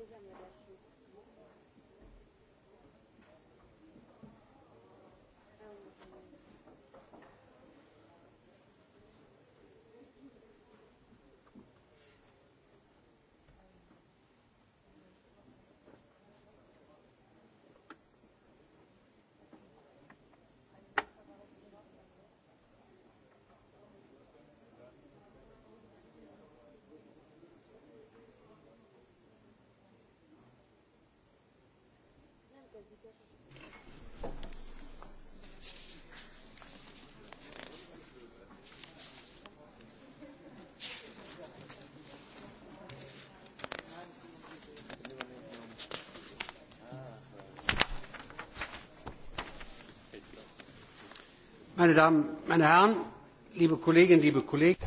n'avez jamais reçu. Meine Damen, meine Herren, liebe Kolleginnen, liebe Kollegen.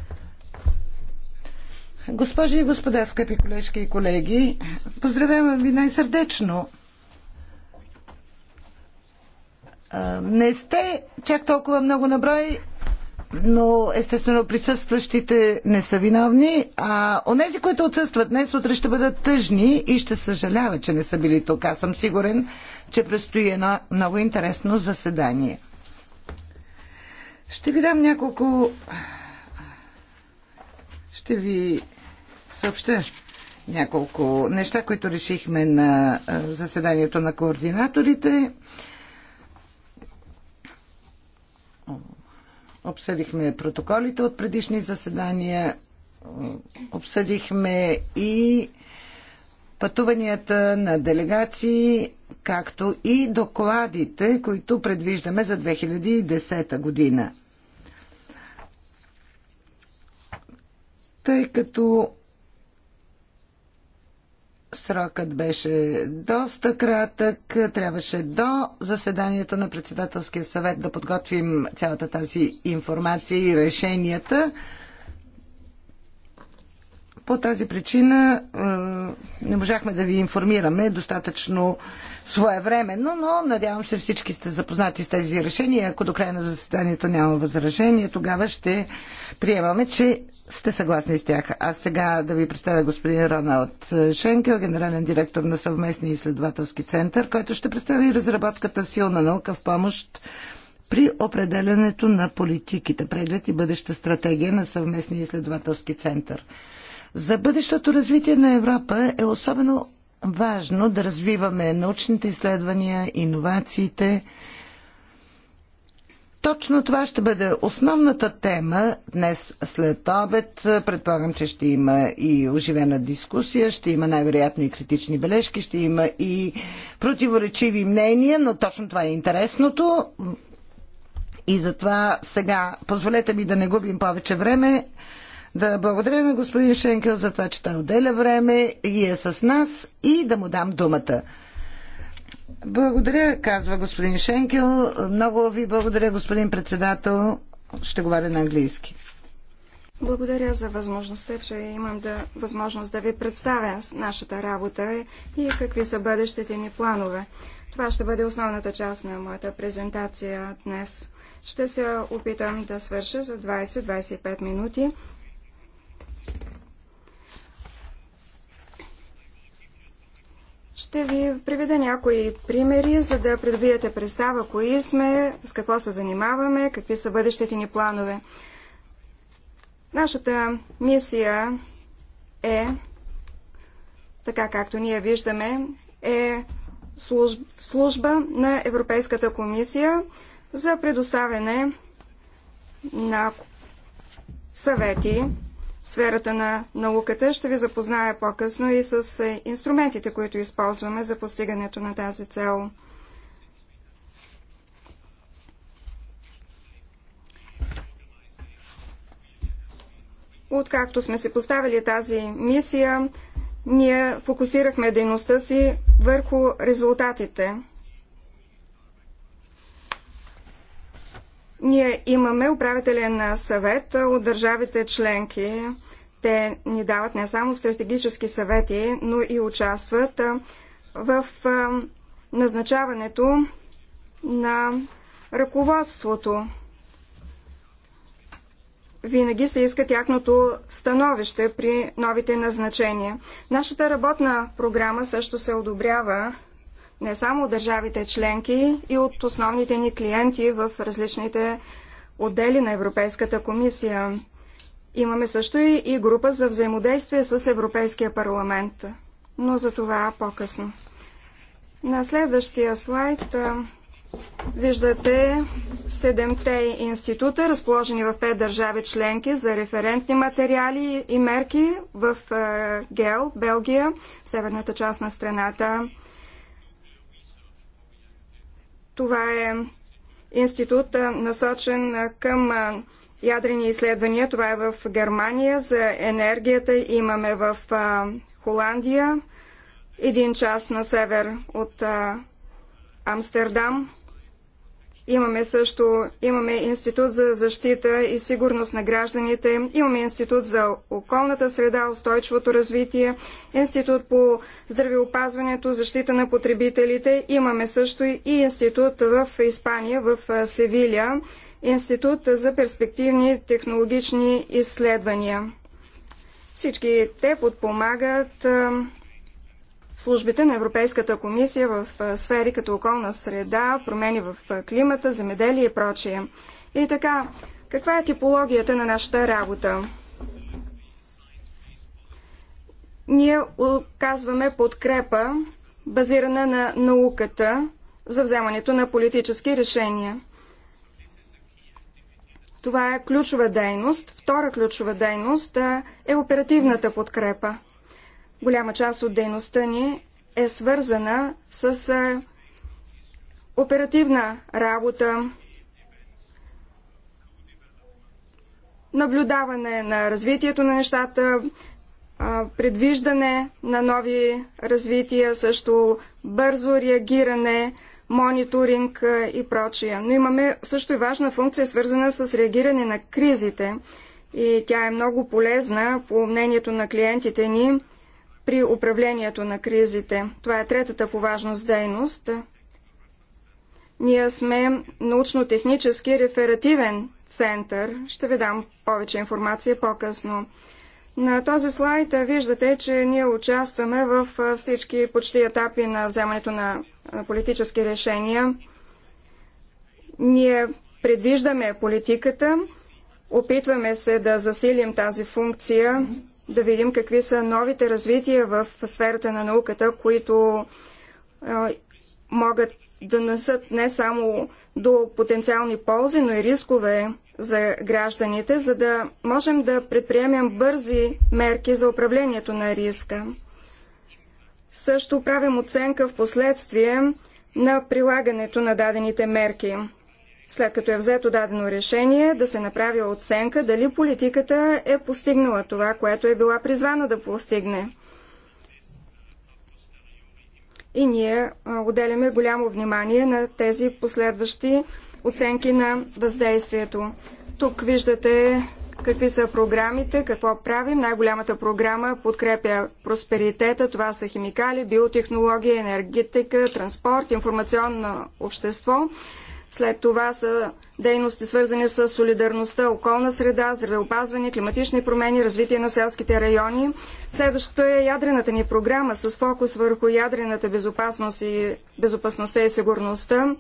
Госпожи и господа, скъпи колежки и колеги, поздравявам ви най-сърдечно Не сте чак толкова много на брой, но естествено присъстващите не са виновни, а онези, които отсъстват днес, утре ще бъдат тъжни и ще съжаляват, че не са били тук. Аз съм сигурен, че предстои едно много интересно заседание. Ще ви дам няколко... Ще ви съобща няколко неща, които решихме на заседанието на координаторите. Обсъдихме протоколите от предишни заседания, обсъдихме и пътуванията на делегации, както и докладите, които предвиждаме за 2010 година. Тъй като Срокът беше доста кратък. Трябваше до заседанието на председателския съвет да подготвим цялата тази информация и решенията. По тази причина не можахме да ви информираме достатъчно своевременно, но надявам се всички сте запознати с тези решения. Ако до края на заседанието няма възражение, тогава ще приемаме, че сте съгласни с тях. А сега да ви представя господин Роналд Шенкел, генерален директор на съвместния изследователски център, който ще представи разработката силна наука в помощ при определенето на политиките, преглед и бъдеща стратегия на съвместния изследователски център. За бъдещото развитие на Европа е особено важно да развиваме научните изследвания, иновациите, точно това ще бъде основната тема днес след обед. Предполагам, че ще има и оживена дискусия, ще има най-вероятно и критични бележки, ще има и противоречиви мнения, но точно това е интересното. И затова сега позволете ми да не губим повече време. Да благодаря на господин Шенкел за това, че той отделя време и е с нас и да му дам думата. Благодаря, казва господин Шенкел. Много ви благодаря, господин председател. Ще говоря на английски. Благодаря за възможността, че имам да, възможност да ви представя нашата работа и какви са бъдещите ни планове. Това ще бъде основната част на моята презентация днес. Ще се опитам да свърша за 20-25 минути. Ще ви приведа някои примери, за да придобиете представа кои сме, с какво се занимаваме, какви са бъдещите ни планове. Нашата мисия е, така както ние виждаме, е служба на Европейската комисия за предоставяне на съвети сферата на науката. Ще ви запозная по-късно и с е, инструментите, които използваме за постигането на тази цел. Откакто сме се поставили тази мисия, ние фокусирахме дейността си върху резултатите – Ние имаме управителен съвет от държавите членки. Те ни дават не само стратегически съвети, но и участват в назначаването на ръководството. Винаги се иска тяхното становище при новите назначения. Нашата работна програма също се одобрява не само от държавите членки и от основните ни клиенти в различните отдели на Европейската комисия. Имаме също и група за взаимодействие с Европейския парламент, но за това по-късно. На следващия слайд виждате седемте института, разположени в пет държави членки за референтни материали и мерки в ГЕЛ, Белгия, северната част на страната, това е институт насочен към ядрени изследвания. Това е в Германия. За енергията имаме в Холандия, един час на север от Амстердам. Имаме също, имаме Институт за защита и сигурност на гражданите, имаме Институт за околната среда, устойчивото развитие, Институт по здравеопазването, защита на потребителите, имаме също и Институт в Испания, в Севиля, Институт за перспективни технологични изследвания. Всички те подпомагат службите на Европейската комисия в сфери като околна среда, промени в климата, земеделие и прочие. И така, каква е типологията на нашата работа? Ние оказваме подкрепа, базирана на науката, за вземането на политически решения. Това е ключова дейност. Втора ключова дейност е оперативната подкрепа. Голяма част от дейността ни е свързана с оперативна работа, наблюдаване на развитието на нещата, предвиждане на нови развития, също бързо реагиране, мониторинг и прочие. Но имаме също и важна функция, свързана с реагиране на кризите. И тя е много полезна, по мнението на клиентите ни, при управлението на кризите. Това е третата по важност дейност. Ние сме научно-технически реферативен център. Ще ви дам повече информация по-късно. На този слайд виждате, че ние участваме в всички почти етапи на вземането на политически решения. Ние предвиждаме политиката, опитваме се да засилим тази функция да видим какви са новите развития в сферата на науката, които могат да носят не само до потенциални ползи, но и рискове за гражданите, за да можем да предприемем бързи мерки за управлението на риска. Също правим оценка в последствие на прилагането на дадените мерки след като е взето дадено решение, да се направи оценка дали политиката е постигнала това, което е била призвана да постигне. И ние отделяме голямо внимание на тези последващи оценки на въздействието. Тук виждате какви са програмите, какво правим. Най-голямата програма подкрепя просперитета. Това са химикали, биотехнология, енергетика, транспорт, информационно общество. След това са дейности свързани с солидарността, околна среда, здравеопазване, климатични промени, развитие на селските райони. Следващото е ядрената ни програма с фокус върху ядрената безопасност и безопасността и сигурността.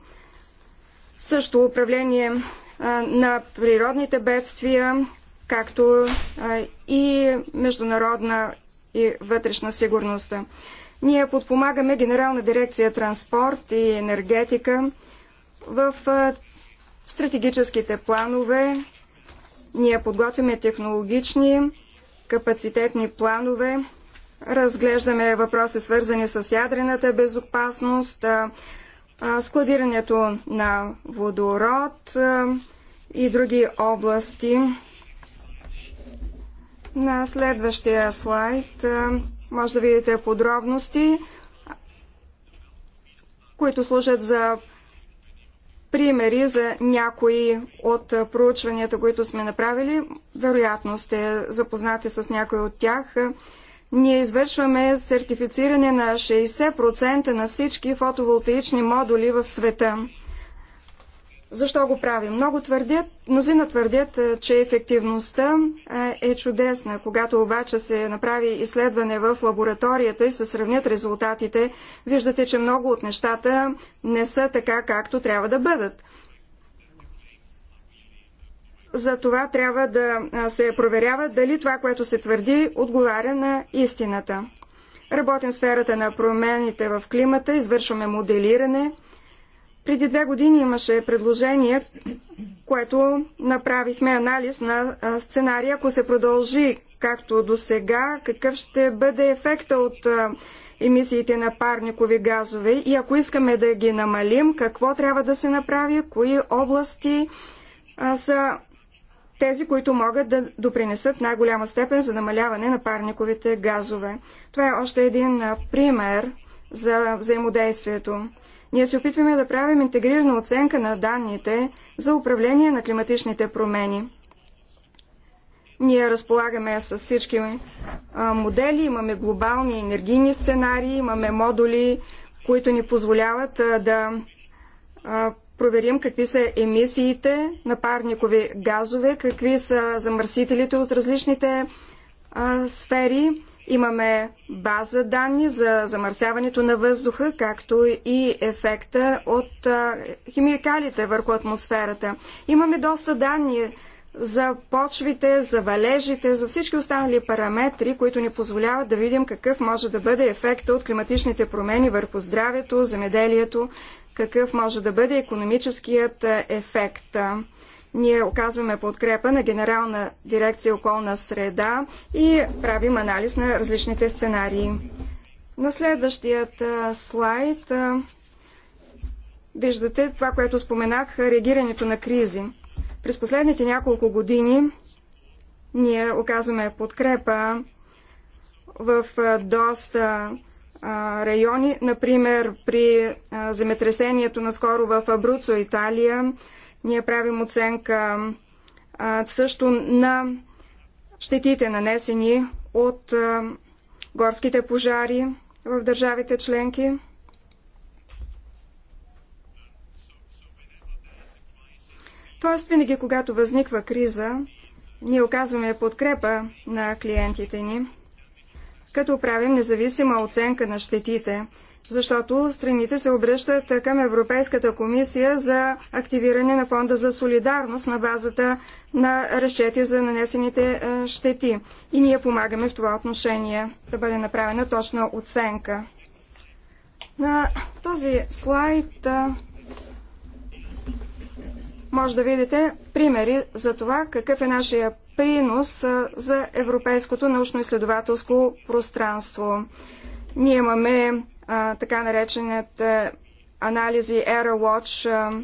Също управление а, на природните бедствия, както а, и международна и вътрешна сигурността. Ние подпомагаме Генерална дирекция транспорт и енергетика, в стратегическите планове ние подготвяме технологични капацитетни планове, разглеждаме въпроси свързани с ядрената безопасност, складирането на водород и други области. На следващия слайд може да видите подробности, които служат за примери за някои от проучванията, които сме направили. Вероятно сте запознати с някои от тях. Ние извършваме сертифициране на 60% на всички фотоволтаични модули в света. Защо го правим? Много твърдят, мнозина твърдят, е, че ефективността е, е чудесна. Когато обаче се направи изследване в лабораторията и се сравнят резултатите, виждате, че много от нещата не са така, както трябва да бъдат. За това трябва да се проверява дали това, което се твърди, отговаря на истината. Работим в сферата на промените в климата, извършваме моделиране – преди две години имаше предложение, което направихме анализ на сценария, ако се продължи както до сега, какъв ще бъде ефекта от емисиите на парникови газове и ако искаме да ги намалим, какво трябва да се направи, кои области а, са тези, които могат да допринесат най-голяма степен за намаляване на парниковите газове. Това е още един пример за взаимодействието. Ние се опитваме да правим интегрирана оценка на данните за управление на климатичните промени. Ние разполагаме с всички модели, имаме глобални енергийни сценарии, имаме модули, които ни позволяват да проверим какви са емисиите на парникови газове, какви са замърсителите от различните сфери. Имаме база данни за замърсяването на въздуха, както и ефекта от химикалите върху атмосферата. Имаме доста данни за почвите, за валежите, за всички останали параметри, които ни позволяват да видим какъв може да бъде ефекта от климатичните промени върху здравето, земеделието, какъв може да бъде економическият ефект. Ние оказваме подкрепа на Генерална дирекция околна среда и правим анализ на различните сценарии. На следващият слайд виждате това, което споменах, реагирането на кризи. През последните няколко години ние оказваме подкрепа в доста райони, например при земетресението наскоро в Абруцо, Италия, ние правим оценка а, също на щетите нанесени от а, горските пожари в държавите членки. Тоест, винаги, когато възниква криза, ние оказваме подкрепа на клиентите ни, като правим независима оценка на щетите защото страните се обръщат към Европейската комисия за активиране на фонда за солидарност на базата на разчети за нанесените щети. И ние помагаме в това отношение да бъде направена точна оценка. На този слайд може да видите примери за това какъв е нашия принос за европейското научно-изследователско пространство. Ние имаме а, така нареченият е, анализи Error Watch. А,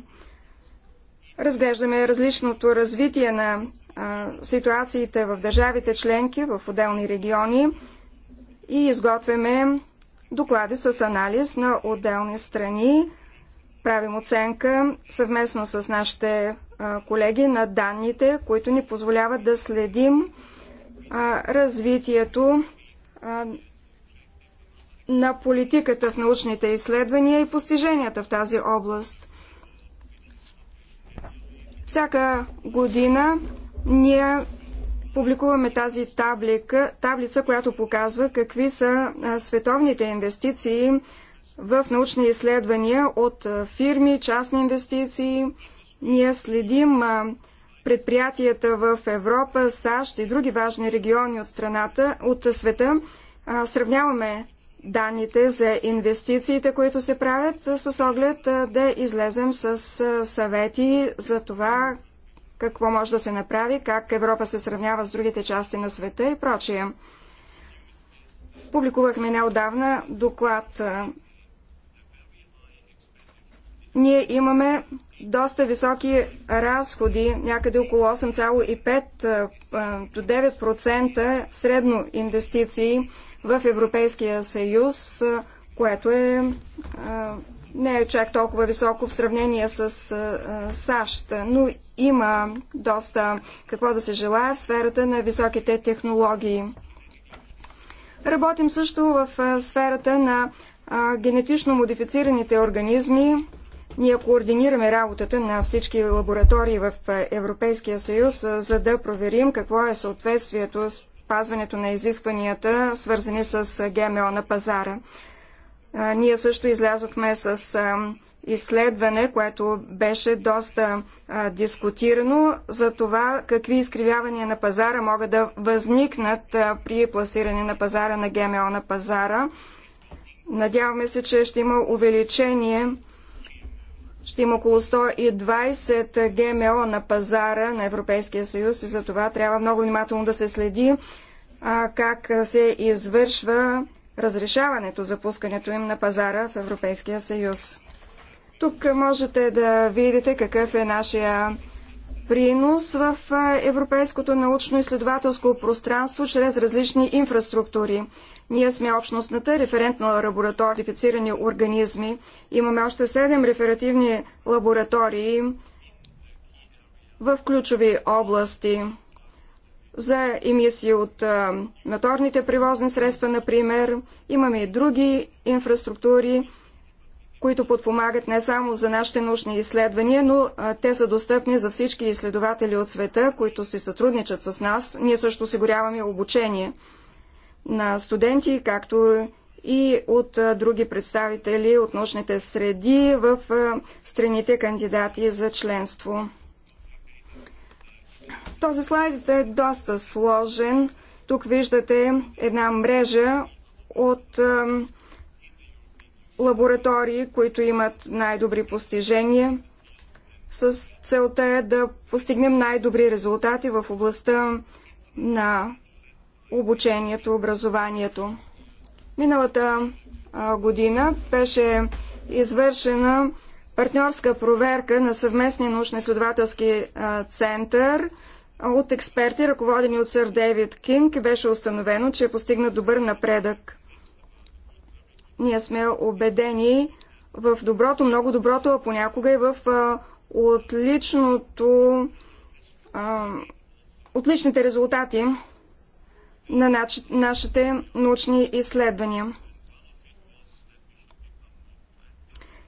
е, разглеждаме различното развитие на а, ситуациите в държавите членки, в отделни региони и изготвяме доклади с анализ на отделни страни. Правим оценка съвместно с нашите а, е, колеги на данните, които ни позволяват да следим а, развитието на политиката в научните изследвания и постиженията в тази област. Всяка година ние публикуваме тази таблика, таблица, която показва какви са световните инвестиции в научни изследвания от фирми, частни инвестиции. Ние следим предприятията в Европа, САЩ и други важни региони от страната, от света. Сравняваме данните за инвестициите, които се правят, с оглед да излезем с съвети за това какво може да се направи, как Европа се сравнява с другите части на света и прочие. Публикувахме неодавна доклад. Ние имаме доста високи разходи, някъде около 8,5 до 9% средно инвестиции в Европейския съюз, което е, не е чак толкова високо в сравнение с САЩ, но има доста какво да се желая в сферата на високите технологии. Работим също в сферата на генетично модифицираните организми. Ние координираме работата на всички лаборатории в Европейския съюз, за да проверим какво е съответствието спазването на изискванията, свързани с ГМО на пазара. Ние също излязохме с изследване, което беше доста дискутирано за това какви изкривявания на пазара могат да възникнат при пласиране на пазара на ГМО на пазара. Надяваме се, че ще има увеличение ще има около 120 ГМО на пазара на Европейския съюз и за това трябва много внимателно да се следи а, как се извършва разрешаването за пускането им на пазара в Европейския съюз. Тук можете да видите какъв е нашия принос в европейското научно-изследователско пространство чрез различни инфраструктури. Ние сме общностната референтна лаборатория, модифицирани организми. Имаме още седем реферативни лаборатории в ключови области за емисии от а, моторните превозни средства, например. Имаме и други инфраструктури, които подпомагат не само за нашите научни изследвания, но а, те са достъпни за всички изследователи от света, които се сътрудничат с нас. Ние също осигуряваме обучение на студенти, както и от други представители от научните среди в страните кандидати за членство. Този слайд е доста сложен. Тук виждате една мрежа от лаборатории, които имат най-добри постижения. С целта е да постигнем най-добри резултати в областта на обучението, образованието. Миналата година беше извършена партньорска проверка на съвместния научно-изследователски център от експерти, ръководени от сър Дейвид Кинг, беше установено, че е постигнат добър напредък. Ние сме убедени в доброто, много доброто, а понякога и в отличното, отличните резултати на нашите научни изследвания.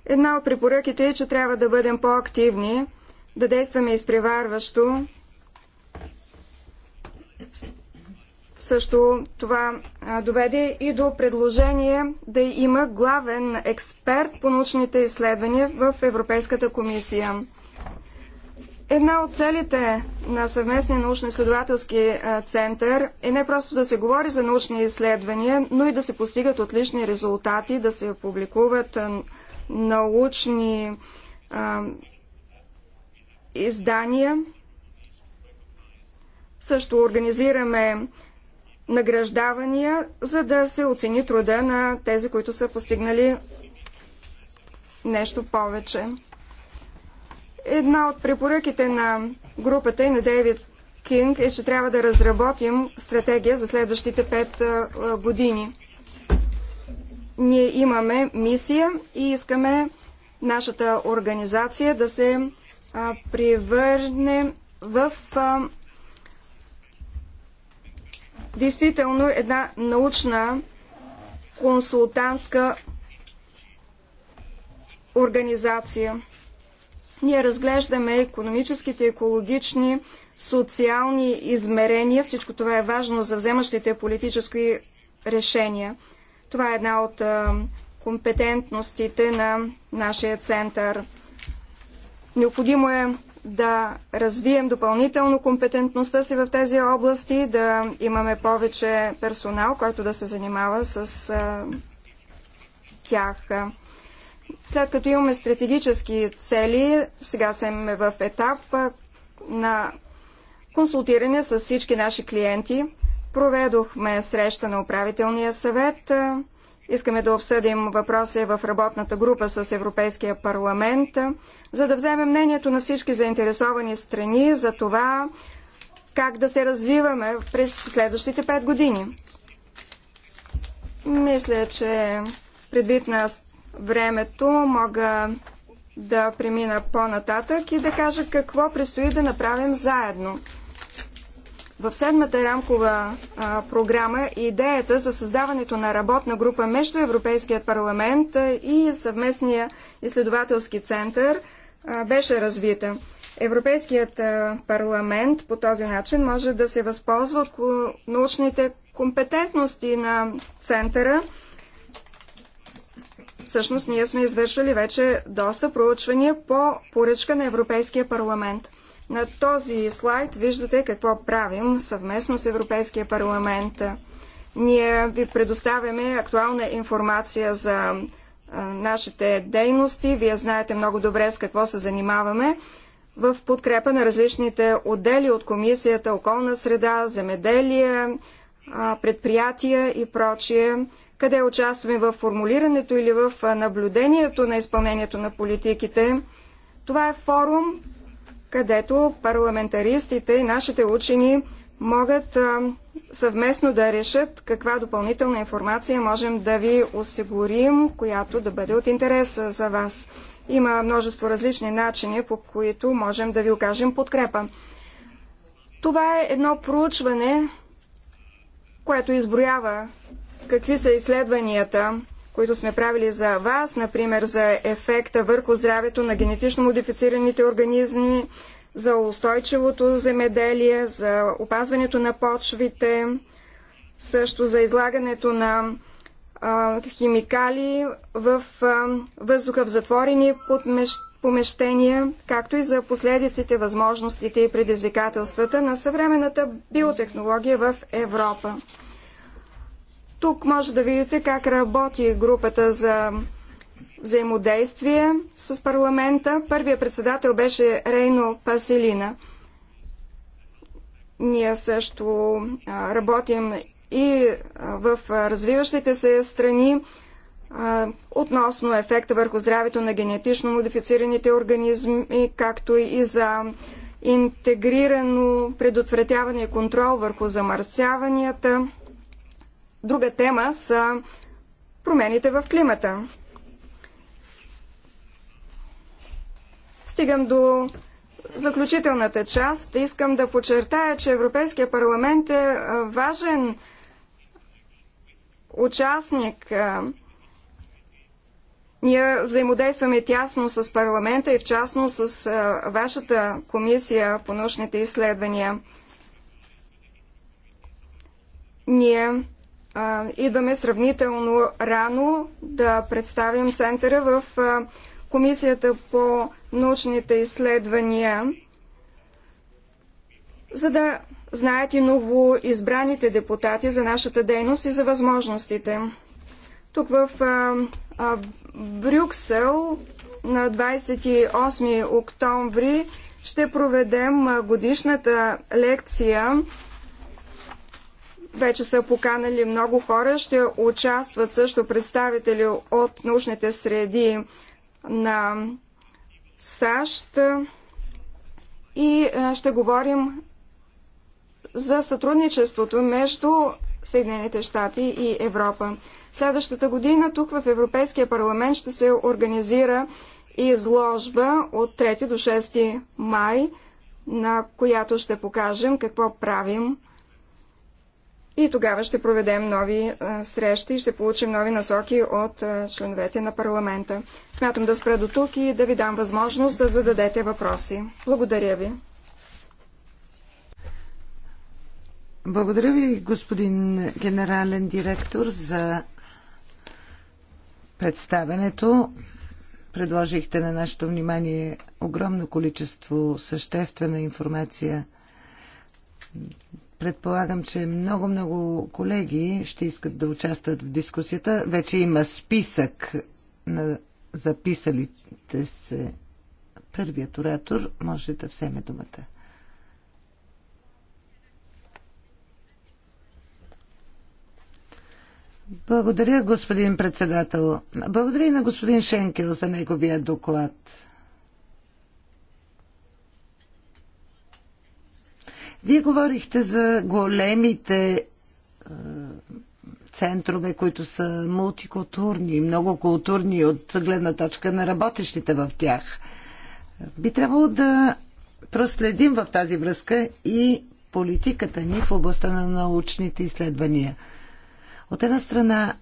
Една от препоръките е, че трябва да бъдем по-активни, да действаме изпреварващо. Също това доведе и до предложение да има главен експерт по научните изследвания в Европейската комисия. Една от целите на съвместния научно-изследователски център е не просто да се говори за научни изследвания, но и да се постигат отлични резултати, да се публикуват научни а, издания. Също организираме награждавания, за да се оцени труда на тези, които са постигнали нещо повече. Една от препоръките на групата и на Дейвид Кинг е, че трябва да разработим стратегия за следващите пет години. Ние имаме мисия и искаме нашата организация да се превърне в а, действително една научна консултантска организация. Ние разглеждаме економическите, екологични, социални измерения. Всичко това е важно за вземащите политически решения. Това е една от компетентностите на нашия център. Необходимо е да развием допълнително компетентността си в тези области, да имаме повече персонал, който да се занимава с тях. След като имаме стратегически цели, сега съм в етап на консултиране с всички наши клиенти. Проведохме среща на управителния съвет. Искаме да обсъдим въпроси в работната група с Европейския парламент, за да вземем мнението на всички заинтересовани страни за това как да се развиваме през следващите пет години. Мисля, че предвид на времето, мога да премина по-нататък и да кажа какво предстои да направим заедно. В седмата рамкова а, програма идеята за създаването на работна група между Европейският парламент и съвместния изследователски център а, беше развита. Европейският парламент по този начин може да се възползва от научните компетентности на центъра Всъщност ние сме извършвали вече доста проучвания по поръчка на Европейския парламент. На този слайд виждате какво правим съвместно с Европейския парламент. Ние ви предоставяме актуална информация за нашите дейности. Вие знаете много добре с какво се занимаваме в подкрепа на различните отдели от Комисията околна среда, земеделие, предприятия и прочие къде участваме в формулирането или в наблюдението на изпълнението на политиките. Това е форум, където парламентаристите и нашите учени могат съвместно да решат каква допълнителна информация можем да ви осигурим, която да бъде от интерес за вас. Има множество различни начини, по които можем да ви окажем подкрепа. Това е едно проучване, което изброява какви са изследванията, които сме правили за вас, например за ефекта върху здравето на генетично модифицираните организми, за устойчивото земеделие, за опазването на почвите, също за излагането на а, химикали в а, въздуха в затворени помещения, както и за последиците, възможностите и предизвикателствата на съвременната биотехнология в Европа. Тук може да видите как работи групата за взаимодействие с парламента. Първият председател беше Рейно Паселина. Ние също работим и в развиващите се страни относно ефекта върху здравето на генетично модифицираните организми, както и за интегрирано предотвратяване и контрол върху замърсяванията. Друга тема са промените в климата. Стигам до заключителната част. Искам да подчертая, че Европейския парламент е, е важен участник. Е. Ние взаимодействаме тясно с парламента и в частно с е, вашата комисия по научните изследвания. Ние идваме сравнително рано да представим центъра в Комисията по научните изследвания, за да знаят и ново избраните депутати за нашата дейност и за възможностите. Тук в Брюксел на 28 октомври ще проведем годишната лекция вече са поканали много хора, ще участват също представители от научните среди на САЩ и ще говорим за сътрудничеството между Съединените щати и Европа. Следващата година тук в Европейския парламент ще се организира изложба от 3 до 6 май, на която ще покажем какво правим и тогава ще проведем нови а, срещи и ще получим нови насоки от а, членовете на парламента. Смятам да спра до тук и да ви дам възможност да зададете въпроси. Благодаря ви. Благодаря ви, господин генерален директор, за представенето. Предложихте на нашето внимание огромно количество съществена информация Предполагам, че много-много колеги ще искат да участват в дискусията. Вече има списък на записалите се. Първият оратор може да вземе думата. Благодаря, господин председател. Благодаря и на господин Шенкел за неговия доклад. Вие говорихте за големите е, центрове, които са мултикултурни, много културни от гледна точка на работещите в тях. Би трябвало да проследим в тази връзка и политиката ни в областта на научните изследвания. От една страна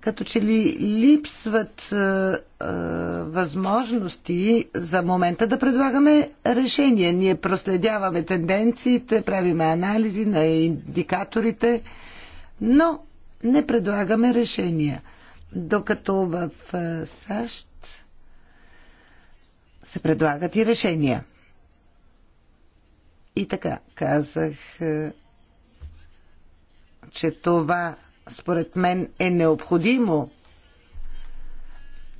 като че ли липсват е, е, възможности за момента да предлагаме решения. Ние проследяваме тенденциите, правиме анализи на индикаторите, но не предлагаме решения. Докато в е, САЩ се предлагат и решения. И така, казах, е, че това според мен е необходимо.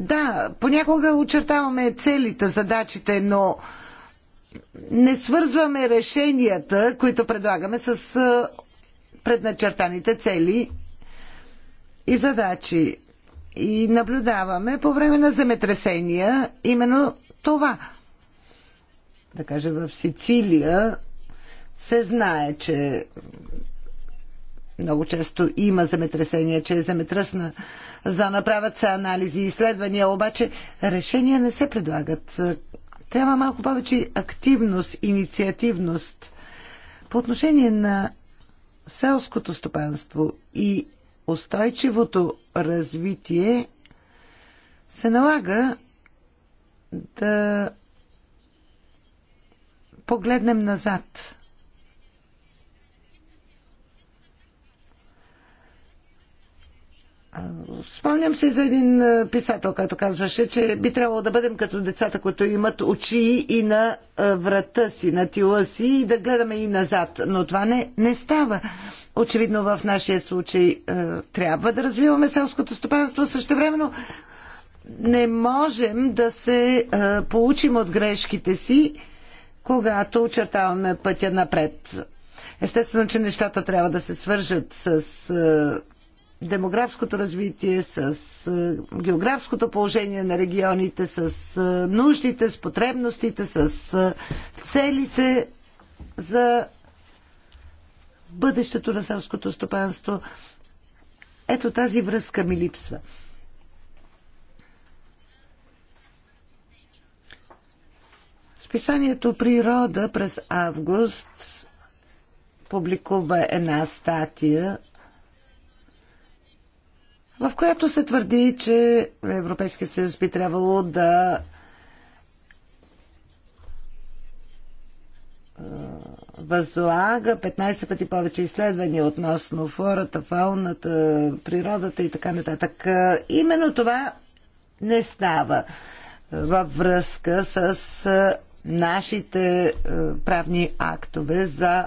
Да, понякога очертаваме целите, задачите, но не свързваме решенията, които предлагаме с предначертаните цели и задачи. И наблюдаваме по време на земетресения именно това. Да кажа, в Сицилия се знае, че много често има земетресения, че е земетръсна за направят се анализи и изследвания, обаче решения не се предлагат. Трябва малко повече активност, инициативност. По отношение на селското стопанство и устойчивото развитие се налага да погледнем назад. Спомням се за един писател, който казваше, че би трябвало да бъдем като децата, които имат очи и на врата си, на тила си и да гледаме и назад. Но това не, не става. Очевидно в нашия случай трябва да развиваме селското стопанство. Същевременно не можем да се получим от грешките си, когато очертаваме пътя напред. Естествено, че нещата трябва да се свържат с демографското развитие, с е, географското положение на регионите, с е, нуждите, с потребностите, с е, целите за бъдещето на селското стопанство. Ето тази връзка ми липсва. Списанието Природа през август публикува една статия в която се твърди, че Европейския съюз би трябвало да възлага 15 пъти повече изследвания относно флората, фауната, природата и така нататък. Именно това не става във връзка с нашите правни актове за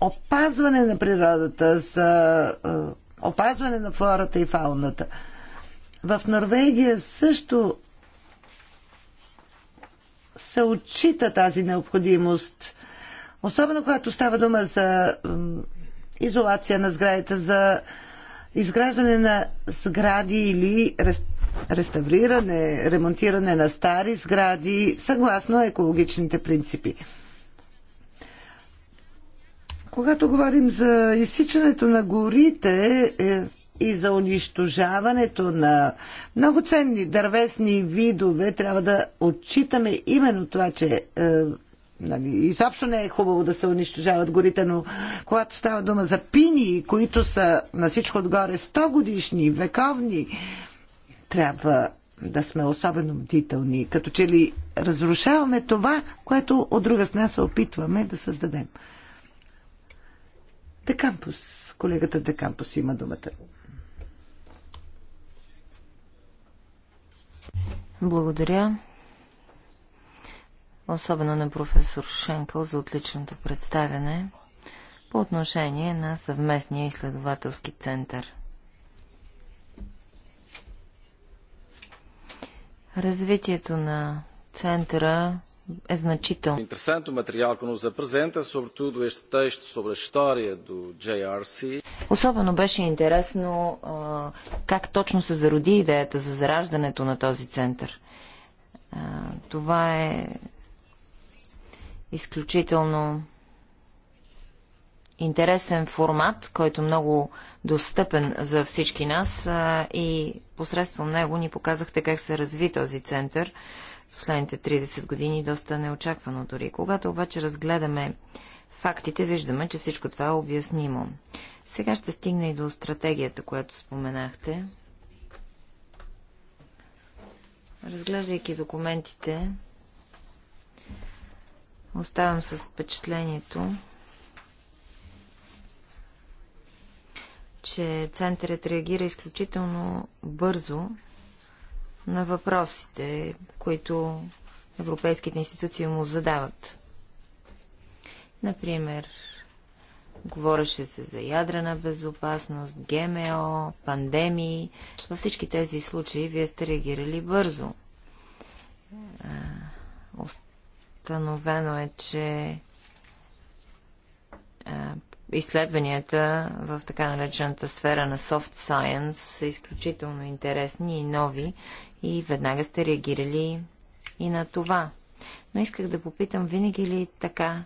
опазване на природата, за опазване на флората и фауната. В Норвегия също се отчита тази необходимост. Особено когато става дума за изолация на сградите, за изграждане на сгради или реставриране, ремонтиране на стари сгради, съгласно екологичните принципи. Когато говорим за изсичането на горите е, и за унищожаването на много ценни дървесни видове, трябва да отчитаме именно това, че е, нали, изобщо не е хубаво да се унищожават горите, но когато става дума за пини, които са на всичко отгоре 100 годишни, вековни, трябва да сме особено бдителни. Като че ли разрушаваме това, което от друга страна се опитваме да създадем. Декампус, колегата Декампус има думата. Благодаря. Особено на професор Шенкъл за отличното представяне по отношение на съвместния изследователски център. Развитието на центъра е значително. Interessante o material que nos apresenta, sobretudo este texto sobre a história do JRC. Особено беше интересно как точно се зароди идеята за зараждането на този център. това е изключително интересен формат, който много достъпен за всички нас и посредством него ни показахте как се разви този център последните 30 години доста неочаквано дори. Когато обаче разгледаме фактите, виждаме, че всичко това е обяснимо. Сега ще стигна и до стратегията, която споменахте. Разглеждайки документите, оставам с впечатлението, че центърът реагира изключително бързо на въпросите, които европейските институции му задават. Например, говореше се за ядрена безопасност, ГМО, пандемии. Във всички тези случаи вие сте реагирали бързо. Установено е, че изследванията в така наречената сфера на soft science са изключително интересни и нови и веднага сте реагирали и на това. Но исках да попитам, винаги ли така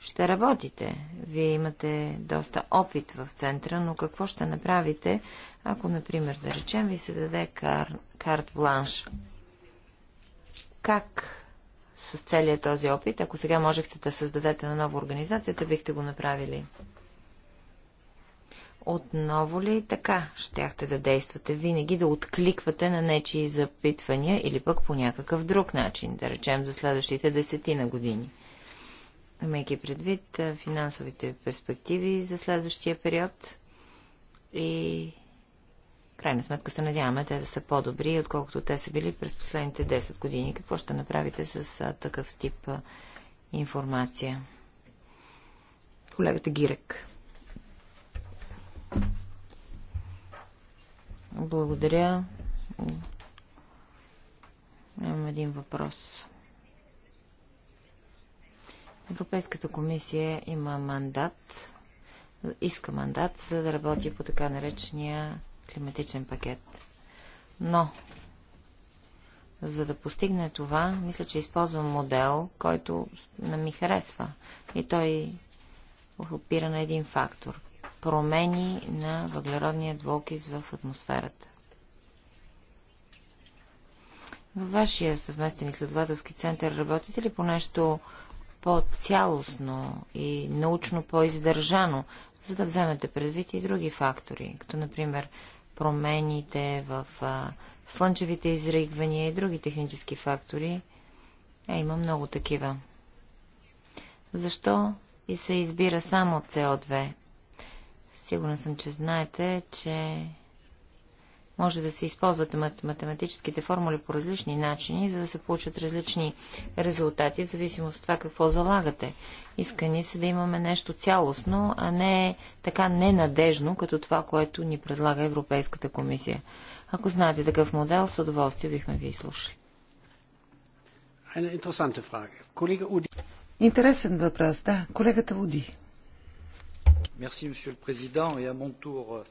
ще работите? Вие имате доста опит в центъра, но какво ще направите, ако, например, да речем, ви се даде кар... карт бланш? Как с целият този опит. Ако сега можехте да създадете на нова организацията, бихте го направили. Отново ли така щяхте да действате? Винаги да откликвате на нечии запитвания или пък по някакъв друг начин, да речем за следващите десетина години. Имайки предвид финансовите перспективи за следващия период и крайна сметка се надяваме те да са по-добри, отколкото те са били през последните 10 години. Какво ще направите с а, такъв тип а, информация? Колегата Гирек. Благодаря. Имам един въпрос. Европейската комисия има мандат, иска мандат, за да работи по така наречения климатичен пакет. Но, за да постигне това, мисля, че използвам модел, който не ми харесва. И той опира на един фактор – промени на въглеродния двокис в атмосферата. Във вашия съвместен изследователски център работите ли по нещо по-цялостно и научно по-издържано, за да вземете предвид и други фактори, като например промените в слънчевите изригвания и други технически фактори. Е, има много такива. Защо и се избира само CO2? Сигурна съм, че знаете, че може да се използват математическите формули по различни начини, за да се получат различни резултати, в зависимост от това какво залагате. Искани се да имаме нещо цялостно, а не така ненадежно, като това, което ни предлага Европейската комисия. Ако знаете такъв модел, с удоволствие бихме ви слушали. Интересен въпрос, да. Колегата Уди. Merci, господин президент, и et à тур...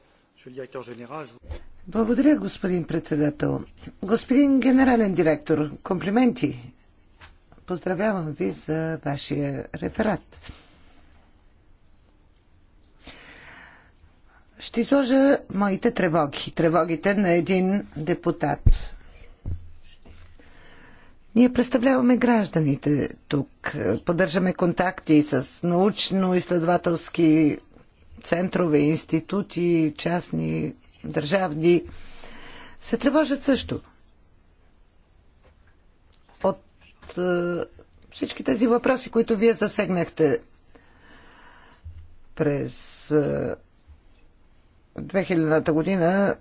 Благодаря, господин председател. Господин генерален директор, комплименти. Поздравявам ви за вашия реферат. Ще изложа моите тревоги, тревогите на един депутат. Ние представляваме гражданите тук, поддържаме контакти с научно-изследователски центрове, институти, частни, държавни, се тревожат също от е, всички тези въпроси, които вие засегнахте през 2000-та е, година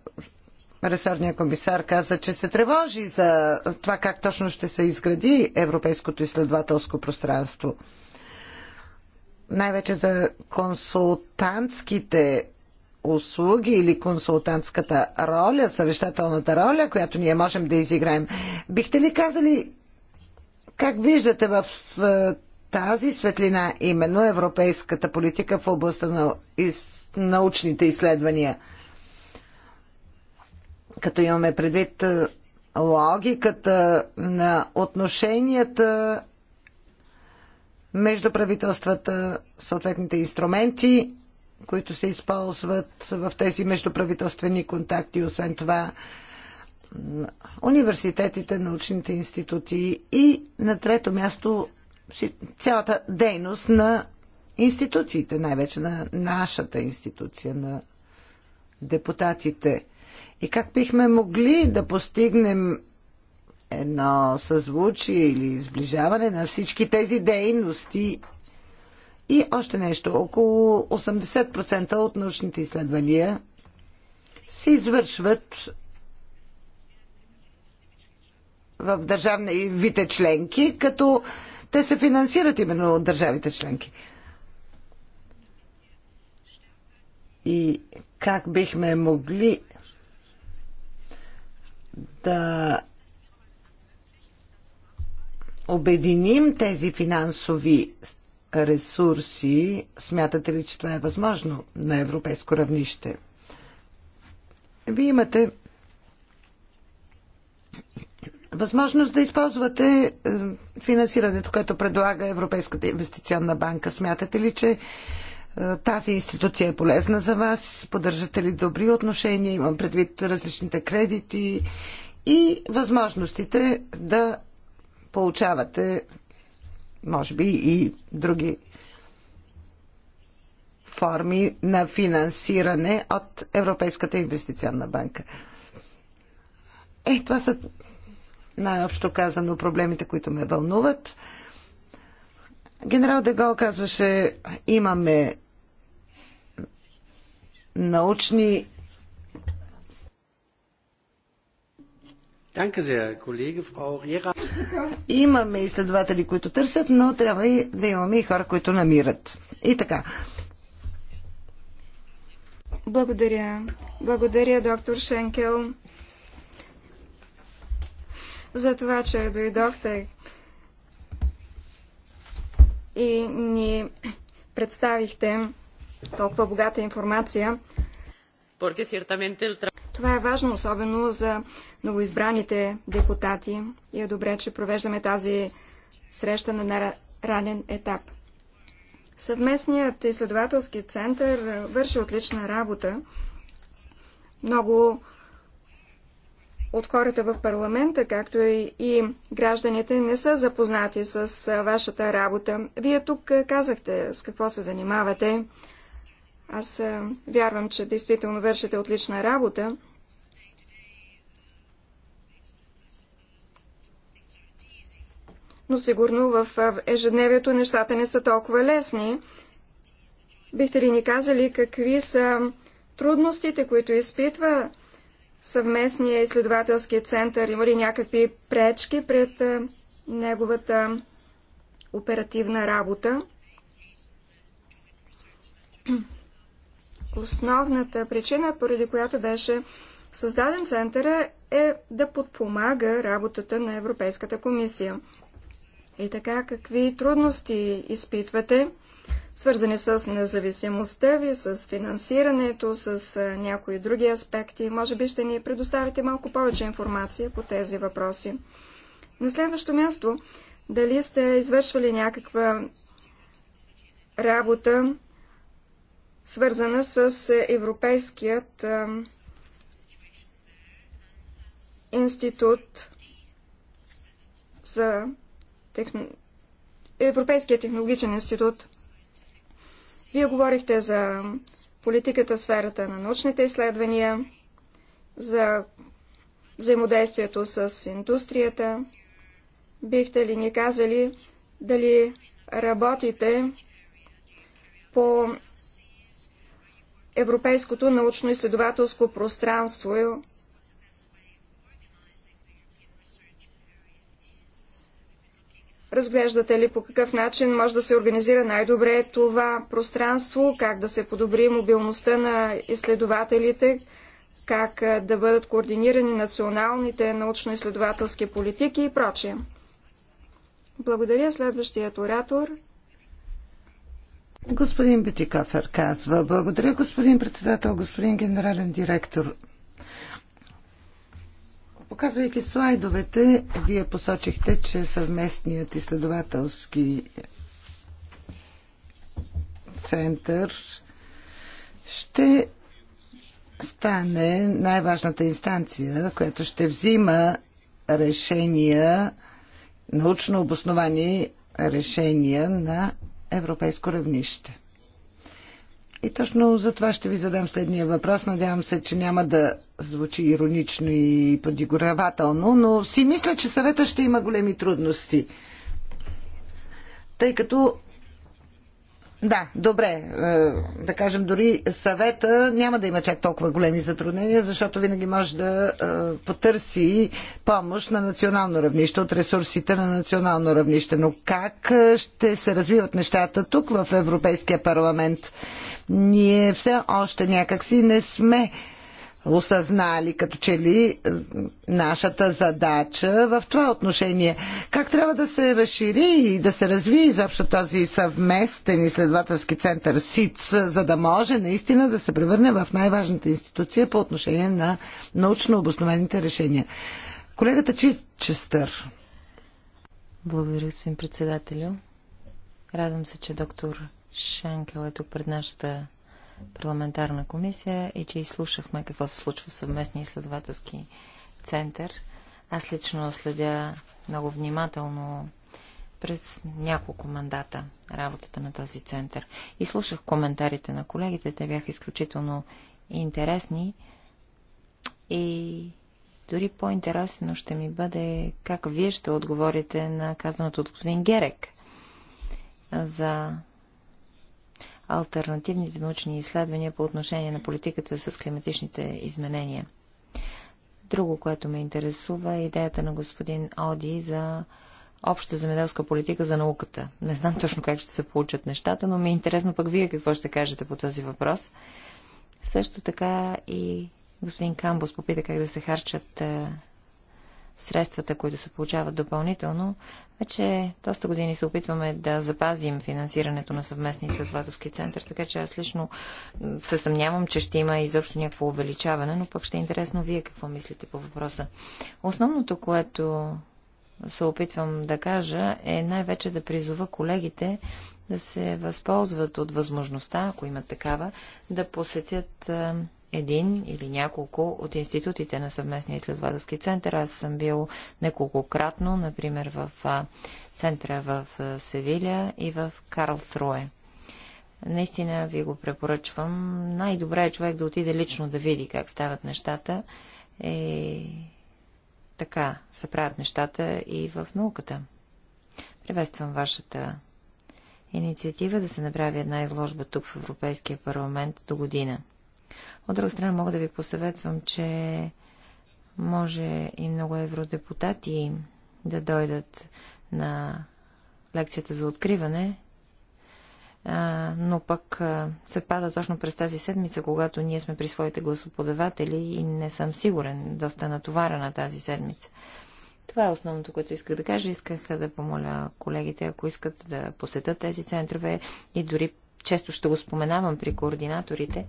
ресорният комисар каза, че се тревожи за това как точно ще се изгради европейското изследователско пространство – най-вече за консултантските услуги или консултантската роля, съвещателната роля, която ние можем да изиграем. Бихте ли казали как виждате в е, тази светлина именно европейската политика в областта на из... научните изследвания? Като имаме предвид е, логиката на отношенията между правителствата, съответните инструменти, които се използват в тези междуправителствени контакти. Освен това, университетите, научните институти и на трето място цялата дейност на институциите, най-вече на нашата институция, на депутатите. И как бихме могли да постигнем едно съзвучие или сближаване на всички тези дейности. И още нещо. Около 80% от научните изследвания се извършват в държавните членки, като те се финансират именно от държавите членки. И как бихме могли да обединим тези финансови ресурси, смятате ли, че това е възможно на европейско равнище? Вие имате възможност да използвате е, финансирането, което предлага Европейската инвестиционна банка. Смятате ли, че е, тази институция е полезна за вас? Поддържате ли добри отношения? Имам предвид различните кредити и възможностите да получавате, може би, и други форми на финансиране от Европейската инвестиционна банка. Е, това са най-общо казано проблемите, които ме вълнуват. Генерал Дегол казваше, имаме научни Имаме изследователи, които търсят, но трябва и да имаме и хора, които намират. И така. Благодаря. Благодаря, доктор Шенкел, за това, че дойдохте и ни представихте толкова богата информация. Това е важно, особено за новоизбраните депутати и е добре, че провеждаме тази среща на ранен етап. Съвместният изследователски център върши отлична работа. Много от хората в парламента, както и гражданите, не са запознати с вашата работа. Вие тук казахте с какво се занимавате. Аз вярвам, че действително вършите отлична работа. но сигурно в ежедневието нещата не са толкова лесни. Бихте ли ни казали какви са трудностите, които изпитва съвместния изследователски център? Има ли някакви пречки пред неговата оперативна работа? Основната причина, поради която беше създаден центъра, е да подпомага работата на Европейската комисия. И е така, какви трудности изпитвате, свързани с независимостта ви, с финансирането, с някои други аспекти? Може би ще ни предоставите малко повече информация по тези въпроси. На следващо място, дали сте извършвали някаква работа, свързана с Европейският институт за техно... Европейския технологичен институт. Вие говорихте за политиката в сферата на научните изследвания, за взаимодействието с индустрията. Бихте ли ни казали дали работите по европейското научно-изследователско пространство Разглеждате ли по какъв начин може да се организира най-добре това пространство, как да се подобри мобилността на изследователите, как да бъдат координирани националните научно-изследователски политики и прочее. Благодаря следващият оратор. Господин Бетикафер казва, благодаря господин председател, господин генерален директор. Показвайки слайдовете, вие посочихте, че съвместният изследователски център ще стане най-важната инстанция, която ще взима решения, научно обосновани решения на европейско равнище. И точно за това ще ви задам следния въпрос. Надявам се, че няма да звучи иронично и подигоравателно, но си мисля, че съвета ще има големи трудности. Тъй като да, добре. Е, да кажем, дори съвета няма да има чак толкова големи затруднения, защото винаги може да е, потърси помощ на национално равнище от ресурсите на национално равнище. Но как е, ще се развиват нещата тук в Европейския парламент? Ние все още някакси не сме осъзнали като че ли е, нашата задача в това отношение. Как трябва да се разшири и да се развие изобщо този съвместен изследователски център СИЦ, за да може наистина да се превърне в най-важната институция по отношение на научно обоснованите решения. Колегата Честър. Благодаря, господин председателю. Радвам се, че доктор Шанкел е тук пред нашата парламентарна комисия и че изслушахме какво се случва в съвместния изследователски център. Аз лично следя много внимателно през няколко мандата работата на този център. И слушах коментарите на колегите, те бяха изключително интересни и дори по-интересно ще ми бъде как вие ще отговорите на казаното от господин Герек за альтернативните научни изследвания по отношение на политиката с климатичните изменения. Друго, което ме интересува е идеята на господин Оди за обща земеделска политика за науката. Не знам точно как ще се получат нещата, но ми е интересно пък вие какво ще кажете по този въпрос. Също така и господин Камбос попита как да се харчат е, средствата, които се получават допълнително. Вече доста години се опитваме да запазим финансирането на съвместния изследователски център, така че аз лично се съмнявам, че ще има изобщо някакво увеличаване, но пък ще е интересно вие какво мислите по въпроса. Основното, което се опитвам да кажа, е най-вече да призова колегите да се възползват от възможността, ако имат такава, да посетят един или няколко от институтите на съвместния изследователски център. Аз съм бил неколкократно, например в центъра в Севиля и в Карлсруе. Наистина ви го препоръчвам. Най-добре е човек да отиде лично да види как стават нещата. И е, Така се правят нещата и в науката. Приветствам вашата инициатива да се направи една изложба тук в Европейския парламент до година. От друга страна мога да ви посъветвам, че може и много евродепутати да дойдат на лекцията за откриване, но пък се пада точно през тази седмица, когато ние сме при своите гласоподаватели и не съм сигурен, доста натоварена тази седмица. Това е основното, което исках да кажа. Исках да помоля колегите, ако искат да посетят тези центрове и дори често ще го споменавам при координаторите,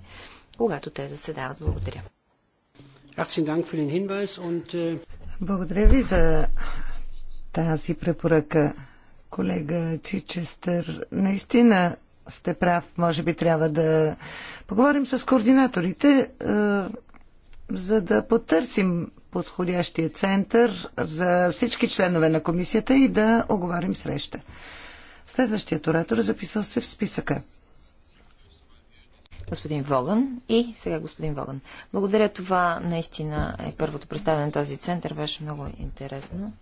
когато те заседават. Благодаря. Äh, Благодаря ви за тази препоръка, колега Чичестър. Наистина сте прав. Може би трябва да поговорим с координаторите, е, за да потърсим подходящия център за всички членове на комисията и да оговорим среща. Следващият оратор записал се в списъка господин Воган. И сега господин Воган. Благодаря това наистина е първото представяне на този център. Беше много интересно.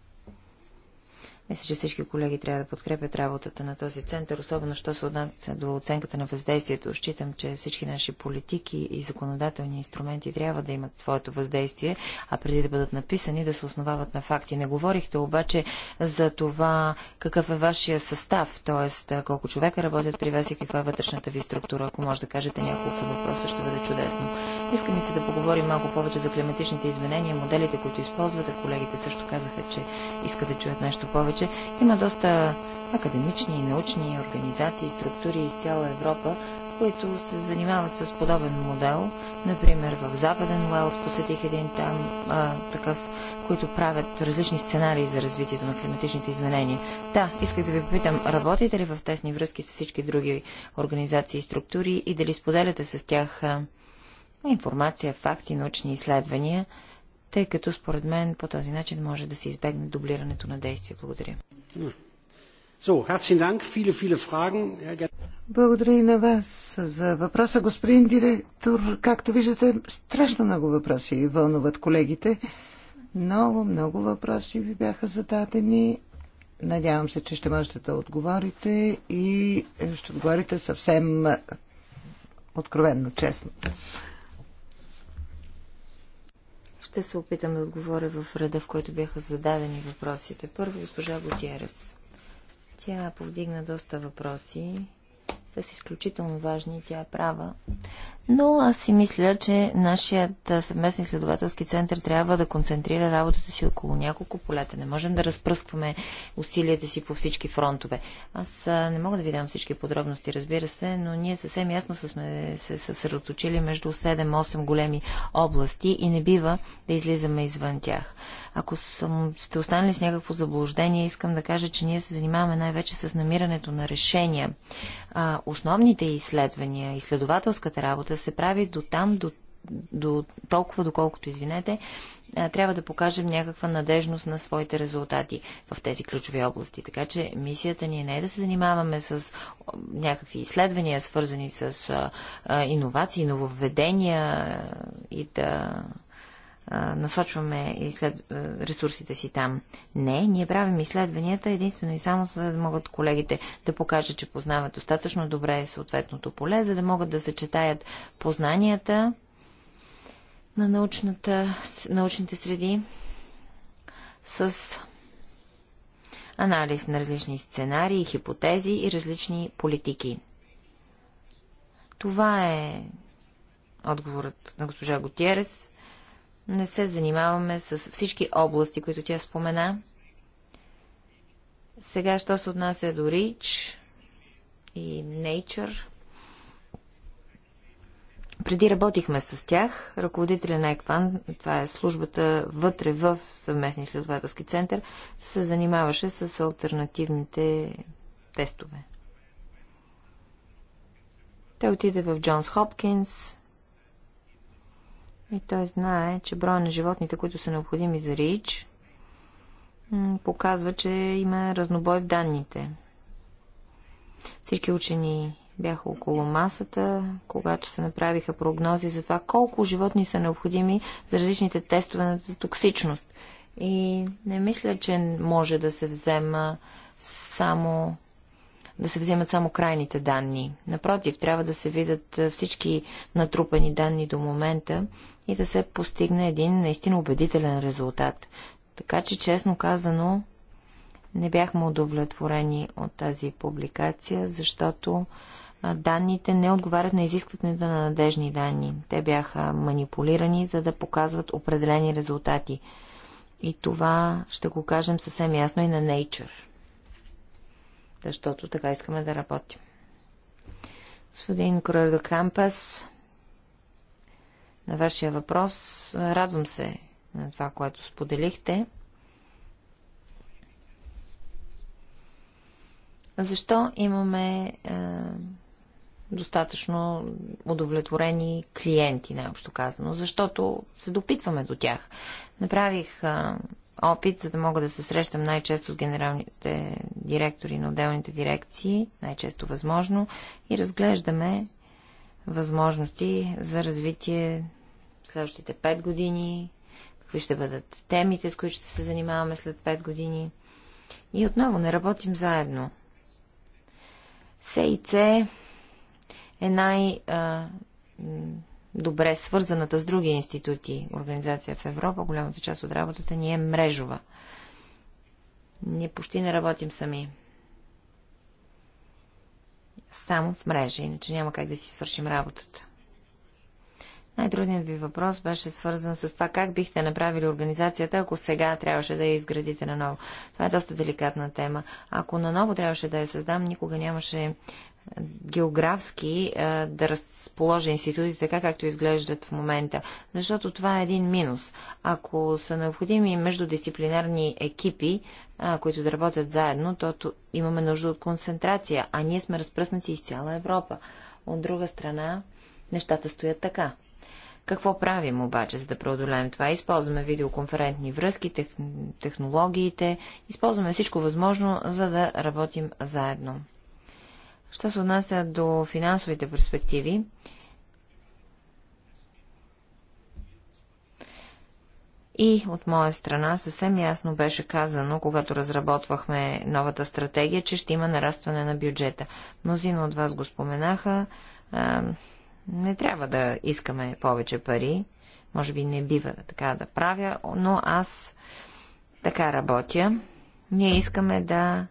Мисля, че всички колеги трябва да подкрепят работата на този център, особено що се отнася до оценката на въздействието. Считам, че всички наши политики и законодателни инструменти трябва да имат своето въздействие, а преди да бъдат написани, да се основават на факти. Не говорихте обаче за това какъв е вашия състав, т.е. колко човека работят при вас и каква е вътрешната ви структура. Ако може да кажете няколко въпроса, ще бъде чудесно. Искам и се да поговорим малко повече за климатичните изменения, моделите, които използвате. Колегите също казаха, че искат да чуят нещо повече повече. Има доста академични научни организации, структури из цяла Европа, които се занимават с подобен модел. Например, в Западен Уелс посетих един там а, такъв, които правят различни сценарии за развитието на климатичните изменения. Да, исках да ви попитам, работите ли в тесни връзки с всички други организации и структури и дали споделяте с тях а, информация, факти, научни изследвания? тъй като според мен по този начин може да се избегне дублирането на действия. Благодаря. Благодаря и на вас за въпроса, господин директор. Както виждате, страшно много въпроси вълнуват колегите. Много, много въпроси ви бяха зададени. Надявам се, че ще можете да отговорите и ще отговорите съвсем откровенно, честно. Ще се опитам да отговоря в реда, в който бяха зададени въпросите. Първо, госпожа Готиерес. Тя повдигна доста въпроси те са изключително важни и тя е права. Но аз си мисля, че нашият съвместен изследователски център трябва да концентрира работата си около няколко полета. Не можем да разпръскваме усилията си по всички фронтове. Аз не мога да ви дам всички подробности, разбира се, но ние съвсем ясно сме се съсредоточили между 7-8 големи области и не бива да излизаме извън тях. Ако съм, сте останали с някакво заблуждение, искам да кажа, че ние се занимаваме най-вече с намирането на решения. А, основните изследвания, изследователската работа се прави до там, до до толкова, доколкото, извинете, трябва да покажем някаква надежност на своите резултати в тези ключови области. Така че мисията ни е не е да се занимаваме с някакви изследвания, свързани с иновации, нововведения и да насочваме изслед... ресурсите си там. Не, ние правим изследванията единствено и само за да могат колегите да покажат, че познават достатъчно добре съответното поле, за да могат да съчетаят познанията на научната... научните среди с анализ на различни сценарии, хипотези и различни политики. Това е отговорът на госпожа Готиерес не се занимаваме с всички области, които тя спомена. Сега, що се отнася до Рич и Nature, преди работихме с тях, ръководителя на ЕКВАН, това е службата вътре в съвместния следователски център, се занимаваше с альтернативните тестове. Те отиде в Джонс Хопкинс, и той знае, че броя на животните, които са необходими за рич, показва, че има разнобой в данните. Всички учени бяха около масата, когато се направиха прогнози за това колко животни са необходими за различните тестове на токсичност. И не мисля, че може да се взема само да се вземат само крайните данни. Напротив, трябва да се видят всички натрупани данни до момента и да се постигне един наистина убедителен резултат. Така че, честно казано, не бяхме удовлетворени от тази публикация, защото данните не отговарят на изискването на надежни данни. Те бяха манипулирани, за да показват определени резултати. И това ще го кажем съвсем ясно и на Nature защото така искаме да работим. Господин Королдо Кампас, на вашия въпрос, радвам се на това, което споделихте. Защо имаме е, достатъчно удовлетворени клиенти, най-общо казано? Защото се допитваме до тях. Направих е, опит, за да мога да се срещам най-често с генералните директори на отделните дирекции, най-често възможно, и разглеждаме възможности за развитие следващите 5 години, какви ще бъдат темите, с които ще се занимаваме след 5 години. И отново не работим заедно. СИЦ е най- добре свързаната с други институти организация в Европа, голямата част от работата ни е мрежова. Ние почти не работим сами. Само в мрежа, иначе няма как да си свършим работата. Най-трудният ви въпрос беше свързан с това как бихте направили организацията, ако сега трябваше да я изградите наново. Това е доста деликатна тема. Ако наново трябваше да я създам, никога нямаше е, географски е, да разположи институтите така, както изглеждат в момента. Защото това е един минус. Ако са необходими междудисциплинарни екипи, е, които да работят заедно, то имаме нужда от концентрация, а ние сме разпръснати из цяла Европа. От друга страна, нещата стоят така. Какво правим обаче, за да преодолеем това? Използваме видеоконферентни връзки, тех... технологиите, използваме всичко възможно, за да работим заедно. Що се отнася до финансовите перспективи, И от моя страна съвсем ясно беше казано, когато разработвахме новата стратегия, че ще има нарастване на бюджета. Мнозина от вас го споменаха. Не трябва да искаме повече пари. Може би не бива така да правя, но аз така работя. Ние искаме да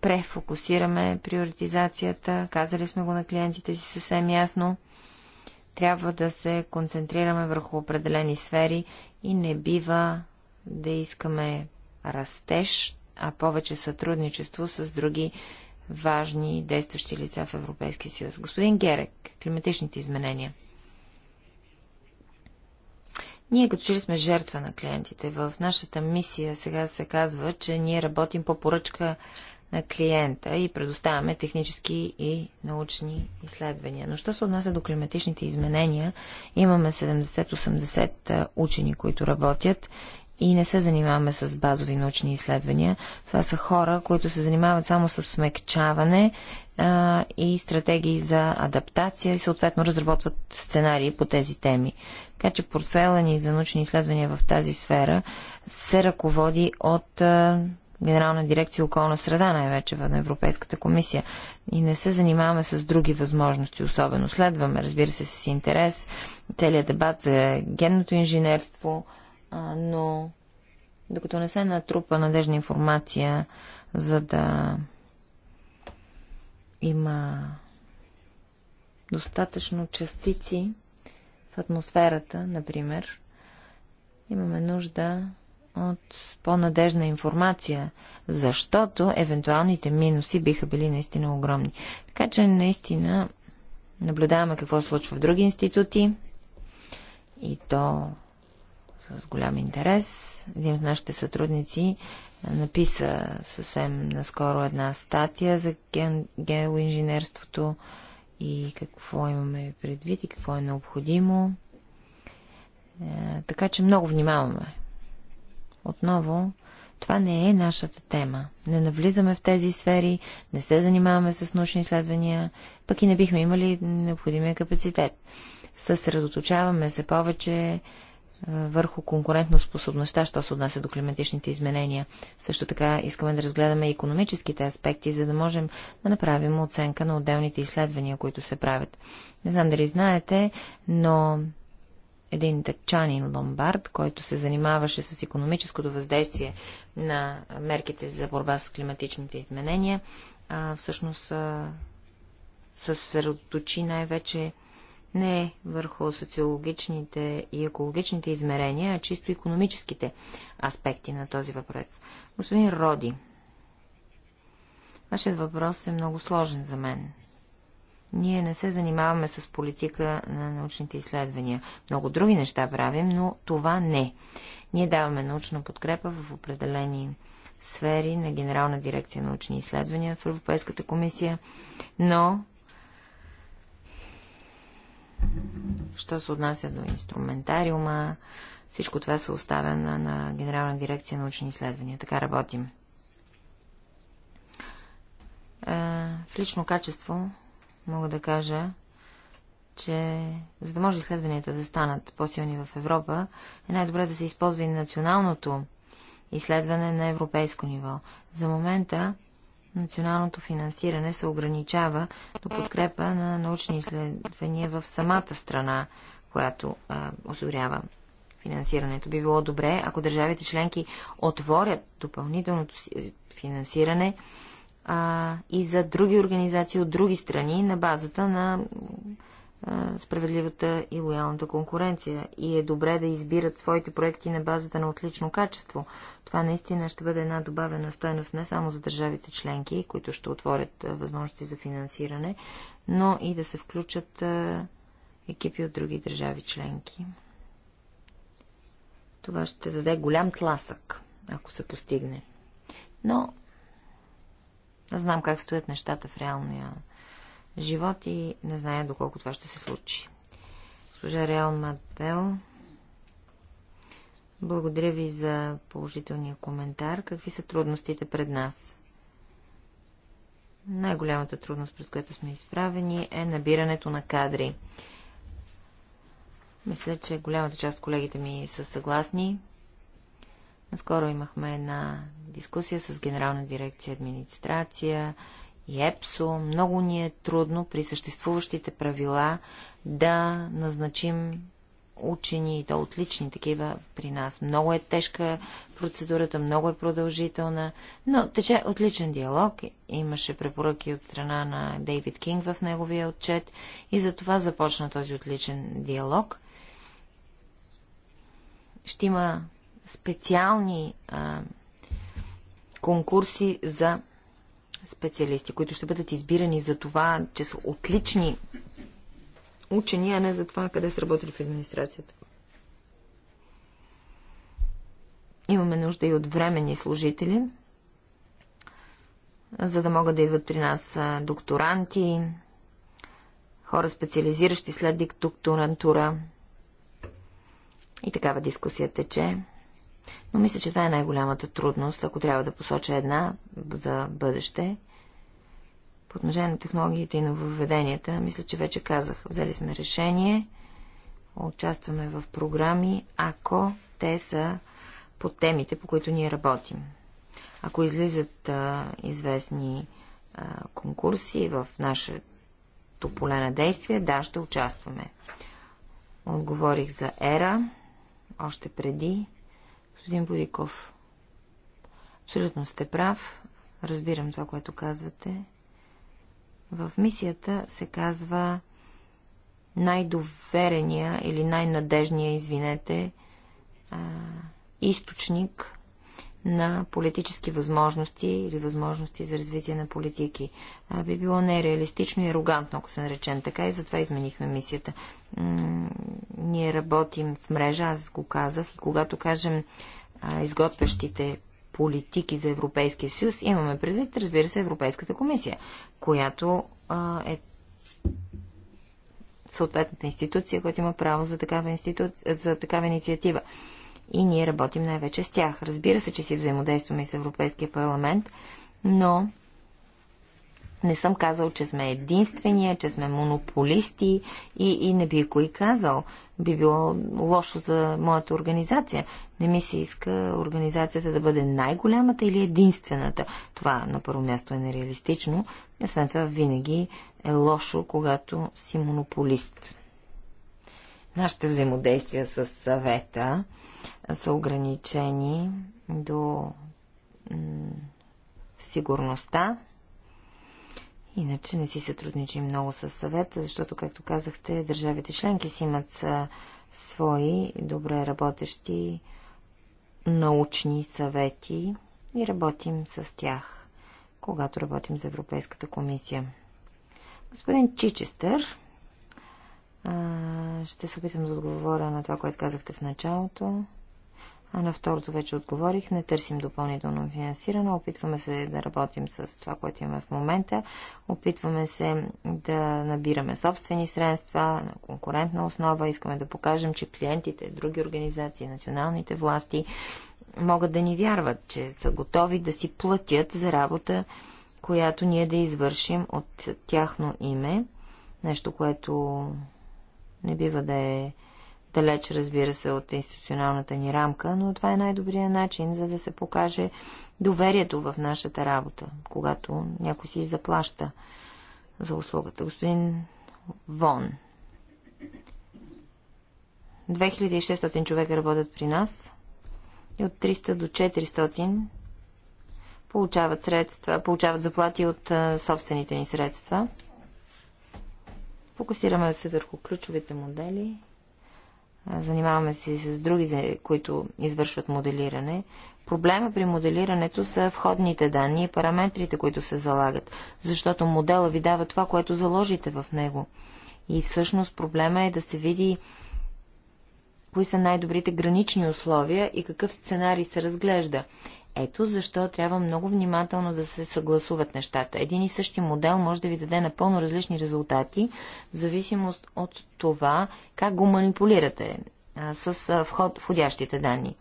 префокусираме приоритизацията. Казали сме го на клиентите си съвсем ясно. Трябва да се концентрираме върху определени сфери и не бива да искаме растеж, а повече сътрудничество с други важни действащи лица в Европейския съюз. Господин Герек, климатичните изменения. Ние като че ли сме жертва на клиентите. В нашата мисия сега се казва, че ние работим по поръчка на клиента и предоставяме технически и научни изследвания. Но що се отнася до климатичните изменения, имаме 70-80 учени, които работят и не се занимаваме с базови научни изследвания. Това са хора, които се занимават само с смекчаване а, и стратегии за адаптация и съответно разработват сценарии по тези теми. Така че портфела ни за научни изследвания в тази сфера се ръководи от а, Генерална дирекция околна среда, най-вече в Европейската комисия. И не се занимаваме с други възможности, особено следваме, разбира се, с интерес целият дебат за генното инженерство – но докато не се натрупа надежна информация, за да има достатъчно частици в атмосферата, например, имаме нужда от по-надежна информация, защото евентуалните минуси биха били наистина огромни. Така че наистина наблюдаваме какво случва в други институти и то с голям интерес. Един от нашите сътрудници написа съвсем наскоро една статия за ген... геоинженерството и какво имаме предвид и какво е необходимо. Е, така че много внимаваме. Отново, това не е нашата тема. Не навлизаме в тези сфери, не се занимаваме с научни изследвания, пък и не бихме имали необходимия капацитет. Съсредоточаваме се повече върху конкурентоспособността, що се отнася до климатичните изменения. Също така искаме да разгледаме и економическите аспекти, за да можем да направим оценка на отделните изследвания, които се правят. Не знам дали знаете, но един дъчанин ломбард, който се занимаваше с економическото въздействие на мерките за борба с климатичните изменения, всъщност съсредоточи най-вече не върху социологичните и екологичните измерения, а чисто економическите аспекти на този въпрос. Господин Роди, вашият въпрос е много сложен за мен. Ние не се занимаваме с политика на научните изследвания. Много други неща правим, но това не. Ние даваме научна подкрепа в определени сфери на Генерална дирекция научни изследвания в Европейската комисия, но Що се отнася до инструментариума, всичко това се оставя на, на Генерална дирекция научни изследвания. Така работим. Е, в лично качество мога да кажа, че за да може изследванията да станат по-силни в Европа, е най-добре да се използва и националното изследване на европейско ниво. За момента националното финансиране се ограничава до подкрепа на научни изследвания в самата страна, която а, осигурява финансирането. Би било добре, ако държавите членки отворят допълнителното е, финансиране а, и за други организации от други страни на базата на справедливата и лоялната конкуренция и е добре да избират своите проекти на базата на отлично качество. Това наистина ще бъде една добавена стоеност не само за държавите членки, които ще отворят възможности за финансиране, но и да се включат екипи от други държави членки. Това ще даде голям тласък, ако се постигне. Но знам как стоят нещата в реалния живот и не зная доколко това ще се случи. Служа Реал Матбел, благодаря ви за положителния коментар. Какви са трудностите пред нас? Най-голямата трудност, пред която сме изправени, е набирането на кадри. Мисля, че голямата част от колегите ми са съгласни. Наскоро имахме една дискусия с Генерална дирекция администрация, и ЕПСО, много ни е трудно при съществуващите правила да назначим учени, и то отлични такива при нас. Много е тежка процедурата, много е продължителна, но тече отличен диалог. Имаше препоръки от страна на Дейвид Кинг в неговия отчет и за това започна този отличен диалог. Ще има специални а, конкурси за специалисти, които ще бъдат избирани за това, че са отлични учени, а не за това къде са работили в администрацията. Имаме нужда и от временни служители, за да могат да идват при нас докторанти, хора специализиращи след докторантура. И такава дискусия тече. Но мисля, че това е най-голямата трудност, ако трябва да посоча една за бъдеще. По отношение на технологиите и на въведенията, мисля, че вече казах, взели сме решение, участваме в програми, ако те са по темите, по които ние работим. Ако излизат а, известни а, конкурси в нашето поле на действие, да, ще участваме. Отговорих за ера, още преди Господин Будиков, абсолютно сте прав. Разбирам това, което казвате. В мисията се казва най-доверения или най-надежния, извинете, източник на политически възможности или възможности за развитие на политики. би било нереалистично и арогантно, ако се наречем така, и затова изменихме мисията. ние работим в мрежа, аз го казах, и когато кажем изготвящите политики за Европейския съюз, имаме предвид, разбира се, Европейската комисия, която е съответната институция, която има право за такава, институ... за такава инициатива и ние работим най-вече с тях. Разбира се, че си взаимодействаме с Европейския парламент, но не съм казал, че сме единствения, че сме монополисти и, и не би кой казал. Би било лошо за моята организация. Не ми се иска организацията да бъде най-голямата или единствената. Това на първо място е нереалистично. Освен това, винаги е лошо, когато си монополист. Нашите взаимодействия с съвета са ограничени до сигурността. Иначе не си сътрудничим много с съвета, защото, както казахте, държавите членки си имат свои добре работещи научни съвети и работим с тях, когато работим за Европейската комисия. Господин Чичестър ще се опитам да отговоря на това, което казахте в началото. А на второто вече отговорих. Не търсим допълнително финансиране. Опитваме се да работим с това, което имаме в момента. Опитваме се да набираме собствени средства на конкурентна основа. Искаме да покажем, че клиентите, други организации, националните власти могат да ни вярват, че са готови да си платят за работа, която ние да извършим от тяхно име. Нещо, което не бива да е далеч, разбира се, от институционалната ни рамка, но това е най-добрият начин, за да се покаже доверието в нашата работа, когато някой си заплаща за услугата. Господин Вон. 2600 човека работят при нас и от 300 до 400 получават средства, получават заплати от собствените ни средства. Фокусираме се върху ключовите модели. Занимаваме се с други, които извършват моделиране. Проблема при моделирането са входните данни и параметрите, които се залагат, защото модела ви дава това, което заложите в него. И всъщност проблема е да се види кои са най-добрите гранични условия и какъв сценарий се разглежда. Ето защо трябва много внимателно да се съгласуват нещата. Един и същи модел може да ви даде напълно различни резултати, в зависимост от това как го манипулирате а, с вход, входящите данни.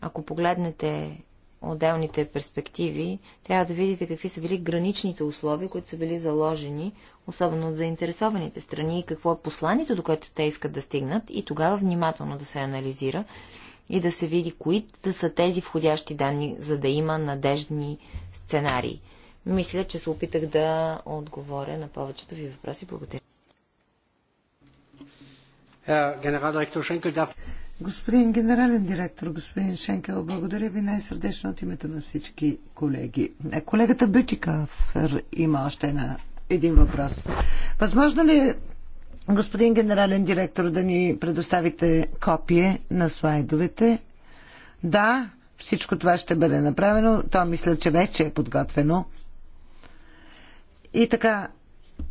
Ако погледнете отделните перспективи, трябва да видите какви са били граничните условия, които са били заложени, особено от заинтересованите страни и какво е посланието, до което те искат да стигнат и тогава внимателно да се анализира и да се види кои да са тези входящи данни, за да има надеждни сценарии. Мисля, че се опитах да отговоря на повечето ви въпроси. Благодаря. Господин генерален директор, господин Шенкел, благодаря ви най-сърдечно от името на всички колеги. Е, колегата Бютиков има още една, един въпрос. Възможно ли е Господин генерален директор, да ни предоставите копие на слайдовете. Да, всичко това ще бъде направено. То мисля, че вече е подготвено. И така,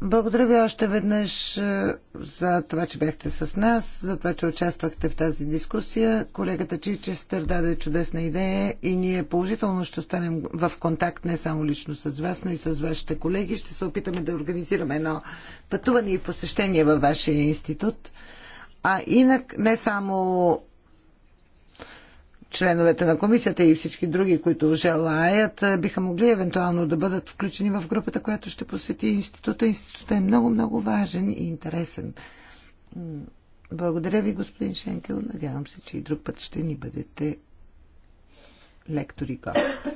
благодаря ви още веднъж е, за това, че бяхте с нас, за това, че участвахте в тази дискусия. Колегата Чичестър даде чудесна идея и ние положително ще останем в контакт не само лично с вас, но и с вашите колеги. Ще се опитаме да организираме едно пътуване и посещение във вашия институт. А инак не само членовете на комисията и всички други, които желаят, е, биха могли евентуално да бъдат включени в групата, която ще посети института. Института е много-много важен и интересен. Благодаря ви, господин Шенкел. Надявам се, че и друг път ще ни бъдете лектори гост.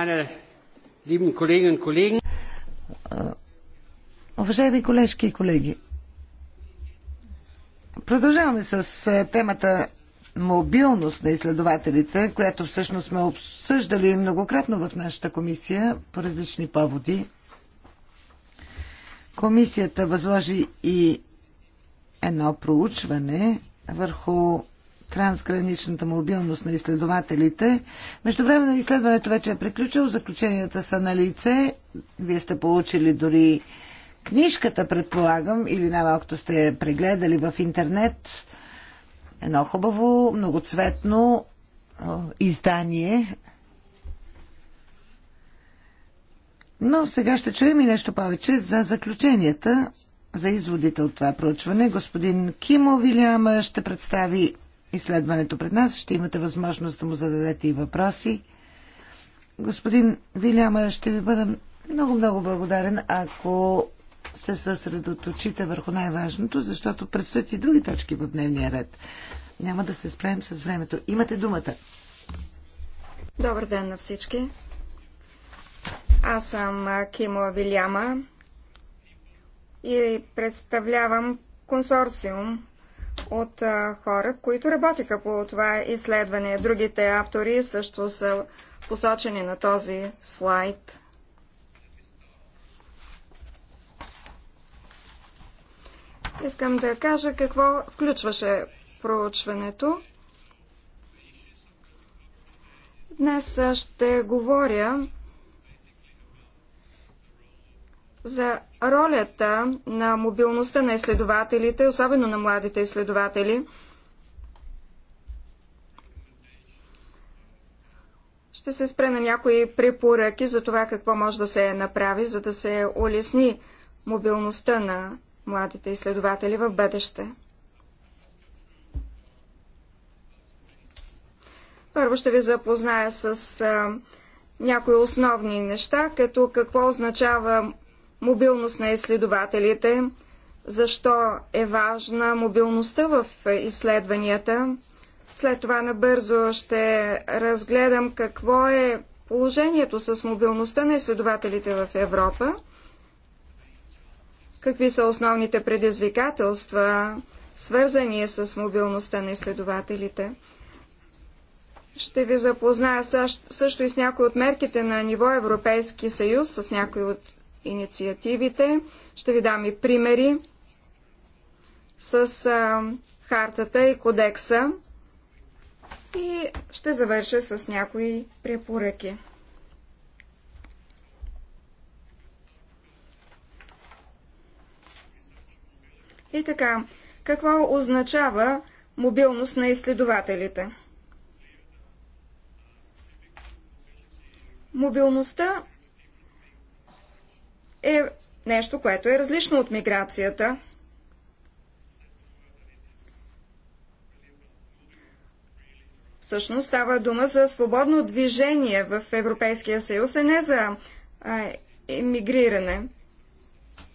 meine lieben Kolleginnen und Kollegen. Уважаеми колежки и колеги, продължаваме с темата мобилност на изследователите, която всъщност сме обсъждали многократно в нашата комисия по различни поводи. Комисията възложи и едно проучване върху трансграничната мобилност на изследователите. Междувременно изследването вече е приключило, заключенията са на лице. Вие сте получили дори книжката, предполагам, или най-малкото сте прегледали в интернет. Едно хубаво, многоцветно издание. Но сега ще чуем и нещо повече за заключенията, за изводите от това проучване. Господин Кимо Вилиама ще представи изследването пред нас. Ще имате възможност да му зададете и въпроси. Господин Виляма, ще ви бъда много-много благодарен, ако се съсредоточите върху най-важното, защото предстоят и други точки в дневния ред. Няма да се справим с времето. Имате думата. Добър ден на всички. Аз съм Кимо Виляма и представлявам консорциум от хора, които работиха по това изследване. Другите автори също са посочени на този слайд. Искам да кажа какво включваше проучването. Днес ще говоря за ролята на мобилността на изследователите, особено на младите изследователи. Ще се спре на някои препоръки за това какво може да се направи, за да се улесни мобилността на младите изследователи в бъдеще. Първо ще ви запозная с а, някои основни неща, като какво означава мобилност на изследователите, защо е важна мобилността в изследванията. След това набързо ще разгледам какво е положението с мобилността на изследователите в Европа, какви са основните предизвикателства, свързани с мобилността на изследователите. Ще ви запозная също и с някои от мерките на ниво Европейски съюз, с някои от инициативите. Ще ви дам и примери с а, хартата и кодекса и ще завърша с някои препоръки. И така, какво означава мобилност на изследователите? Мобилността е нещо, което е различно от миграцията. Всъщност става дума за свободно движение в Европейския съюз, а не за а, емигриране.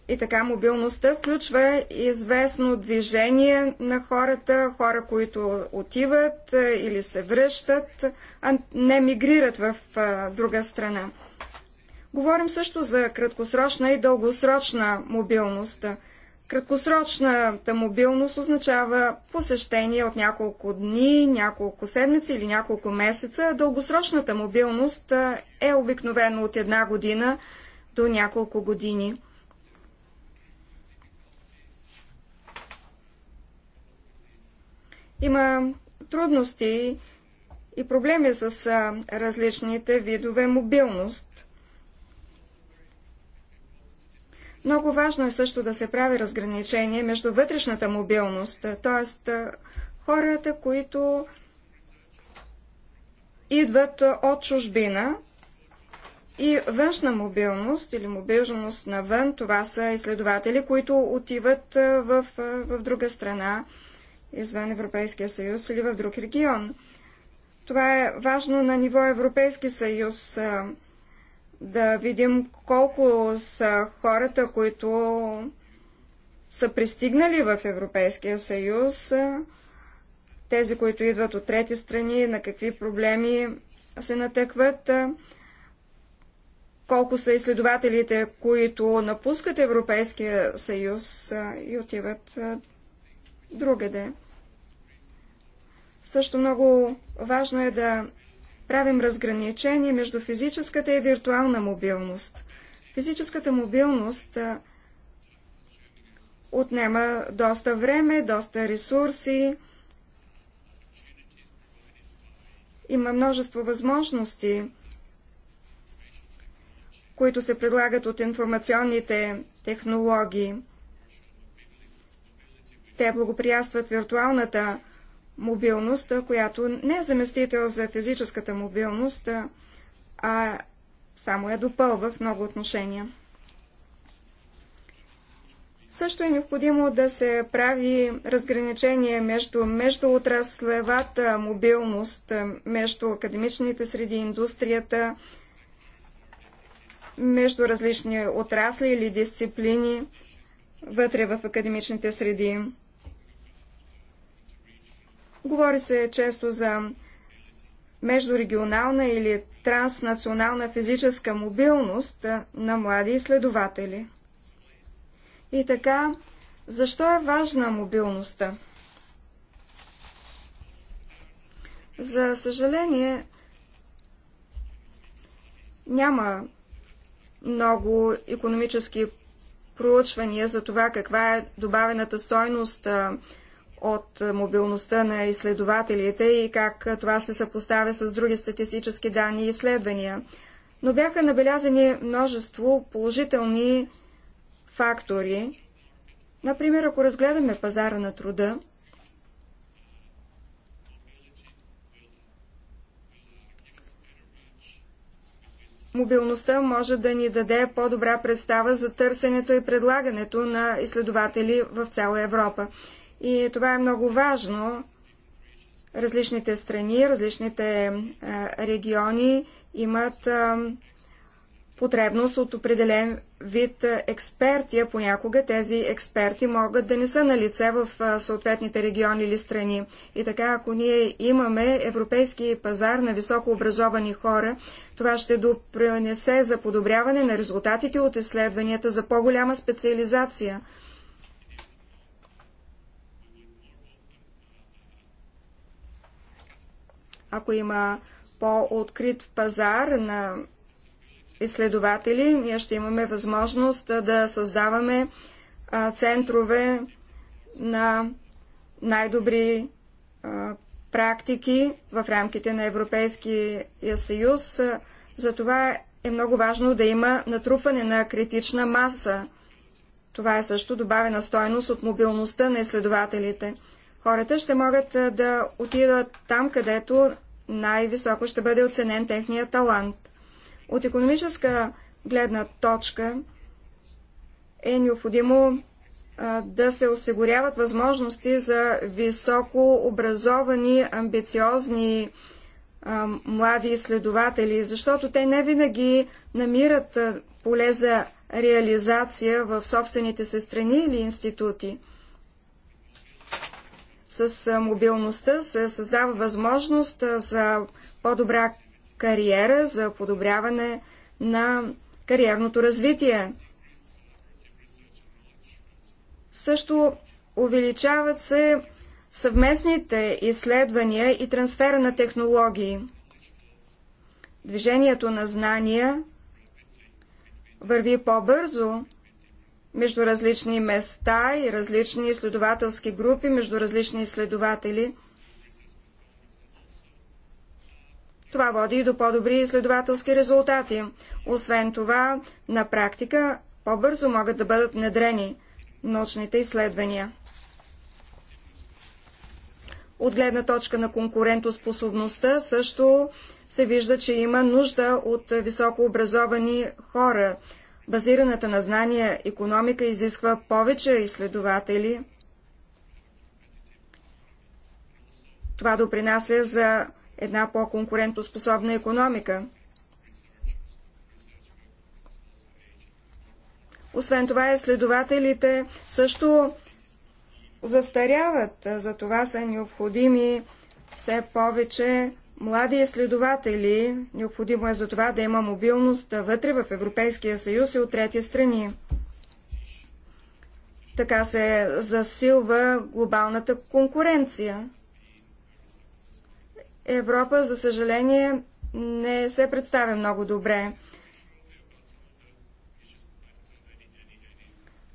И така мобилността включва известно движение на хората, хора, които отиват или се връщат, а не мигрират в друга страна. Говорим също за краткосрочна и дългосрочна мобилност. Краткосрочната мобилност означава посещение от няколко дни, няколко седмици или няколко месеца. Дългосрочната мобилност е обикновено от една година до няколко години. Има трудности и проблеми с различните видове мобилност – Много важно е също да се прави разграничение между вътрешната мобилност, е, т.е. Е, хората, които идват е, от чужбина и външна мобилност или мобилност навън, това са изследователи, които отиват в, в друга страна, извън Европейския съюз или в друг регион. Това е важно на ниво Европейски съюз да видим колко са хората, които са пристигнали в Европейския съюз, тези, които идват от трети страни, на какви проблеми се натъкват, колко са изследователите, които напускат Европейския съюз и отиват другаде. Също много важно е да правим разграничение между физическата и виртуална мобилност. Физическата мобилност отнема доста време, доста ресурси. Има множество възможности, които се предлагат от информационните технологии. Те благоприятстват виртуалната мобилност, която не е заместител за физическата мобилност, а само я допълва в много отношения. Също е необходимо да се прави разграничение между, между отраслевата мобилност, между академичните среди, индустрията, между различни отрасли или дисциплини вътре в академичните среди. Говори се често за междурегионална или транснационална физическа мобилност на млади изследователи. И така, защо е важна мобилността? За съжаление, няма много економически проучвания за това каква е добавената стойност от мобилността на изследователите и как това се съпоставя с други статистически данни и изследвания. Но бяха набелязани множество положителни фактори. Например, ако разгледаме пазара на труда, Мобилността може да ни даде по-добра представа за търсенето и предлагането на изследователи в цяла Европа. И това е много важно. Различните страни, различните е, региони имат е, потребност от определен вид е, експерти, а понякога тези експерти могат да не са на лице в съответните региони или страни. И така, ако ние имаме европейски пазар на високо образовани хора, това ще допринесе за подобряване на резултатите от изследванията за по-голяма специализация – Ако има по-открит пазар на изследователи, ние ще имаме възможност да създаваме центрове на най-добри практики в рамките на Европейския съюз. Затова е много важно да има натрупване на критична маса. Това е също добавена стойност от мобилността на изследователите хората ще могат да отидат там, където най-високо ще бъде оценен техния талант. От економическа гледна точка е необходимо да се осигуряват възможности за високо образовани, амбициозни млади изследователи, защото те не винаги намират поле за реализация в собствените се страни или институти. С мобилността се създава възможност за по-добра кариера, за подобряване на кариерното развитие. Също увеличават се съвместните изследвания и трансфера на технологии. Движението на знания върви по-бързо, между различни места и различни изследователски групи, между различни изследователи. Това води и до по-добри изследователски резултати. Освен това, на практика по-бързо могат да бъдат внедрени научните изследвания. От гледна точка на конкурентоспособността също се вижда, че има нужда от високообразовани хора, Базираната на знания економика изисква повече изследователи. Това допринася за една по-конкурентоспособна економика. Освен това, изследователите също застаряват, за това са необходими все повече млади следователи Необходимо е за това да има мобилност вътре в Европейския съюз и от трети страни. Така се засилва глобалната конкуренция. Европа, за съжаление, не се представя много добре.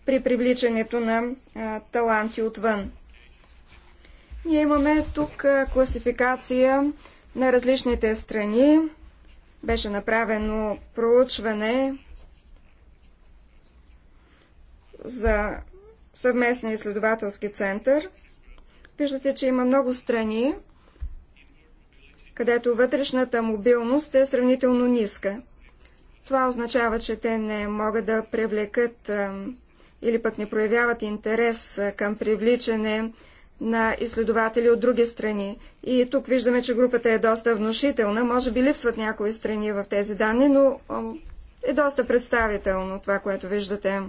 при привличането на а, таланти отвън. Ние имаме тук а, класификация на различните страни. Беше направено проучване за съвместния изследователски център. Виждате, че има много страни, където вътрешната мобилност е сравнително ниска. Това означава, че те не могат да привлекат или пък не проявяват интерес към привличане на изследователи от други страни. И тук виждаме, че групата е доста внушителна. Може би липсват някои страни в тези данни, но е доста представително това, което виждате.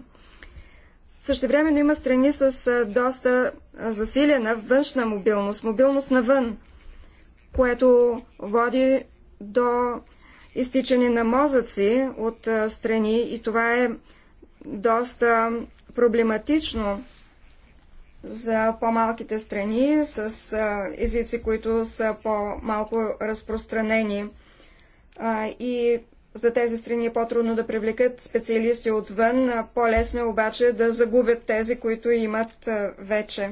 Същевременно има страни с доста засилена външна мобилност, мобилност навън, което води до изтичане на мозъци от страни и това е доста проблематично за по-малките страни с езици, които са по-малко разпространени. И за тези страни е по-трудно да привлекат специалисти отвън, по-лесно е обаче да загубят тези, които имат вече.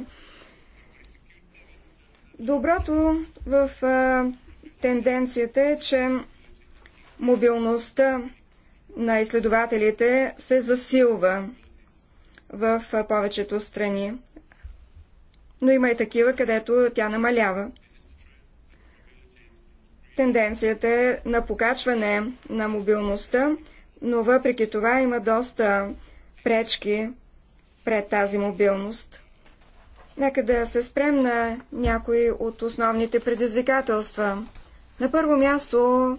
Доброто в тенденцията е, че мобилността на изследователите се засилва в повечето страни но има и такива, където тя намалява. Тенденцията е на покачване на мобилността, но въпреки това има доста пречки пред тази мобилност. Нека да се спрем на някои от основните предизвикателства. На първо място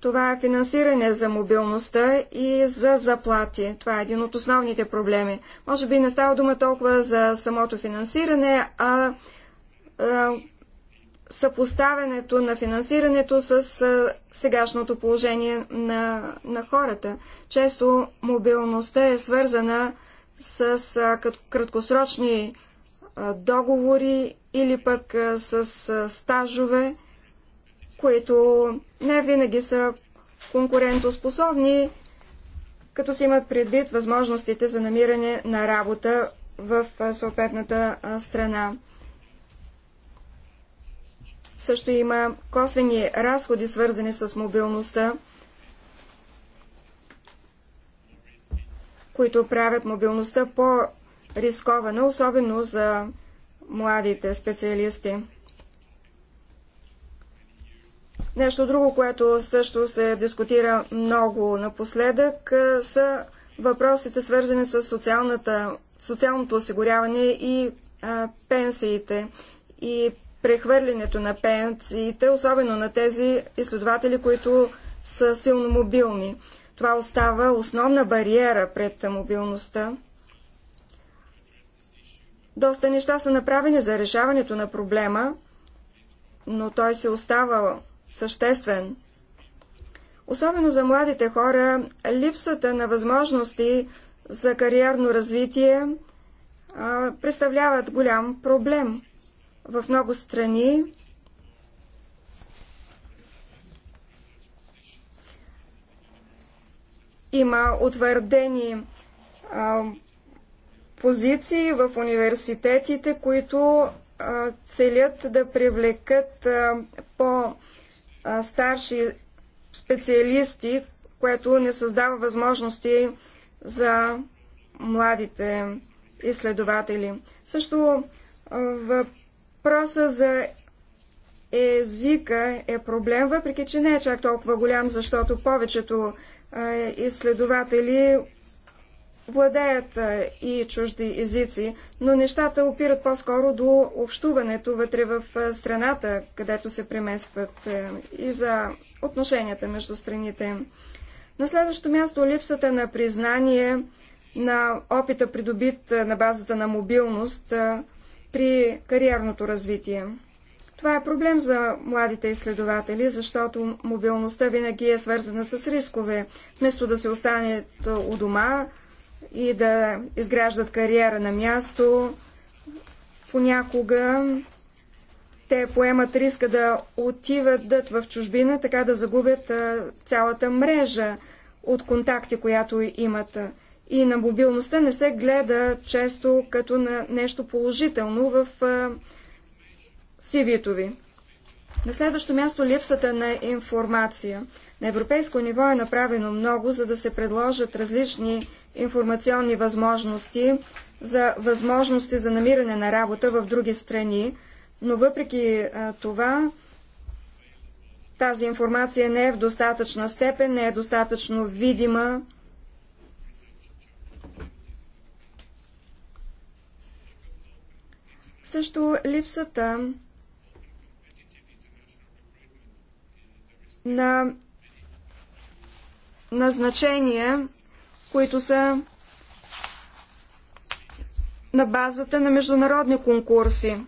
това е финансиране за мобилността и за заплати. Това е един от основните проблеми. Може би не става дума толкова за самото финансиране, а, а съпоставянето на финансирането с а, сегашното положение на, на хората. Често мобилността е свързана с а, краткосрочни а, договори или пък с стажове които не винаги са конкурентоспособни, като се имат предвид възможностите за намиране на работа в съответната страна. Също има косвени разходи, свързани с мобилността, които правят мобилността по-рискована, особено за младите специалисти. Нещо друго, което също се дискутира много напоследък, са въпросите свързани с социалното осигуряване и а, пенсиите и прехвърлянето на пенсиите, особено на тези изследователи, които са силно мобилни. Това остава основна бариера пред мобилността. Доста неща са направени за решаването на проблема, но той се остава съществен. Особено за младите хора, липсата на възможности за кариерно развитие а, представляват голям проблем. В много страни има утвърдени а, позиции в университетите, които а, целят да привлекат а, по- старши специалисти, което не създава възможности за младите изследователи. Също въпроса за езика е проблем, въпреки че не е чак толкова голям, защото повечето изследователи владеят и чужди езици, но нещата опират по-скоро до общуването вътре в страната, където се преместват и за отношенията между страните. На следващо място липсата на признание на опита придобит на базата на мобилност при кариерното развитие. Това е проблем за младите изследователи, защото мобилността винаги е свързана с рискове. Вместо да се останат у дома, и да изграждат кариера на място. Понякога те поемат риска да отиват в чужбина, така да загубят цялата мрежа от контакти, която имат. И на мобилността не се гледа често като на нещо положително в CV-то ви. На следващо място липсата на информация. На европейско ниво е направено много, за да се предложат различни информационни възможности за възможности за намиране на работа в други страни, но въпреки това тази информация не е в достатъчна степен, не е достатъчно видима. Също липсата на назначения, които са на базата на международни конкурси.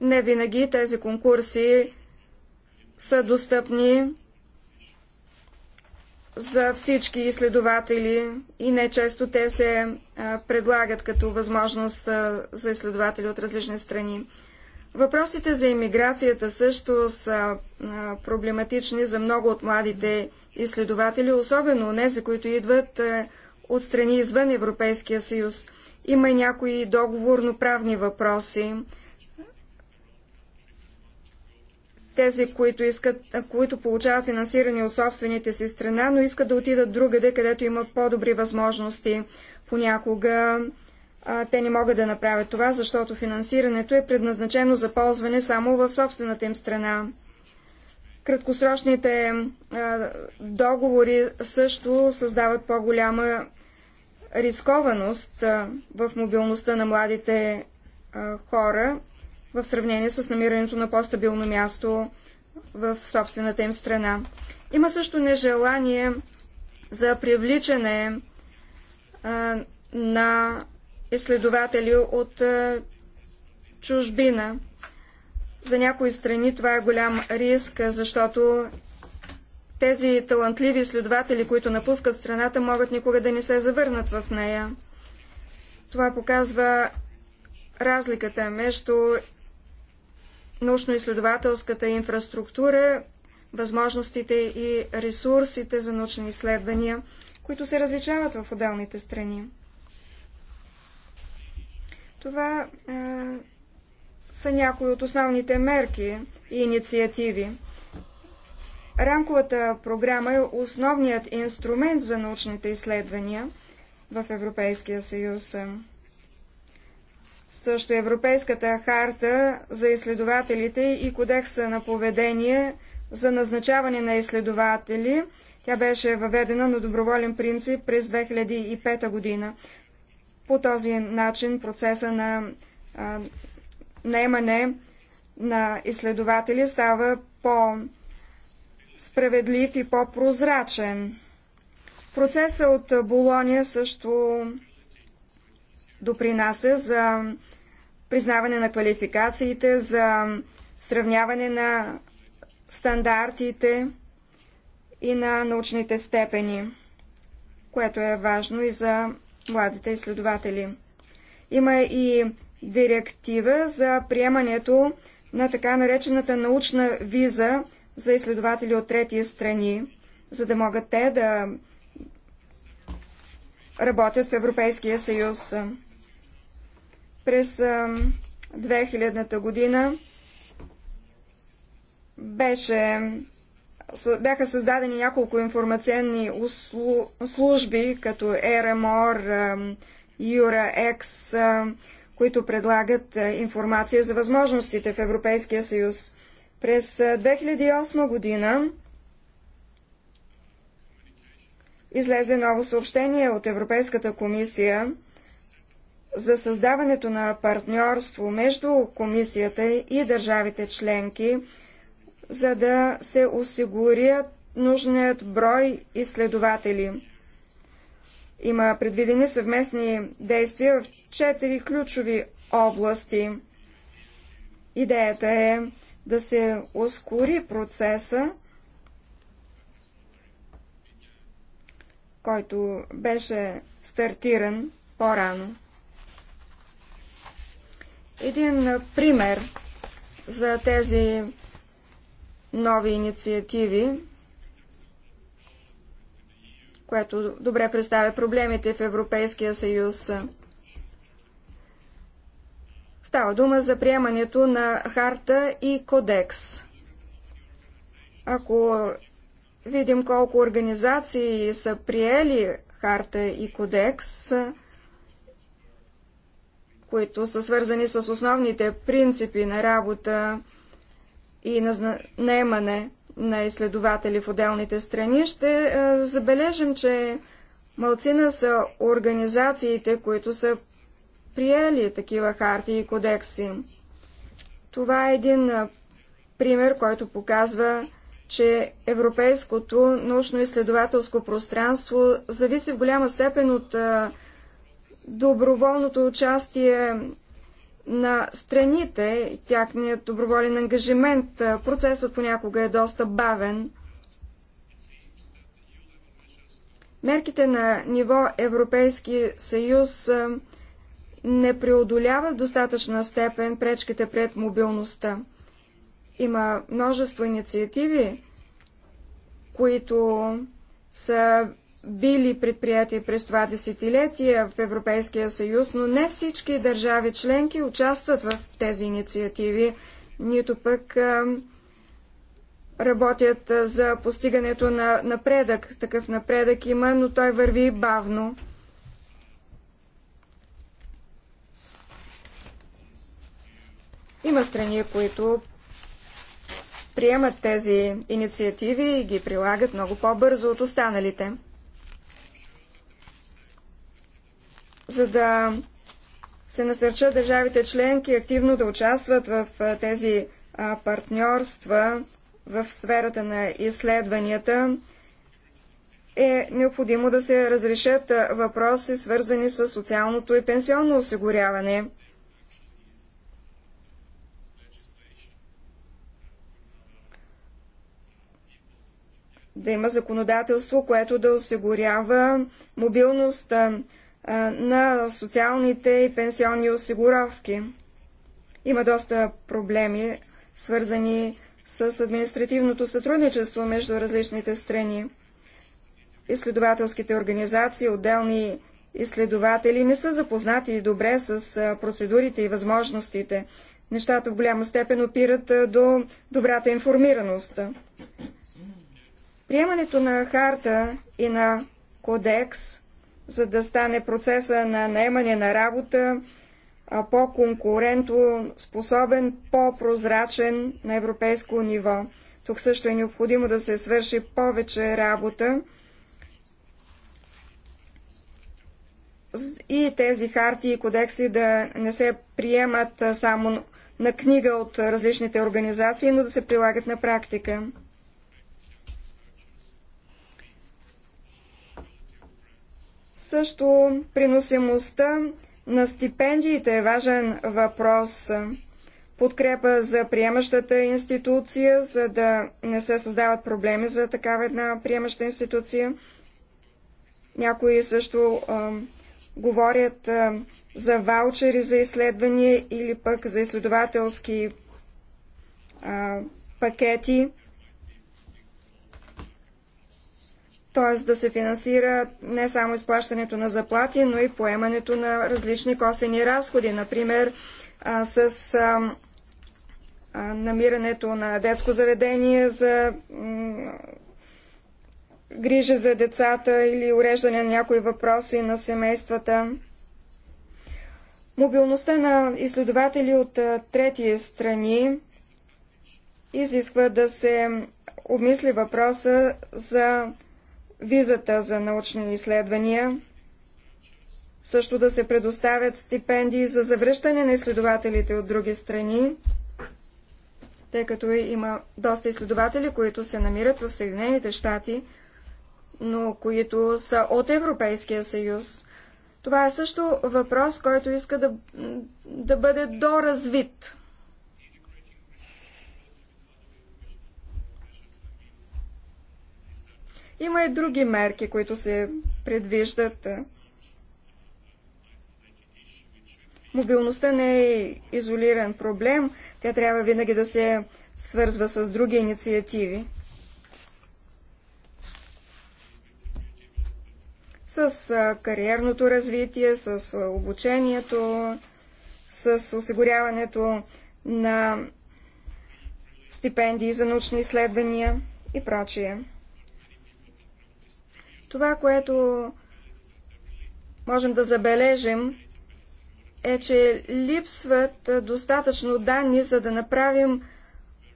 Не винаги тези конкурси са достъпни за всички изследователи и не често те се предлагат като възможност за изследователи от различни страни. Въпросите за иммиграцията също са проблематични за много от младите изследователи, особено за които идват е, от страни извън Европейския съюз. Има и някои договорно-правни въпроси. Тези, които, искат, които получават финансиране от собствените си страна, но искат да отидат другаде, където има по-добри възможности. Понякога а, те не могат да направят това, защото финансирането е предназначено за ползване само в собствената им страна. Краткосрочните а, договори също създават по-голяма рискованост а, в мобилността на младите а, хора в сравнение с намирането на по-стабилно място в собствената им страна. Има също нежелание за привличане а, на изследователи е от е, чужбина. За някои страни това е голям риск, защото тези талантливи изследователи, които напускат страната, могат никога да не се завърнат в нея. Това показва разликата между научно-изследователската инфраструктура, възможностите и ресурсите за научни изследвания, които се различават в отделните страни. Това а, са някои от основните мерки и инициативи. Рамковата програма е основният инструмент за научните изследвания в Европейския съюз. Също Европейската харта за изследователите и кодекса на поведение за назначаване на изследователи. Тя беше въведена на доброволен принцип през 2005 година. По този начин процеса на а, наемане на изследователи става по-справедлив и по-прозрачен. Процесът от Болония също допринася за признаване на квалификациите, за сравняване на стандартите и на научните степени, което е важно и за младите изследователи. Има и директива за приемането на така наречената научна виза за изследователи от трети страни, за да могат те да работят в Европейския съюз. През 2000-та година беше бяха създадени няколко информационни услу... служби, като ЕРМОР, ЮРАЕКС, които предлагат информация за възможностите в Европейския съюз. През 2008 година излезе ново съобщение от Европейската комисия за създаването на партньорство между комисията и държавите членки – за да се осигурят нужният брой изследователи. Има предвидени съвместни действия в четири ключови области. Идеята е да се ускори процеса, който беше стартиран по-рано. Един пример за тези нови инициативи, което добре представя проблемите в Европейския съюз. Става дума за приемането на харта и кодекс. Ако видим колко организации са приели харта и кодекс, които са свързани с основните принципи на работа и на наемане на изследователи в отделните страни, ще е, забележим, че малцина са организациите, които са приели такива харти и кодекси. Това е един е, пример, който показва, че европейското научно-изследователско пространство зависи в голяма степен от е, доброволното участие на страните и тяхният доброволен ангажимент. Процесът понякога е доста бавен. Мерките на ниво Европейски съюз не преодолява в достатъчна степен пречките пред мобилността. Има множество инициативи, които са били предприяти през това десетилетие в Европейския съюз, но не всички държави членки участват в тези инициативи, нито пък работят за постигането на напредък. Такъв напредък има, но той върви бавно. Има страни, които приемат тези инициативи и ги прилагат много по-бързо от останалите. за да се насърчат държавите членки активно да участват в тези партньорства в сферата на изследванията, е необходимо да се разрешат въпроси, свързани с социалното и пенсионно осигуряване. Да има законодателство, което да осигурява мобилност на социалните и пенсионни осигуровки. Има доста проблеми, свързани с административното сътрудничество между различните страни. Изследователските организации, отделни изследователи не са запознати добре с процедурите и възможностите. Нещата в голяма степен опират до добрата информираност. Приемането на харта и на кодекс за да стане процеса на наемане на работа по-конкурентно способен, по-прозрачен на европейско ниво. Тук също е необходимо да се свърши повече работа. И тези харти и кодекси да не се приемат само на книга от различните организации, но да се прилагат на практика. Също приносимостта на стипендиите е важен въпрос. Подкрепа за приемащата институция, за да не се създават проблеми за такава една приемаща институция. Някои също а, говорят а, за ваучери за изследвания или пък за изследователски а, пакети. т.е. да се финансира не само изплащането на заплати, но и поемането на различни косвени разходи, например с намирането на детско заведение за грижа за децата или уреждане на някои въпроси на семействата. Мобилността на изследователи от трети страни изисква да се обмисли въпроса за визата за научни изследвания, също да се предоставят стипендии за завръщане на изследователите от други страни, тъй като има доста изследователи, които се намират в Съединените щати, но които са от Европейския съюз. Това е също въпрос, който иска да, да бъде доразвит. Има и други мерки, които се предвиждат. Мобилността не е изолиран проблем, тя трябва винаги да се свързва с други инициативи. С кариерното развитие, с обучението, с осигуряването на стипендии за научни изследвания и прочие. Това, което можем да забележим, е, че липсват достатъчно данни, за да направим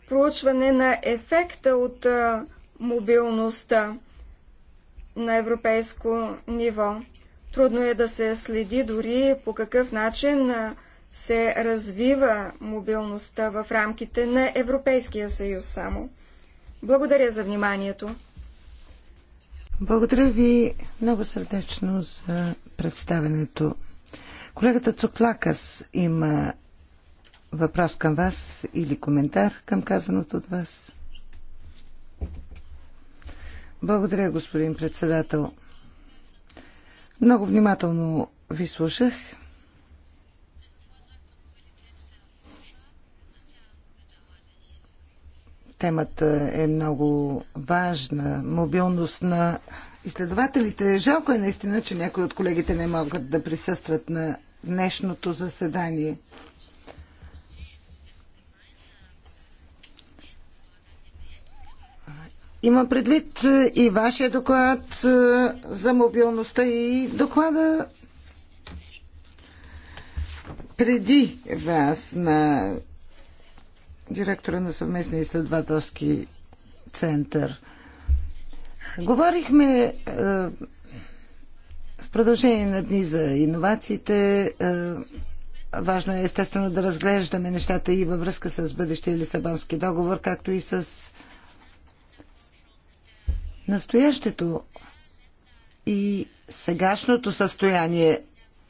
проучване на ефекта от мобилността на европейско ниво. Трудно е да се следи дори по какъв начин се развива мобилността в рамките на Европейския съюз само. Благодаря за вниманието. Благодаря ви много сърдечно за представенето. Колегата Цоклакас има въпрос към вас или коментар към казаното от вас. Благодаря, господин председател. Много внимателно ви слушах. Темата е много важна. Мобилност на изследователите. Жалко е наистина, че някои от колегите не могат да присъстват на днешното заседание. Има предвид и вашия доклад е, за мобилността и доклада преди вас на директора на съвместния изследователски център. Говорихме е, в продължение на дни за иновациите. Е, важно е естествено да разглеждаме нещата и във връзка с бъдещия Лисабонски договор, както и с настоящето и сегашното състояние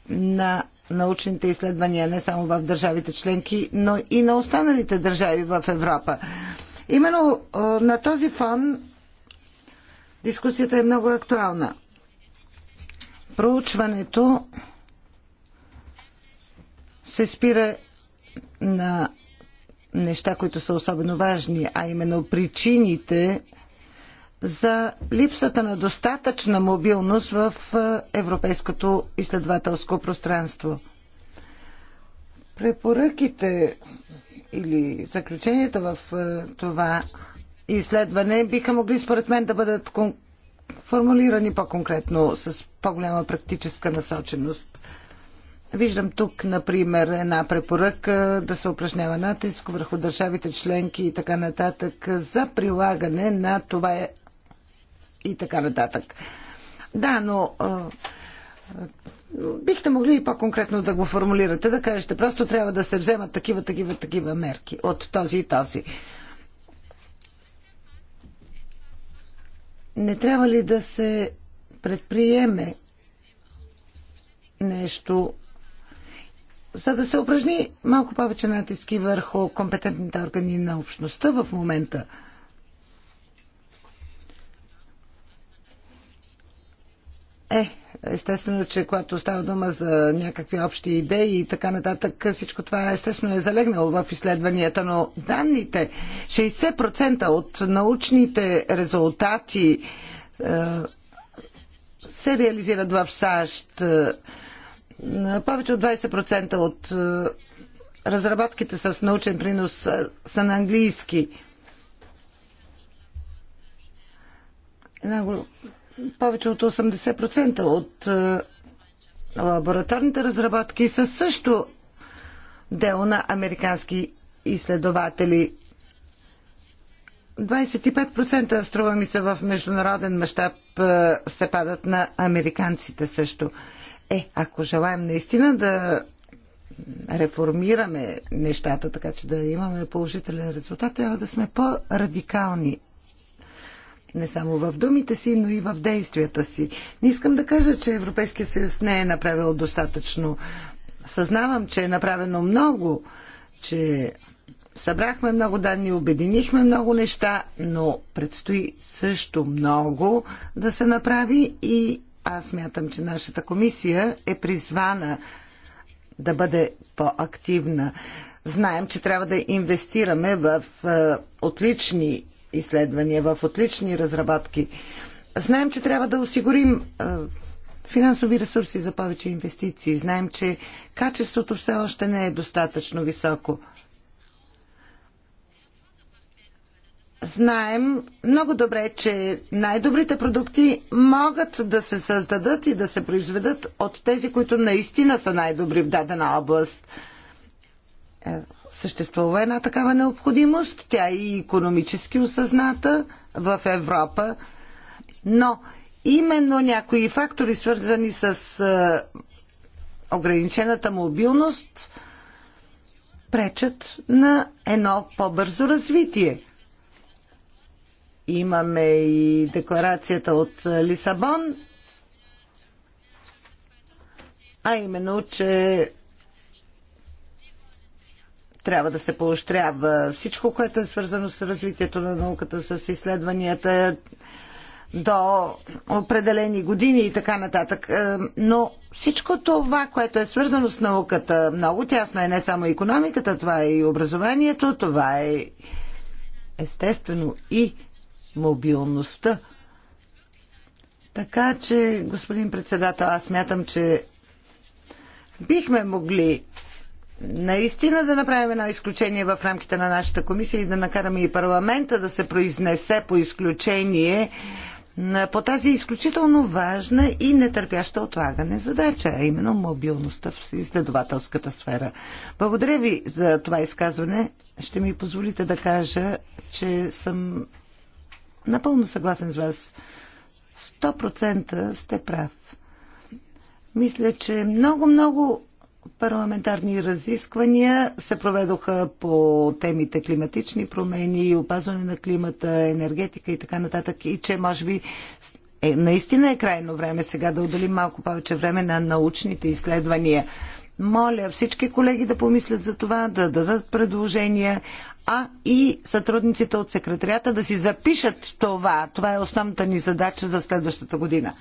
на научните изследвания не само в държавите членки, но и на останалите държави в Европа. Именно на този фон дискусията е много актуална. Проучването се спира на неща, които са особено важни, а именно причините за липсата на достатъчна мобилност в е, европейското изследователско пространство. Препоръките или заключенията в е, това изследване биха могли според мен да бъдат формулирани по-конкретно с по-голяма практическа насоченост. Виждам тук, например, една препоръка да се упражнява натиск върху държавите членки и така нататък за прилагане на това е и така нататък. Да, но а, бихте могли и по-конкретно да го формулирате, да кажете, просто трябва да се вземат такива, такива, такива мерки от този и този. Не трябва ли да се предприеме нещо, за да се упражни малко повече натиски върху компетентните органи на общността в момента? Е, естествено, че когато става дума за някакви общи идеи и така нататък, всичко това естествено е залегнало в изследванията, но данните, 60% от научните резултати е, се реализират в САЩ. Е, повече от 20% от е, разработките с научен принос са на английски. Една повече от 80% от е, лабораторните разработки са също дело на американски изследователи. 25% струва ми се в международен мащаб е, се падат на американците също. Е, ако желаем наистина да реформираме нещата, така че да имаме положителен резултат, трябва да сме по-радикални не само в думите си, но и в действията си. Не искам да кажа, че Европейския съюз не е направил достатъчно. Съзнавам, че е направено много, че събрахме много данни, обединихме много неща, но предстои също много да се направи и аз мятам, че нашата комисия е призвана да бъде по-активна. Знаем, че трябва да инвестираме в е, отлични изследвания, в отлични разработки. Знаем, че трябва да осигурим финансови ресурси за повече инвестиции. Знаем, че качеството все още не е достатъчно високо. Знаем много добре, че най-добрите продукти могат да се създадат и да се произведат от тези, които наистина са най-добри в дадена област. Е, съществува една такава необходимост. Тя е и економически осъзната в Европа. Но именно някои фактори, свързани с ограничената мобилност, пречат на едно по-бързо развитие. Имаме и декларацията от Лисабон, а именно, че трябва да се поощрява всичко, което е свързано с развитието на науката, с изследванията до определени години и така нататък. Е, но всичко това, което е свързано с науката, много тясно е не само економиката, това е и образованието, това е естествено и мобилността. Така че, господин председател, аз мятам, че бихме могли наистина да направим едно изключение в рамките на нашата комисия и да накараме и парламента да се произнесе по изключение по тази изключително важна и нетърпяща отлагане задача, а именно мобилността в изследователската сфера. Благодаря ви за това изказване. Ще ми позволите да кажа, че съм напълно съгласен с вас. 100% сте прав. Мисля, че много-много парламентарни разисквания се проведоха по темите климатични промени, опазване на климата, енергетика и така нататък. И че може би е, наистина е крайно време сега да отделим малко повече време на научните изследвания. Моля всички колеги да помислят за това, да дадат предложения, а и сътрудниците от секретарията да си запишат това. Това е основната ни задача за следващата година.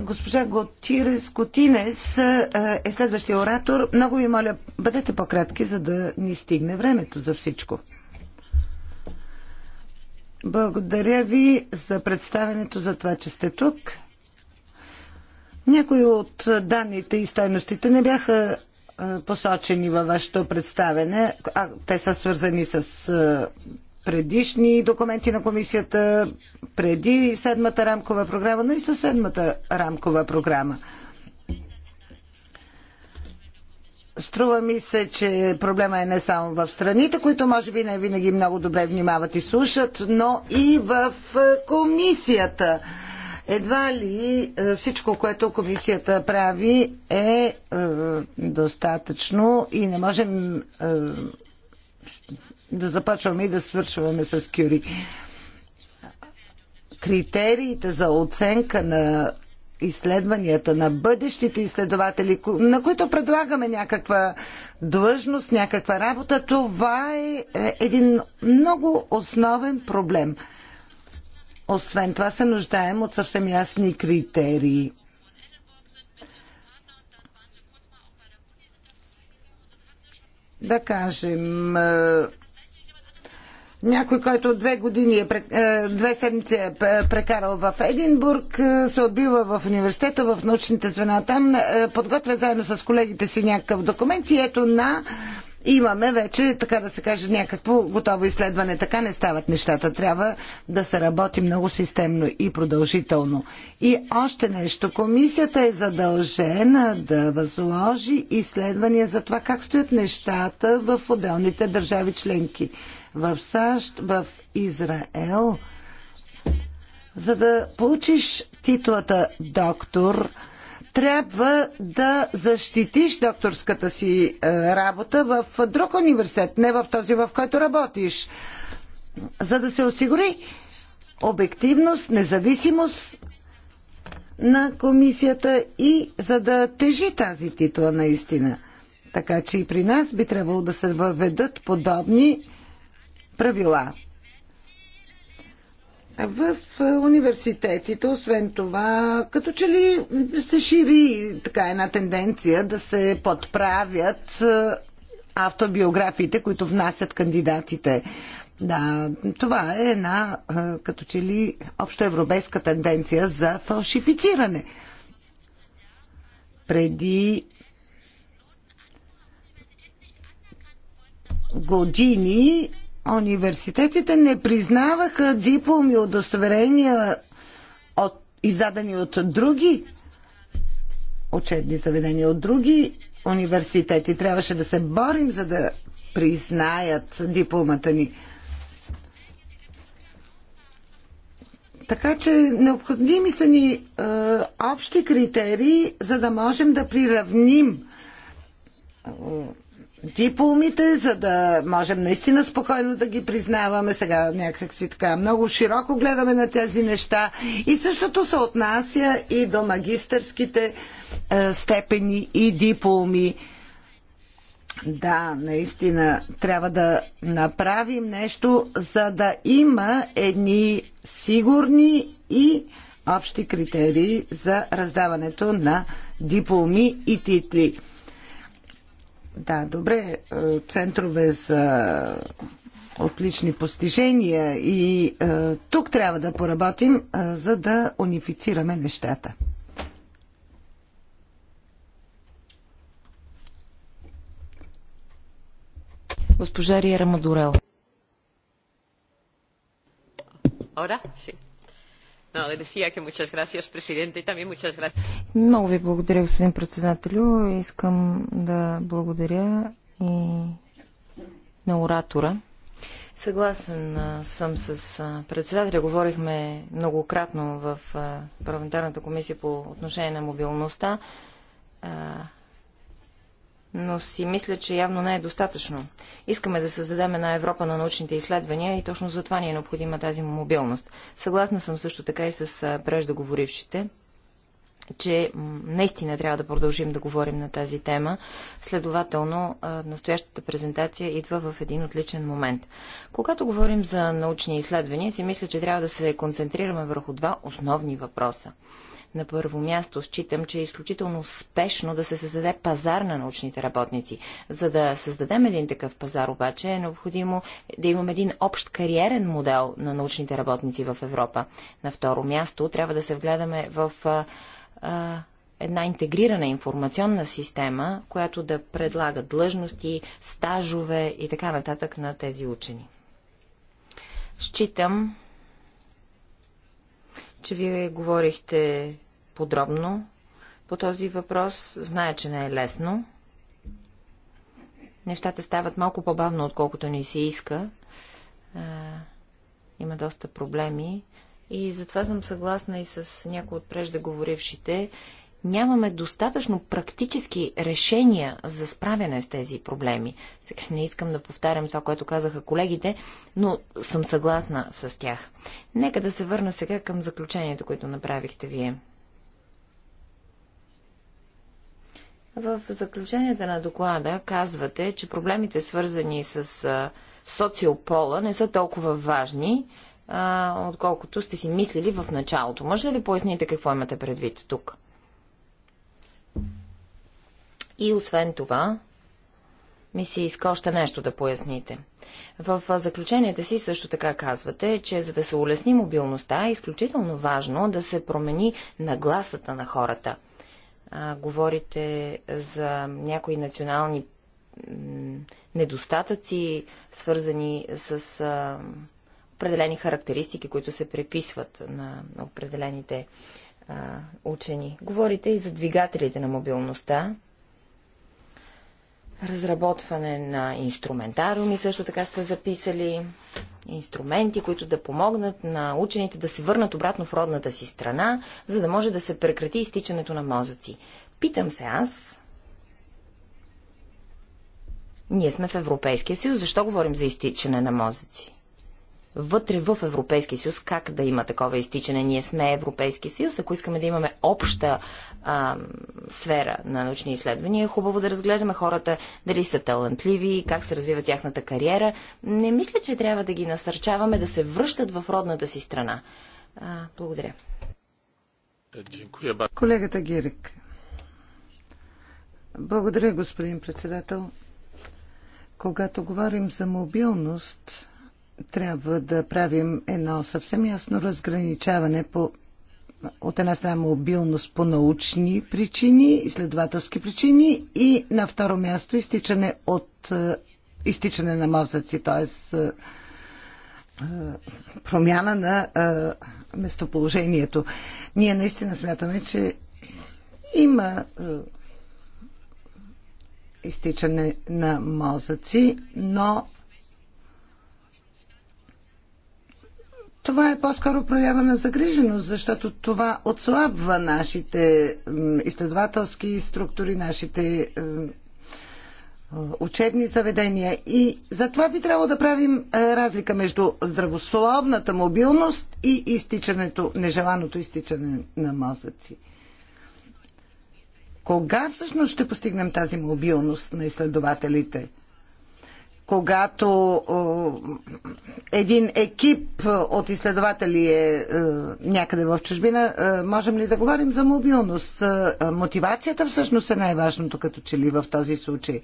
Госпожа Готирес Котинес е следващия оратор. Много ви моля, бъдете по-кратки, за да ни стигне времето за всичко. Благодаря ви за представенето, за това, че сте тук. Някои от данните и стойностите не бяха посочени във вашето представене, а те са свързани с предишни документи на комисията, преди седмата рамкова програма, но и със седмата рамкова програма. Струва ми се, че проблема е не само в страните, които може би не винаги много добре внимават и слушат, но и в е, комисията. Едва ли е, всичко, което комисията прави е, е достатъчно и не можем да започваме и да свършваме с Кюри. Критериите за оценка на изследванията на бъдещите изследователи, на които предлагаме някаква длъжност, някаква работа, това е, е един много основен проблем. Освен това се нуждаем от съвсем ясни критерии. Да кажем, е, някой, който две години, е, е две седмици е прекарал в Единбург, е, се отбива в университета, в научните звена там, е, подготвя заедно с колегите си някакъв документ и ето на имаме вече, така да се каже, някакво готово изследване. Така не стават нещата. Трябва да се работи много системно и продължително. И още нещо. Комисията е задължена да възложи изследвания за това как стоят нещата в отделните държави членки в САЩ, в Израел. За да получиш титлата доктор, трябва да защитиш докторската си е, работа в друг университет, не в този, в който работиш. За да се осигури обективност, независимост на комисията и за да тежи тази титла наистина. Така че и при нас би трябвало да се въведат подобни правила. В университетите, освен това, като че ли се шири така една тенденция да се подправят автобиографиите, които внасят кандидатите. Да, това е една като че ли общоевропейска тенденция за фалшифициране. Преди години университетите не признаваха дипломи, удостоверения, от, издадени от други учебни заведения, от други университети. Трябваше да се борим, за да признаят дипломата ни. Така че необходими са ни е, общи критерии, за да можем да приравним е, дипломите, за да можем наистина спокойно да ги признаваме. Сега някак си така много широко гледаме на тези неща. И същото се отнася и до магистърските е, степени и дипломи. Да, наистина трябва да направим нещо, за да има едни сигурни и общи критерии за раздаването на дипломи и титли. Да, добре. Е, центрове за отлични постижения и е, тук трябва да поработим, е, за да унифицираме нещата. Госпожа Риера Мадурел. си. sí. Много ви благодаря, господин председателю. Искам да благодаря и на оратора. Съгласен съм с председателя. Говорихме многократно в парламентарната комисия по отношение на мобилността но си мисля, че явно не е достатъчно. Искаме да създадем една Европа на научните изследвания и точно за това ни е необходима тази мобилност. Съгласна съм също така и с преждоговорившите, че наистина трябва да продължим да говорим на тази тема. Следователно, настоящата презентация идва в един отличен момент. Когато говорим за научни изследвания, си мисля, че трябва да се концентрираме върху два основни въпроса. На първо място считам, че е изключително спешно да се създаде пазар на научните работници. За да създадем един такъв пазар обаче е необходимо да имаме един общ кариерен модел на научните работници в Европа. На второ място трябва да се вгледаме в а, а, една интегрирана информационна система, която да предлага длъжности, стажове и така нататък на тези учени. Считам, че вие говорихте подробно по този въпрос. Зная, че не е лесно. Нещата стават малко по-бавно, отколкото ни се иска. А, има доста проблеми. И затова съм съгласна и с някои от преждеговорившите. Нямаме достатъчно практически решения за справяне с тези проблеми. Сега не искам да повтарям това, което казаха колегите, но съм съгласна с тях. Нека да се върна сега към заключението, което направихте вие. В заключенията на доклада казвате, че проблемите свързани с социопола не са толкова важни, отколкото сте си мислили в началото. Може ли да поясните какво имате предвид тук? И освен това, ми се иска още нещо да поясните. В заключенията си също така казвате, че за да се улесни мобилността е изключително важно да се промени нагласата на хората а, говорите за някои национални недостатъци, свързани с а, определени характеристики, които се приписват на определените а, учени. Говорите и за двигателите на мобилността разработване на инструментариуми, също така сте записали инструменти, които да помогнат на учените да се върнат обратно в родната си страна, за да може да се прекрати изтичането на мозъци. Питам се аз, ние сме в Европейския съюз, защо говорим за изтичане на мозъци? вътре в Европейския съюз как да има такова изтичане. Ние сме Европейски съюз. Ако искаме да имаме обща а, сфера на научни изследвания, е хубаво да разглеждаме хората дали са талантливи, как се развива тяхната кариера. Не мисля, че трябва да ги насърчаваме да се връщат в родната си страна. А, благодаря. Колегата Гирик. Благодаря, господин председател. Когато говорим за мобилност, трябва да правим едно съвсем ясно разграничаване по от една страна мобилност по научни причини, изследователски причини и на второ място изтичане от е, изтичане на мозъци, т.е. Е, е, промяна на местоположението. Ние наистина смятаме, че има изтичане на мозъци, но Това е по-скоро проява на загриженост, защото това отслабва нашите изследователски структури, нашите учебни заведения. И затова би трябвало да правим е, разлика между здравословната мобилност и изтичането, нежеланото изтичане на мозъци. Кога всъщност ще постигнем тази мобилност на изследователите? когато един екип от изследователи е, е някъде в чужбина, е, можем ли да говорим за мобилност? Е, мотивацията всъщност е най-важното като че ли в този случай.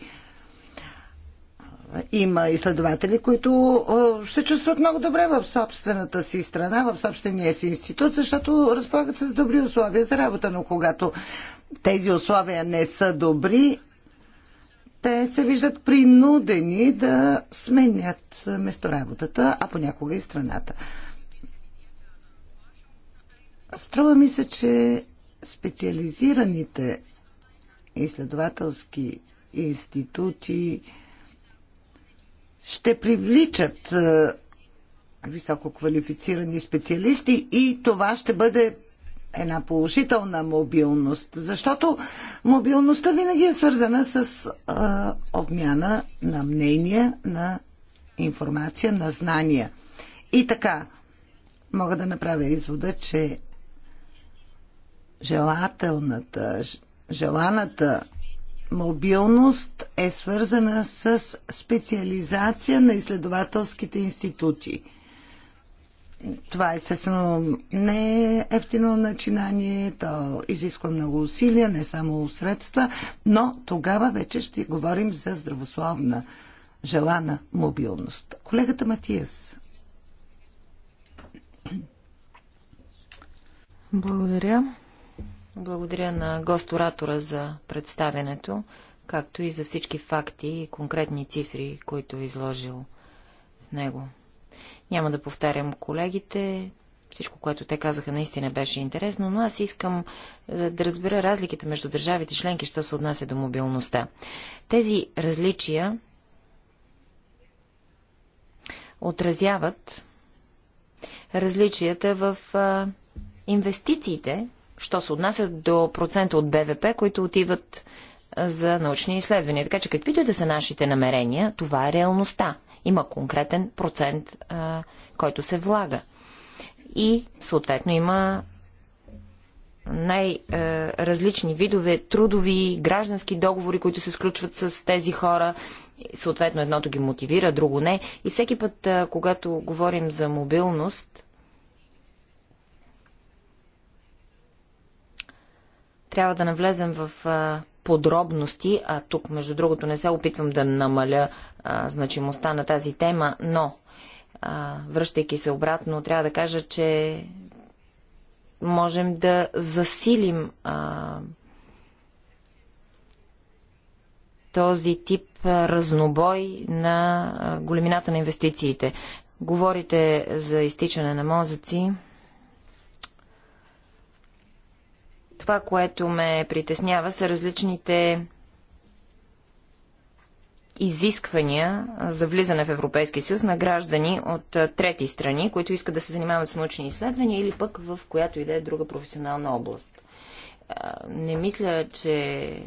Има изследователи, които се чувстват много добре в собствената си страна, в собствения си институт, защото разполагат с добри условия за работа, но когато тези условия не са добри, те се виждат принудени да сменят местоработата, а понякога и страната. Струва ми се, че специализираните изследователски институти ще привличат високо квалифицирани специалисти и това ще бъде една положителна мобилност, защото мобилността винаги е свързана с а, обмяна на мнения, на информация, на знания. И така, мога да направя извода, че желателната, желаната мобилност е свързана с специализация на изследователските институти – това естествено не е ефтино начинание, то изисква много усилия, не само средства, но тогава вече ще говорим за здравословна, желана мобилност. Колегата Матиас. Благодаря. Благодаря на госторатора за представянето, както и за всички факти и конкретни цифри, които е изложил него. Няма да повтарям колегите. Всичко, което те казаха, наистина беше интересно, но аз искам е, да разбера разликите между държавите членки, що се отнася до мобилността. Тези различия отразяват различията в инвестициите, що се отнасят до процента от БВП, които отиват за научни изследвания. Така че каквито и да са нашите намерения, това е реалността. Има конкретен процент, а, който се влага. И съответно има най-различни видове трудови, граждански договори, които се сключват с тези хора. Съответно, едното ги мотивира, друго не. И всеки път, когато говорим за мобилност, трябва да навлезем в подробности, а тук, между другото, не се опитвам да намаля а, значимостта на тази тема, но, а, връщайки се обратно, трябва да кажа, че можем да засилим а, този тип разнобой на големината на инвестициите. Говорите за изтичане на мозъци. Това, което ме притеснява, са различните изисквания за влизане в Европейския съюз на граждани от трети страни, които искат да се занимават с научни изследвания или пък в която и да е друга професионална област. Не мисля, че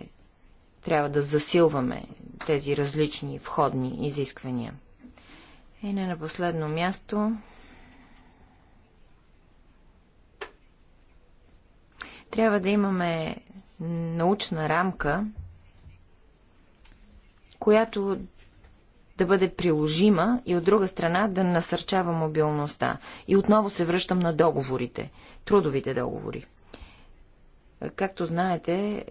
трябва да засилваме тези различни входни изисквания. И не на последно място Трябва да имаме научна рамка, която да бъде приложима и от друга страна да насърчава мобилността. И отново се връщам на договорите, трудовите договори. Както знаете,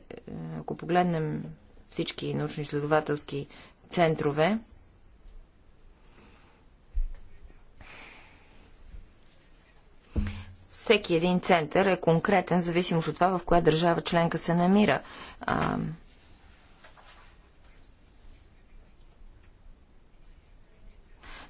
ако погледнем всички научно-изследователски центрове, всеки един център е конкретен, в зависимост от това в коя държава членка се намира. А,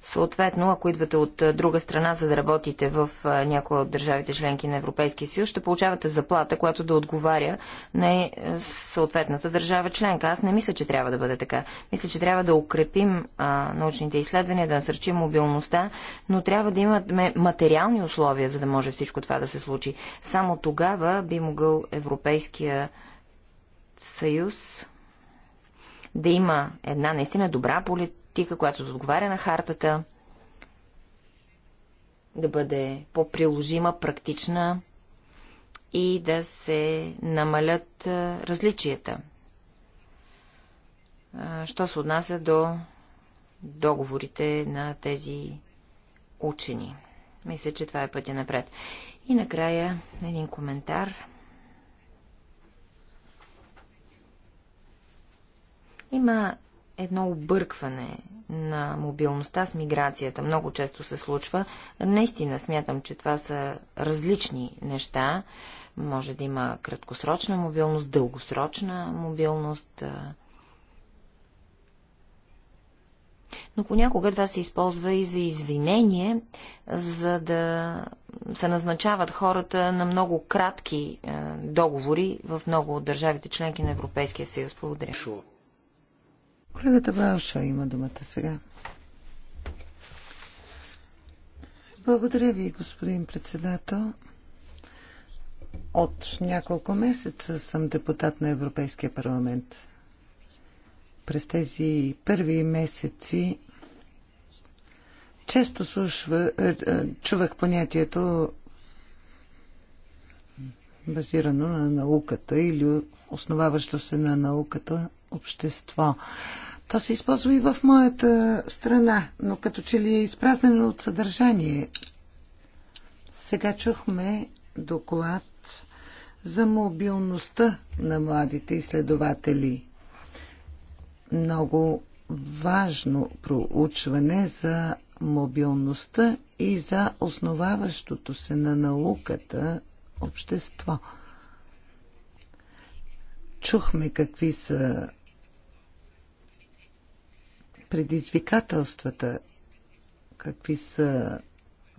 Съответно, ако идвате от друга страна, за да работите в някоя от държавите членки на Европейския съюз, ще получавате заплата, която да отговаря на е, съответната държава членка. Аз не мисля, че трябва да бъде така. Мисля, че трябва да укрепим а, научните изследвания, да насърчим мобилността, но трябва да имаме материални условия, за да може всичко това да се случи. Само тогава би могъл Европейския съюз да има една наистина добра политика политика, която да отговаря на хартата, да бъде по-приложима, практична и да се намалят различията. Що се отнася до договорите на тези учени. Мисля, че това е пътя напред. И накрая един коментар. Има едно объркване на мобилността с миграцията. Много често се случва. Наистина смятам, че това са различни неща. Може да има краткосрочна мобилност, дългосрочна мобилност. Но понякога това се използва и за извинение, за да се назначават хората на много кратки договори в много от държавите членки на Европейския съюз. Благодаря. Колегата Балша има думата сега. Благодаря ви, господин председател. От няколко месеца съм депутат на Европейския парламент. През тези първи месеци често слушва, е, е, чувах понятието базирано на науката или основаващо се на науката общество. То се използва и в моята страна, но като че ли е изпразнено от съдържание. Сега чухме доклад за мобилността на младите изследователи. Много важно проучване за мобилността и за основаващото се на науката общество. Чухме какви са предизвикателствата, какви са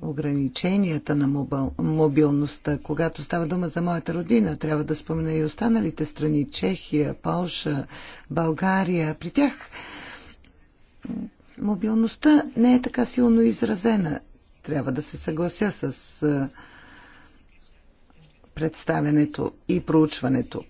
ограниченията на мобилността. Когато става дума за моята родина, трябва да спомена и останалите страни Чехия, Полша, България. При тях мобилността не е така силно изразена. Трябва да се съглася с представенето и проучването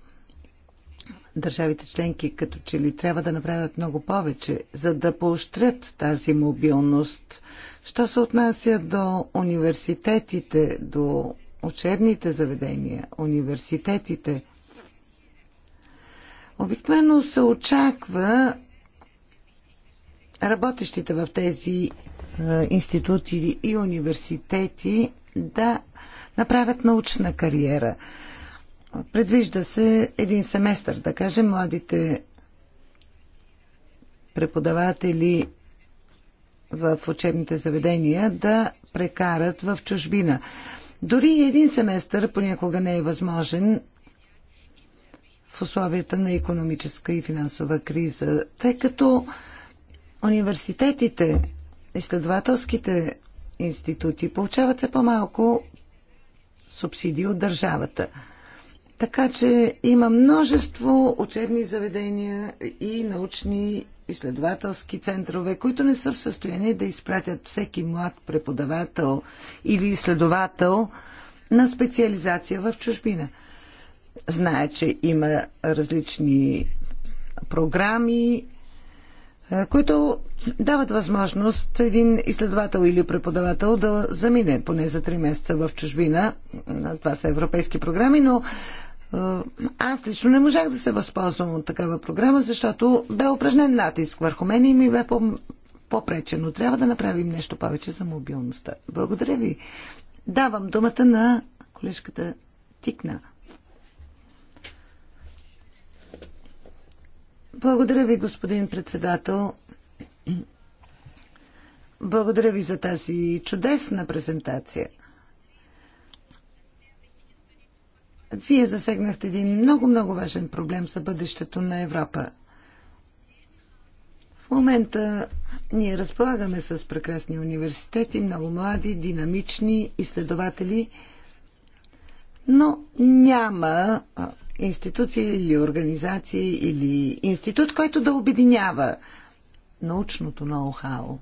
държавите членки като че ли трябва да направят много повече, за да поощрят тази мобилност. Що се отнася до университетите, до учебните заведения, университетите, обикновено се очаква работещите в тези е, институти и университети да направят научна кариера. Предвижда се един семестър, да кажем, младите преподаватели в учебните заведения да прекарат в чужбина. Дори един семестър понякога не е възможен в условията на економическа и финансова криза, тъй като университетите, изследователските институти получават все по-малко субсидии от държавата – така че има множество учебни заведения и научни изследователски центрове, които не са в състояние да изпратят всеки млад преподавател или изследовател на специализация в чужбина. Знае, че има различни програми, които дават възможност един изследовател или преподавател да замине поне за 3 месеца в чужбина. Това са европейски програми, но аз лично не можах да се възползвам от такава програма, защото бе упражнен натиск върху мен и ми бе попречено. Трябва да направим нещо повече за мобилността. Благодаря ви. Давам думата на колежката Тикна. Благодаря ви, господин председател. Благодаря ви за тази чудесна презентация. Вие засегнахте един много-много важен проблем за бъдещето на Европа. В момента ние разполагаме с прекрасни университети, много млади, динамични изследователи, но няма институция или организация или институт, който да обединява научното ноу-хау,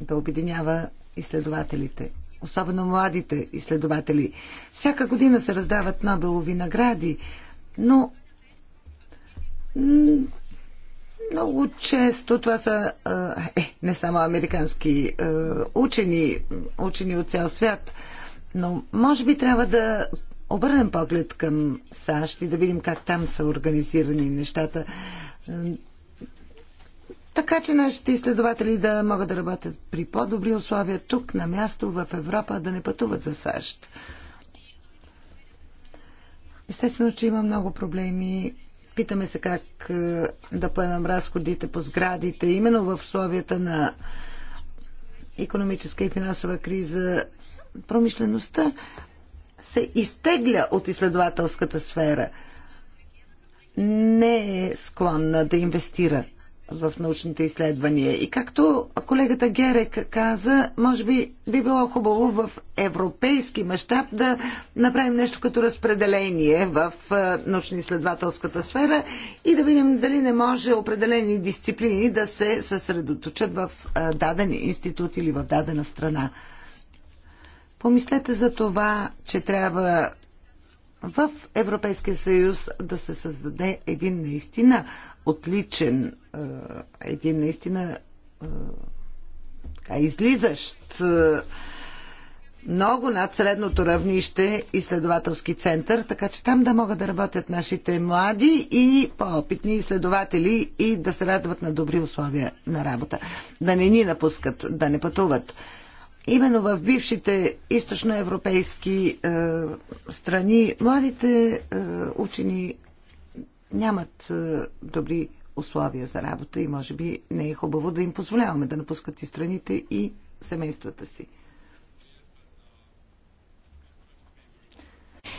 да обединява изследователите, особено младите изследователи. Всяка година се раздават Нобелови награди, но много често това са е, не само американски е, учени, учени от цял свят, но може би трябва да обърнем поглед към САЩ и да видим как там са организирани нещата. Така че нашите изследователи да могат да работят при по-добри условия тук, на място, в Европа, да не пътуват за САЩ. Естествено, че има много проблеми. Питаме се как е, да поемам разходите по сградите. Именно в условията на економическа и финансова криза промишлеността се изтегля от изследователската сфера. Не е склонна да инвестира в научните изследвания. И както колегата Герек каза, може би би било хубаво в европейски мащаб да направим нещо като разпределение в научно-изследователската сфера и да видим дали не може определени дисциплини да се съсредоточат в даден институт или в дадена страна. Помислете за това, че трябва в Европейския съюз да се създаде един наистина отличен, е, един наистина е, така, излизащ е, много над средното равнище изследователски център, така че там да могат да работят нашите млади и по-опитни изследователи и да се радват на добри условия на работа. Да не ни напускат, да не пътуват именно в бившите източноевропейски е, страни младите е, учени нямат е, добри условия за работа и може би не е хубаво да им позволяваме да напускат и страните и семействата си.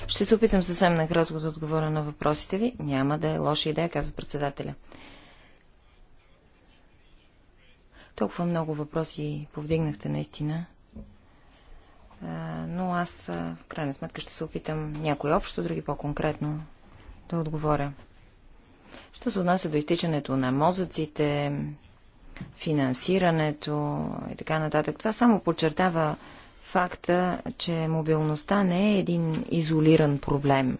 Ще се опитам съвсем накратко да отговоря на въпросите ви. Няма да е лоша идея, казва председателя. Толкова много въпроси повдигнахте наистина. Е, но аз е, в крайна сметка ще се опитам някой общо, други по-конкретно да отговоря. Що се отнася до изтичането на мозъците, финансирането и така нататък, това само подчертава факта, че мобилността не е един изолиран проблем.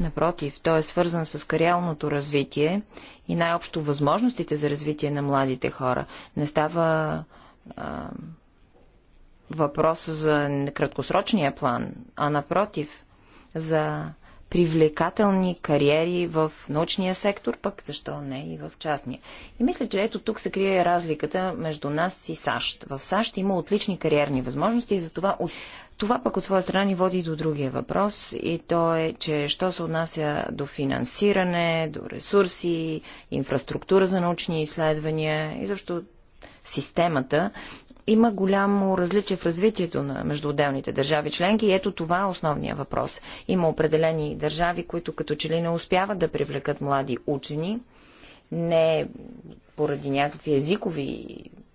Напротив, той е свързан с кариалното развитие и най-общо възможностите за развитие на младите хора. Не става а, въпроса за краткосрочния план, а напротив, за привлекателни кариери в научния сектор, пък защо не и в частния. И мисля, че ето тук се крие разликата между нас и САЩ. В САЩ има отлични кариерни възможности и затова това пък от своя страна ни води до другия въпрос и то е, че що се отнася до финансиране, до ресурси, инфраструктура за научни изследвания и защо системата има голямо различие в развитието на между отделните държави членки и ето това е основният въпрос. Има определени държави, които като че ли не успяват да привлекат млади учени, не поради някакви езикови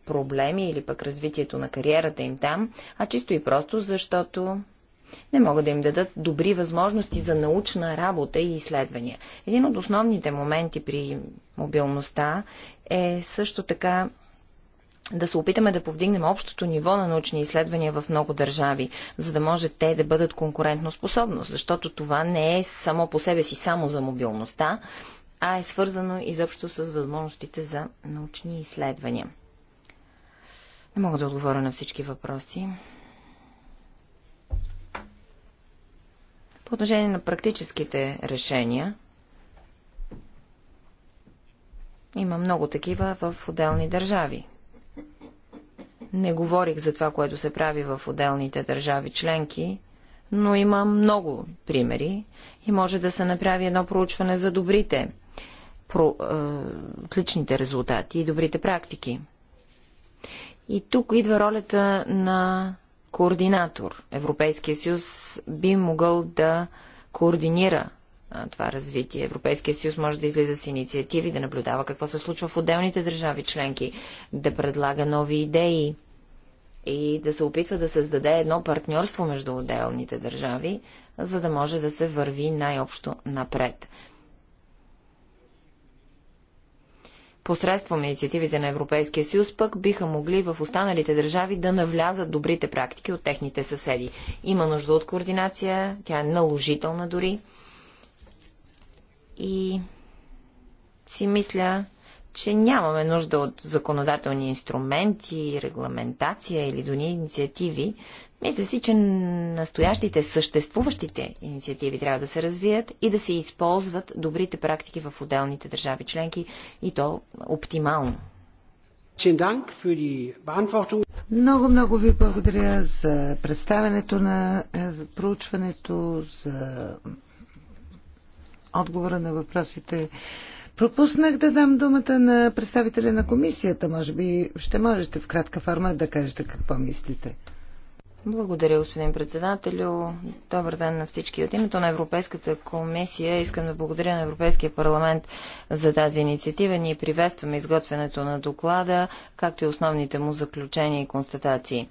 проблеми или пък развитието на кариерата им там, а чисто и просто защото не могат да им дадат добри възможности за научна работа и изследвания. Един от основните моменти при мобилността е също така да се опитаме да повдигнем общото ниво на научни изследвания в много държави, за да може те да бъдат конкурентно способни, защото това не е само по себе си само за мобилността, а е свързано изобщо с възможностите за научни изследвания. Не мога да отговоря на всички въпроси. По отношение на практическите решения, има много такива в отделни държави. Не говорих за това, което се прави в отделните държави членки, но има много примери и може да се направи едно проучване за добрите, про, е, отличните резултати и добрите практики. И тук идва ролята на координатор. Европейския съюз би могъл да координира това развитие. Европейския съюз може да излиза с инициативи, да наблюдава какво се случва в отделните държави членки, да предлага нови идеи и да се опитва да създаде едно партньорство между отделните държави, за да може да се върви най-общо напред. Посредством инициативите на Европейския съюз пък биха могли в останалите държави да навлязат добрите практики от техните съседи. Има нужда от координация, тя е наложителна дори и си мисля, че нямаме нужда от законодателни инструменти, регламентация или дори инициативи. Мисля си, че настоящите, съществуващите инициативи трябва да се развият и да се използват добрите практики в отделните държави членки и то оптимално. Много, много ви благодаря за представенето на е, проучването, за отговора на въпросите. Пропуснах да дам думата на представителя на комисията. Може би ще можете в кратка форма да кажете какво мислите. Благодаря, господин председателю. Добър ден на всички. От името на Европейската комисия искам да благодаря на Европейския парламент за тази инициатива. Ние приветстваме изготвянето на доклада, както и основните му заключения и констатации.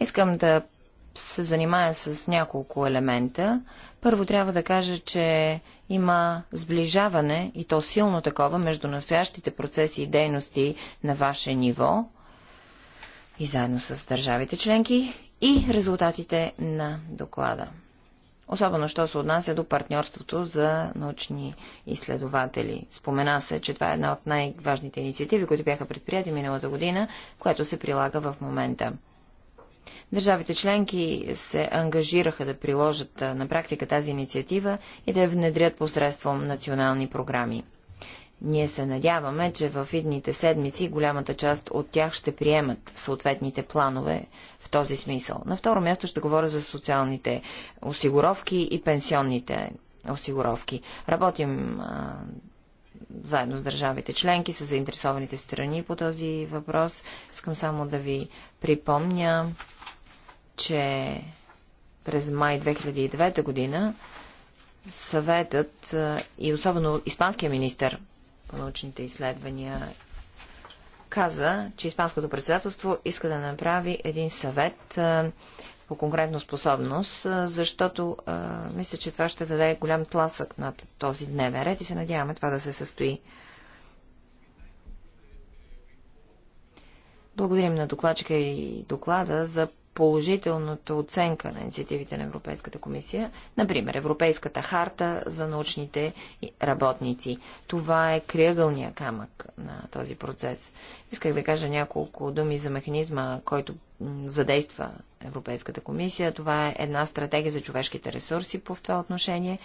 Искам да се занимая с няколко елемента. Първо трябва да кажа, че има сближаване, и то силно такова, между настоящите процеси и дейности на ваше ниво и заедно с държавите членки и резултатите на доклада. Особено, що се отнася до партньорството за научни изследователи. Спомена се, че това е една от най-важните инициативи, които бяха предприяти миналата година, която се прилага в момента. Държавите членки се ангажираха да приложат на практика тази инициатива и да я внедрят посредством национални програми. Ние се надяваме, че в идните седмици голямата част от тях ще приемат съответните планове в този смисъл. На второ място ще говоря за социалните осигуровки и пенсионните осигуровки. Работим а, заедно с държавите членки, с заинтересованите страни по този въпрос. Искам само да ви припомня че през май 2009 година съветът и особено испанския министр по научните изследвания каза, че Испанското председателство иска да направи един съвет по конкретно способност, защото а, мисля, че това ще даде голям тласък над този дневен ред и се надяваме това да се състои. Благодарим на докладчика и доклада за положителната оценка на инициативите на Европейската комисия, например Европейската харта за научните работници. Това е криъгълния камък на този процес. Исках да кажа няколко думи за механизма, който задейства Европейската комисия. Това е една стратегия за човешките ресурси по това отношение.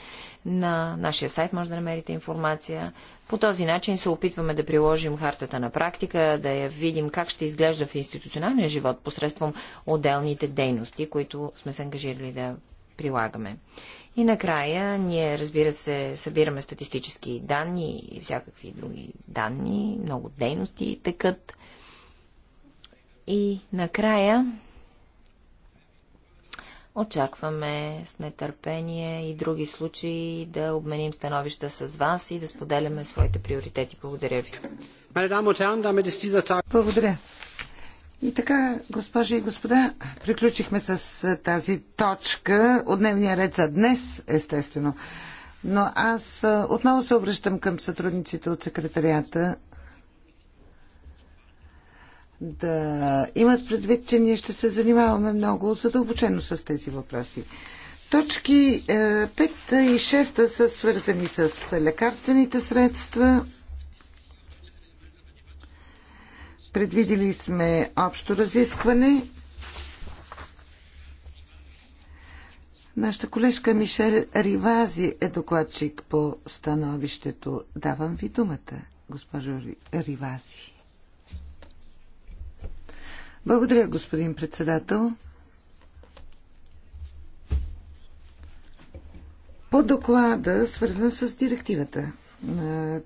На нашия сайт може да намерите информация. По този начин се опитваме да приложим хартата на практика, да я видим как ще изглежда в институционалния живот посредством отделните дейности, които сме се ангажирали да прилагаме. И накрая ние, разбира се, събираме статистически данни и всякакви други данни, много дейности тъкат и накрая очакваме с нетърпение и други случаи да обменим становища с вас и да споделяме своите приоритети. Благодаря ви. Благодаря. И така, госпожи и господа, приключихме с тази точка от дневния ред за днес, естествено. Но аз отново се обръщам към сътрудниците от секретарията да имат предвид, че ние ще се занимаваме много задълбочено с тези въпроси. Точки 5 е, и 6 са свързани с лекарствените средства. Предвидили сме общо разискване. Нашата колежка Мишел Ривази е докладчик по становището. Давам ви думата, госпожо Ривази. Благодаря, господин председател. По доклада, свързан с директивата,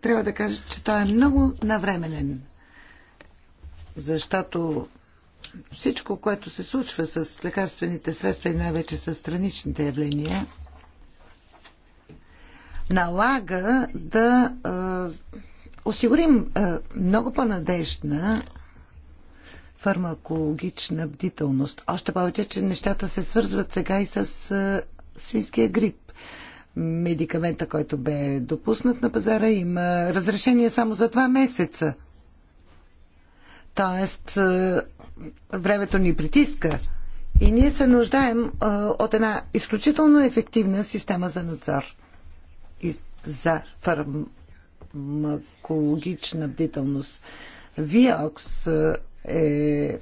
трябва да кажа, че той е много навременен, защото всичко, което се случва с лекарствените средства и най-вече с страничните явления, налага да е, осигурим е, много по-надежна фармакологична бдителност. Още повече, че нещата се свързват сега и с свинския грип. Медикамента, който бе допуснат на пазара, има разрешение само за два месеца. Тоест, времето ни притиска и ние се нуждаем от една изключително ефективна система за надзор и за фармакологична бдителност. ВИОКС е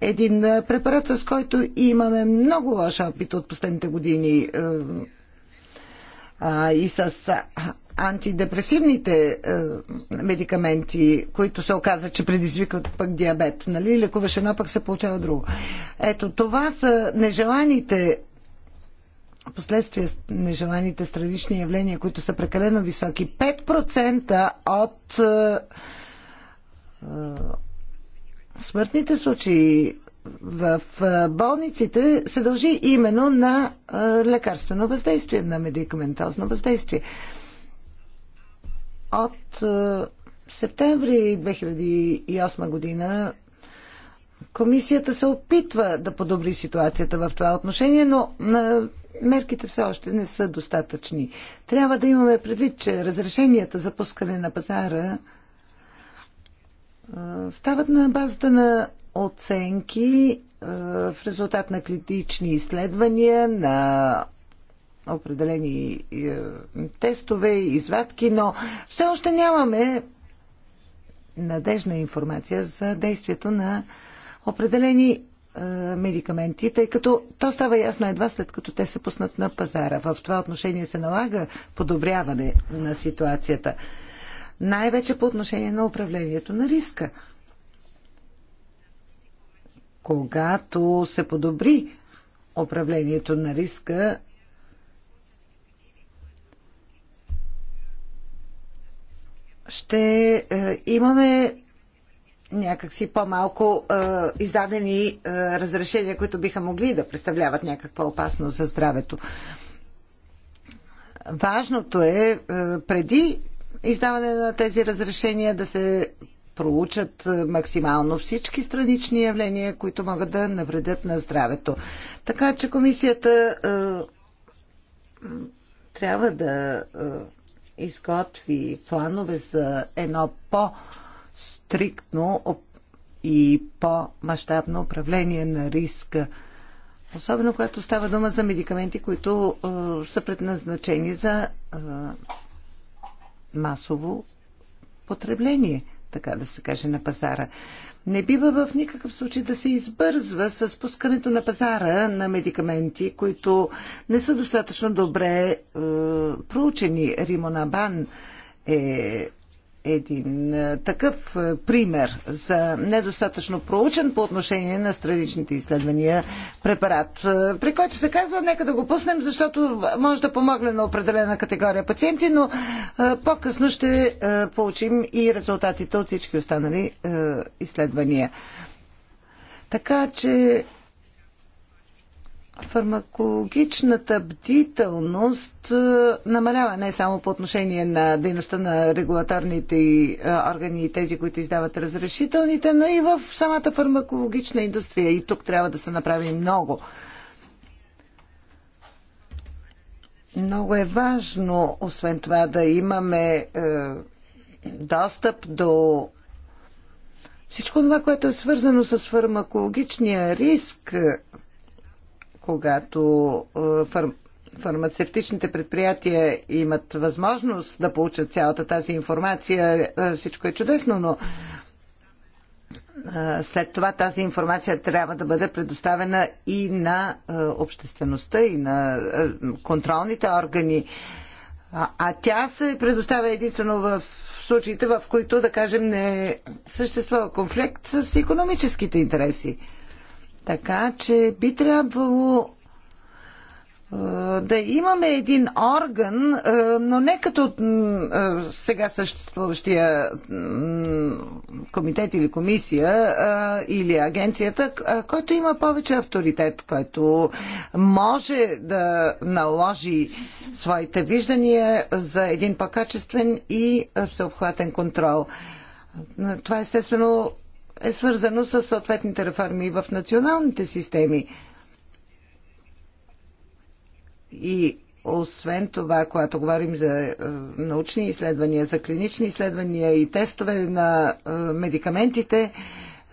един препарат, с който имаме много лоша опит от последните години е, а, и с антидепресивните е, медикаменти, които се оказа, че предизвикват пък диабет. Нали? Лекуваш едно, пък се получава друго. Ето, това са нежеланите последствия, нежеланите странични явления, които са прекалено високи. 5% от е, смъртните случаи в болниците се дължи именно на лекарствено въздействие, на медикаментозно въздействие. От септември 2008 година комисията се опитва да подобри ситуацията в това отношение, но мерките все още не са достатъчни. Трябва да имаме предвид, че разрешенията за пускане на пазара стават на базата на оценки в резултат на критични изследвания, на определени тестове, извадки, но все още нямаме надежна информация за действието на определени медикаменти, тъй като то става ясно едва след като те се пуснат на пазара. В това отношение се налага подобряване на ситуацията най-вече по отношение на управлението на риска. Когато се подобри управлението на риска, ще е, имаме някакси по-малко е, издадени е, разрешения, които биха могли да представляват някаква опасност за здравето. Важното е, е преди издаване на тези разрешения да се проучат е, максимално всички странични явления, които могат да навредят на здравето. Така че комисията е, трябва да е, изготви планове за едно по-стриктно и по-масштабно управление на риска. Особено когато става дума за медикаменти, които е, са предназначени за е, масово потребление, така да се каже, на пазара. Не бива в никакъв случай да се избързва с пускането на пазара на медикаменти, които не са достатъчно добре е, проучени. Римонабан е един такъв пример за недостатъчно проучен по отношение на страничните изследвания препарат, при който се казва, нека да го пуснем, защото може да помогне на определена категория пациенти, но по-късно ще получим и резултатите от всички останали изследвания. Така че Фармакологичната бдителност е, намалява не само по отношение на дейността на регулаторните е, органи и тези, които издават разрешителните, но и в самата фармакологична индустрия. И тук трябва да се направи много. Много е важно, освен това, да имаме е, достъп до всичко това, което е свързано с фармакологичния риск когато е, фар... фармацевтичните предприятия имат възможност да получат цялата тази информация, е, всичко е чудесно, но е, след това тази информация трябва да бъде предоставена и на обществеността, и на контролните органи. А, а тя се предоставя единствено в случаите, в които, да кажем, не съществува конфликт с економическите интереси. Така че би трябвало е, да имаме един орган, е, но не като е, сега съществуващия комитет или комисия или агенцията, който има повече авторитет, който може да наложи своите виждания за един по-качествен и всеобхватен контрол. Това естествено е свързано с съответните реформи в националните системи. И освен това, когато говорим за е, научни изследвания, за клинични изследвания и тестове на е, медикаментите,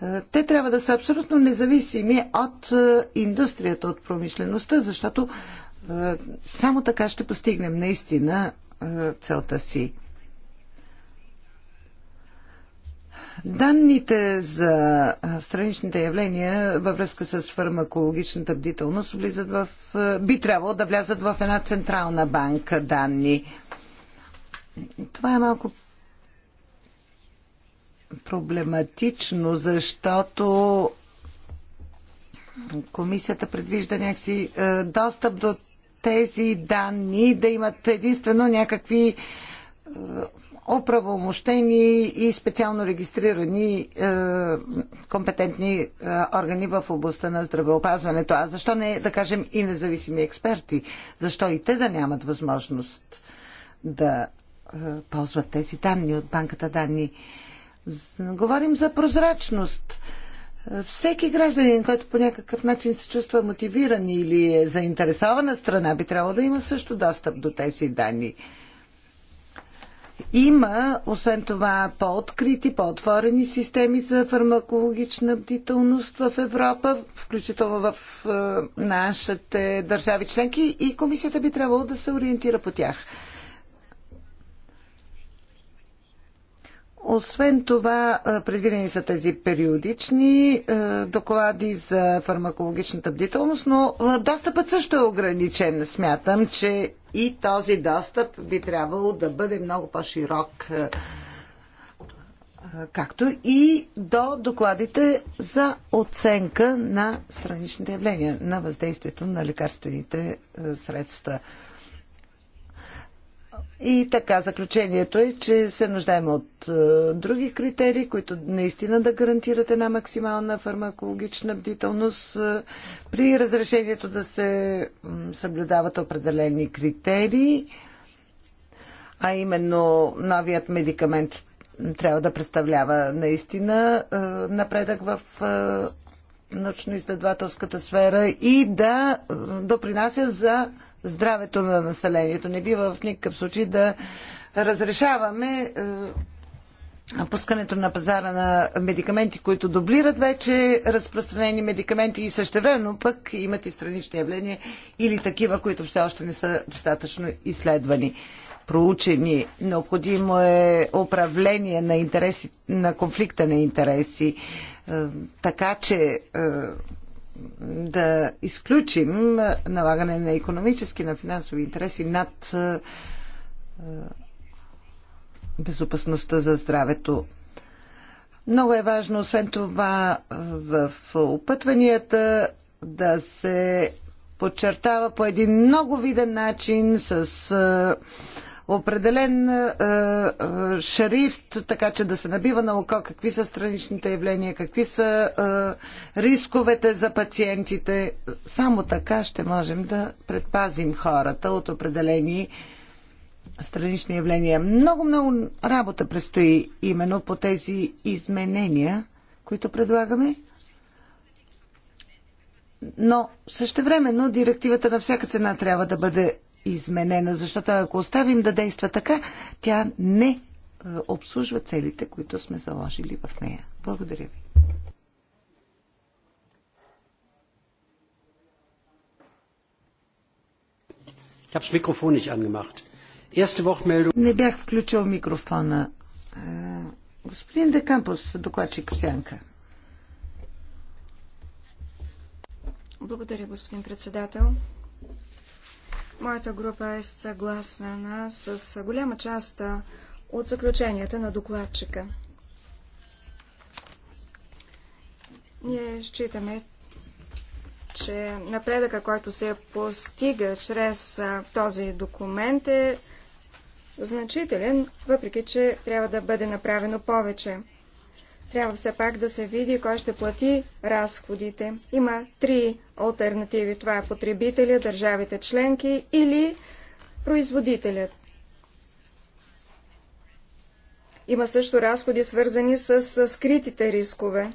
е, те трябва да са абсолютно независими от индустрията, от промишлеността, защото само така ще постигнем наистина целта си. Данните за страничните явления във връзка с фармакологичната бдителност влизат в, би трябвало да влязат в една централна банка данни. Това е малко проблематично, защото комисията предвижда някакси достъп до тези данни да имат единствено някакви оправомощени и специално регистрирани е, компетентни е, органи в областта на здравеопазването. А защо не, да кажем, и независими експерти? Защо и те да нямат възможност да е, ползват тези данни от банката данни? Говорим за прозрачност. Е, всеки гражданин, който по някакъв начин се чувства мотивиран или е заинтересована страна, би трябвало да има също достъп до тези данни. Има, освен това, по-открити, по-отворени системи за фармакологична бдителност в Европа, включително в е, нашите държави членки и комисията би трябвало да се ориентира по тях. Освен това, предвидени са тези периодични доклади за фармакологичната бдителност, но достъпът също е ограничен. Смятам, че и този достъп би трябвало да бъде много по-широк, както и до докладите за оценка на страничните явления, на въздействието на лекарствените средства. И така, заключението е, че се нуждаем от е, други критерии, които наистина да гарантират една максимална фармакологична бдителност. Е, при разрешението да се м, съблюдават определени критерии, а именно новият медикамент трябва да представлява наистина е, напредък в е, научно-изследователската сфера и да е, допринася за здравето на населението. Не бива в никакъв случай да разрешаваме е, пускането на пазара на медикаменти, които дублират вече разпространени медикаменти и същевременно пък имат и странични явления или такива, които все още не са достатъчно изследвани проучени. Необходимо е управление на, интереси, на конфликта на интереси, е, така че е, да изключим налагане на економически, на финансови интереси над е, е, безопасността за здравето. Много е важно, освен това, е, в опътванията да се подчертава по един много виден начин с определен е, е, шрифт, така че да се набива на око какви са страничните явления, какви са е, рисковете за пациентите. Само така ще можем да предпазим хората от определени странични явления. Много, много работа предстои именно по тези изменения, които предлагаме. Но същевременно директивата на всяка цена трябва да бъде изменена, защото ако оставим да действа така, тя не е, обслужва целите, които сме заложили в нея. Благодаря ви. Не бях включил микрофона. Е, господин Декампус, докладчик Сянка. Благодаря, господин председател. Моята група е съгласна с голяма част от заключенията на докладчика. Ние считаме, че напредъка, който се постига чрез този документ е значителен, въпреки че трябва да бъде направено повече. Трябва все пак да се види кой ще плати разходите. Има три альтернативи. Това е потребителя, държавите членки или производителят. Има също разходи, свързани с, с скритите рискове.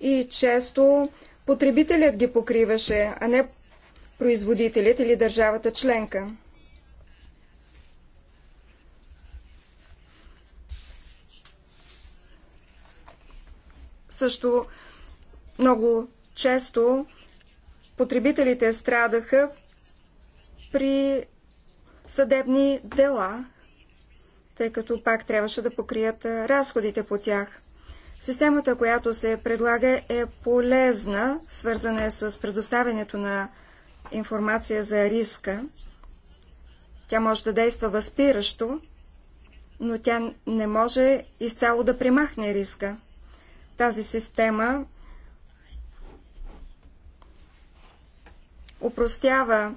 И често потребителят ги покриваше, а не производителят или държавата членка. Също много често потребителите страдаха при съдебни дела, тъй като пак трябваше да покрият разходите по тях. Системата, която се предлага, е полезна, свързана е с предоставянето на информация за риска. Тя може да действа възпиращо, но тя не може изцяло да примахне риска. Тази система упростява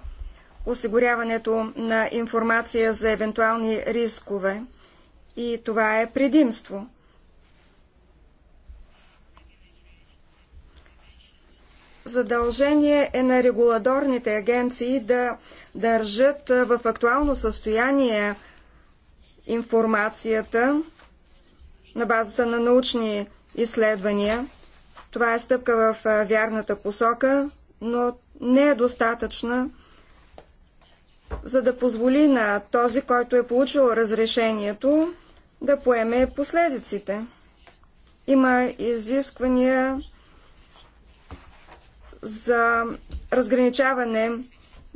осигуряването на информация за евентуални рискове и това е предимство. Задължение е на регуладорните агенции да държат в актуално състояние информацията на базата на научни изследвания. Това е стъпка в вярната посока, но не е достатъчна, за да позволи на този, който е получил разрешението, да поеме последиците. Има изисквания за разграничаване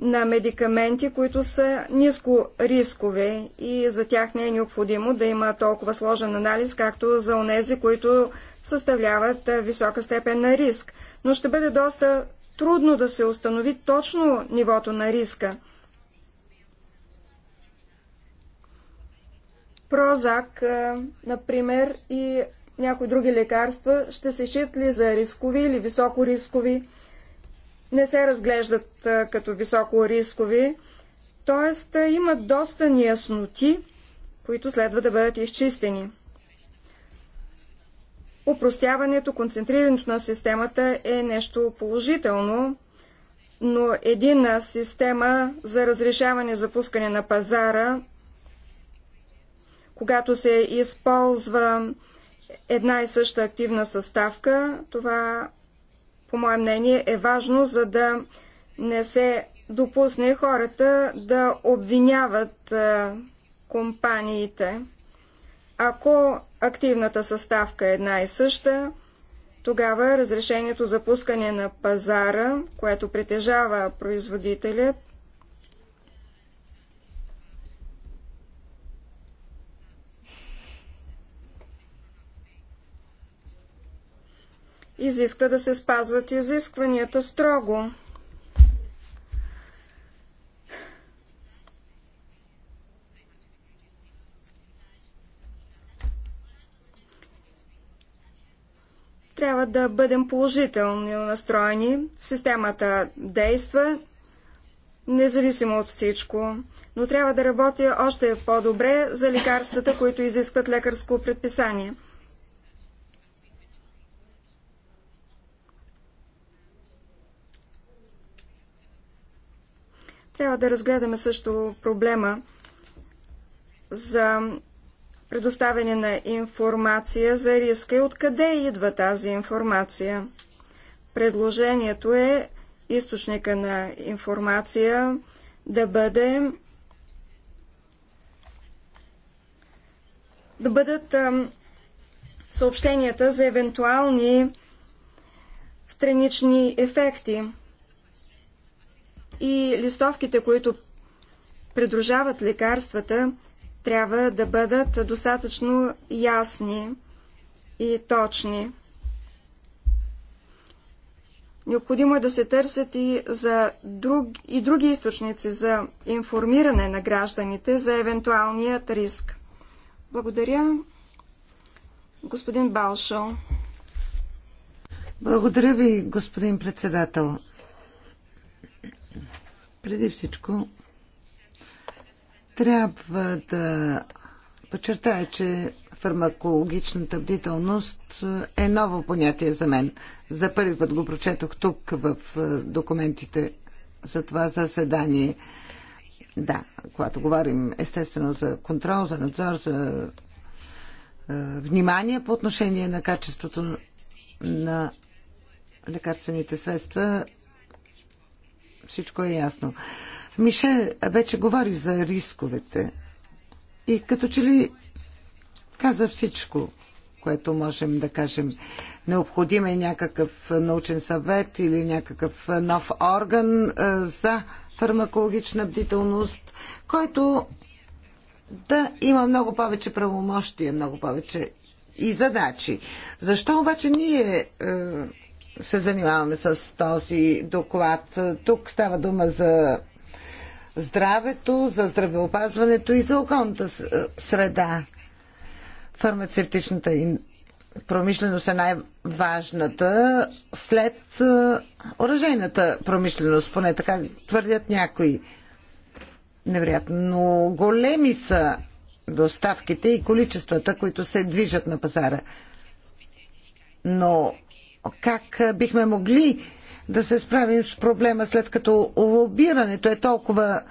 на медикаменти, които са ниско рискове и за тях не е необходимо да има толкова сложен анализ, както за онези, които съставляват висока степен на риск, но ще бъде доста трудно да се установи точно нивото на риска. Прозак, например, и някои други лекарства ще се считат ли за рискови или високо рискови, не се разглеждат като високо рискови, т.е. имат доста неясноти, които следва да бъдат изчистени. Упростяването, концентрирането на системата е нещо положително, но единна система за разрешаване за пускане на пазара, когато се използва една и съща активна съставка, това, по мое мнение, е важно, за да не се допусне хората да обвиняват компаниите. Ако активната съставка е една и съща, тогава разрешението за пускане на пазара, което притежава производителят, изисква да се спазват изискванията строго. Трябва да бъдем положително настроени. Системата действа, независимо от всичко, но трябва да работя още по-добре за лекарствата, които изискват лекарско предписание. Трябва да разгледаме също проблема за предоставяне на информация за риска и откъде идва тази информация. Предложението е източника на информация да бъде да бъдат съобщенията за евентуални странични ефекти и листовките, които придружават лекарствата, трябва да бъдат достатъчно ясни и точни. Необходимо е да се търсят и, за друг, и други източници за информиране на гражданите за евентуалният риск. Благодаря, господин Балшо. Благодаря ви, господин председател. Преди всичко, трябва да подчертая, че фармакологичната бдителност е ново понятие за мен. За първи път го прочетох тук в е, документите за това заседание. Да, когато говорим естествено за контрол, за надзор, за е, внимание по отношение на качеството на лекарствените средства, всичко е ясно. Мише, вече говори за рисковете и като че ли каза всичко, което можем да кажем. Необходим е някакъв научен съвет или някакъв нов орган е, за фармакологична бдителност, който да има много повече правомощия, много повече и задачи. Защо обаче ние е, се занимаваме с този доклад? Тук става дума за здравето, за здравеопазването и за околната е, среда. Фармацевтичната промишленост е най-важната след е, оръжейната промишленост, поне така твърдят някои. Невероятно големи са доставките и количествата, които се движат на пазара. Но как е, бихме могли да се справим с проблема, след като лобирането е толкова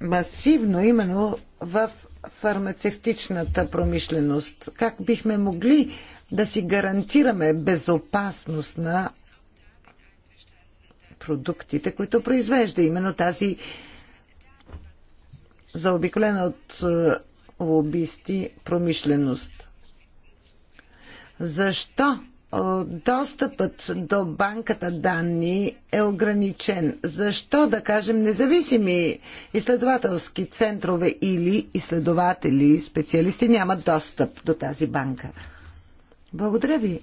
масивно именно в фармацевтичната промишленост? Как бихме могли да си гарантираме безопасност на продуктите, които произвежда именно тази заобиколена от е, лобисти промишленост? Защо е, достъпът до банката данни е ограничен. Защо, да кажем, независими изследователски центрове или изследователи, специалисти нямат достъп до тази банка? Благодаря ви.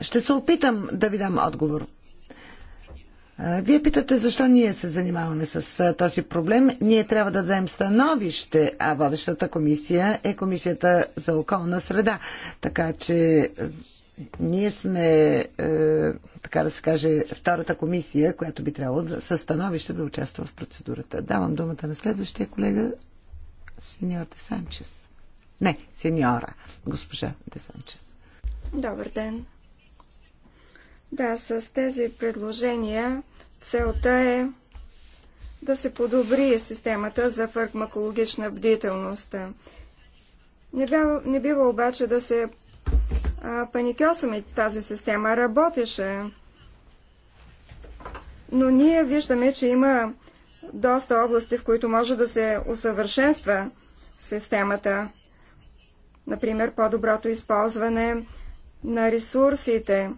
Ще се опитам да ви дам отговор. Вие питате защо ние се занимаваме с този проблем. Ние трябва да дадем становище, а водещата комисия е Комисията за околна среда. Така че ние сме, така да се каже, втората комисия, която би трябвало да, със становище да участва в процедурата. Давам думата на следващия колега, сеньор Де Санчес. Не, сеньора, госпожа Де Санчес. Добър ден. Да, с тези предложения Целта е да се подобри системата за фармакологична бдителност. Не бива, не бива обаче да се а, паникьосваме. Тази система работеше. Но ние виждаме, че има доста области, в които може да се усъвършенства системата. Например, по-доброто използване на ресурсите,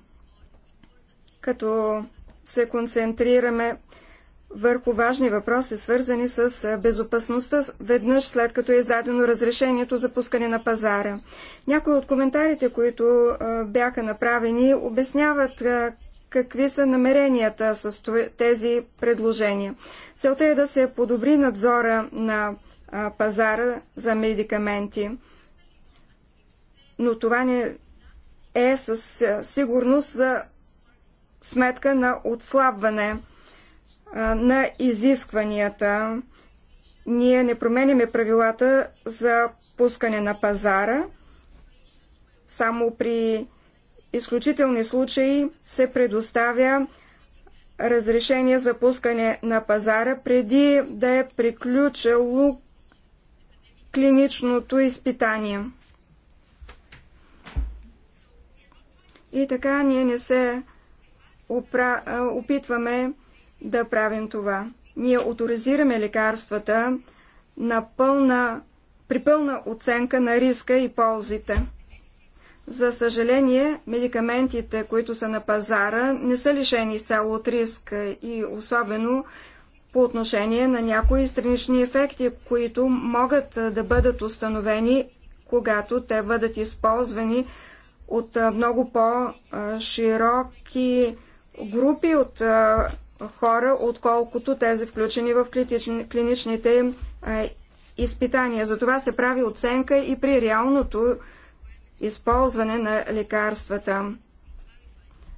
като се концентрираме върху важни въпроси, свързани с безопасността, веднъж след като е издадено разрешението за пускане на пазара. Някои от коментарите, които бяха направени, обясняват какви са намеренията с тези предложения. Целта е да се подобри надзора на пазара за медикаменти, но това не е със сигурност за сметка на отслабване на изискванията. Ние не променяме правилата за пускане на пазара, само при изключителни случаи се предоставя разрешение за пускане на пазара преди да е приключило клиничното изпитание. И така ние не се опра... опитваме да правим това. Ние авторизираме лекарствата на пълна, при пълна оценка на риска и ползите. За съжаление, медикаментите, които са на пазара, не са лишени изцяло от риск и особено по отношение на някои странични ефекти, които могат да бъдат установени, когато те бъдат използвани от много по-широки групи от хора, отколкото тези включени в клинични, клиничните им изпитания. Затова се прави оценка и при реалното използване на лекарствата.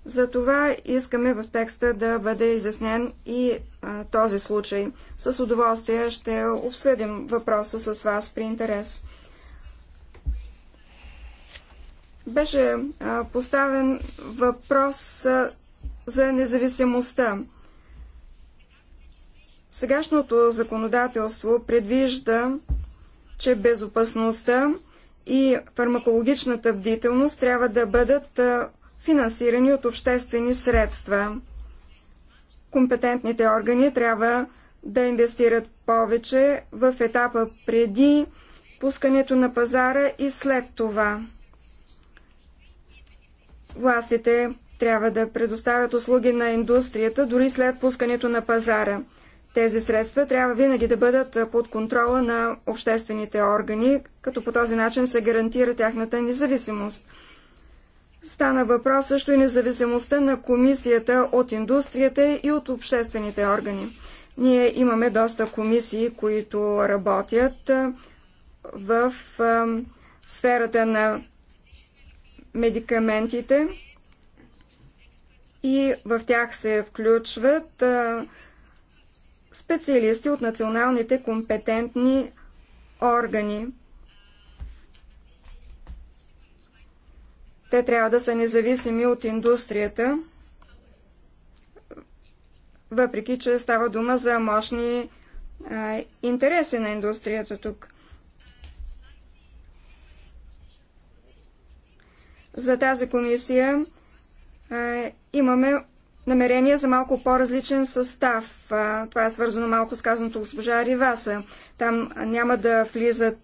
Затова искаме в текста да бъде изяснен и а, този случай. С удоволствие ще обсъдим въпроса с вас при интерес. Беше а, поставен въпрос за независимостта. Сегашното законодателство предвижда, че безопасността и фармакологичната бдителност трябва да бъдат финансирани от обществени средства. Компетентните органи трябва да инвестират повече в етапа преди пускането на пазара и след това. Властите трябва да предоставят услуги на индустрията дори след пускането на пазара. Тези средства трябва винаги да бъдат под контрола на обществените органи, като по този начин се гарантира тяхната независимост. Стана въпрос също и независимостта на комисията от индустрията и от обществените органи. Ние имаме доста комисии, които работят в сферата на медикаментите и в тях се включват специалисти от националните компетентни органи. Те трябва да са независими от индустрията, въпреки че става дума за мощни а, интереси на индустрията тук. За тази комисия имаме намерение за малко по-различен състав. Това е свързано малко с казаното госпожа Риваса. Там няма да влизат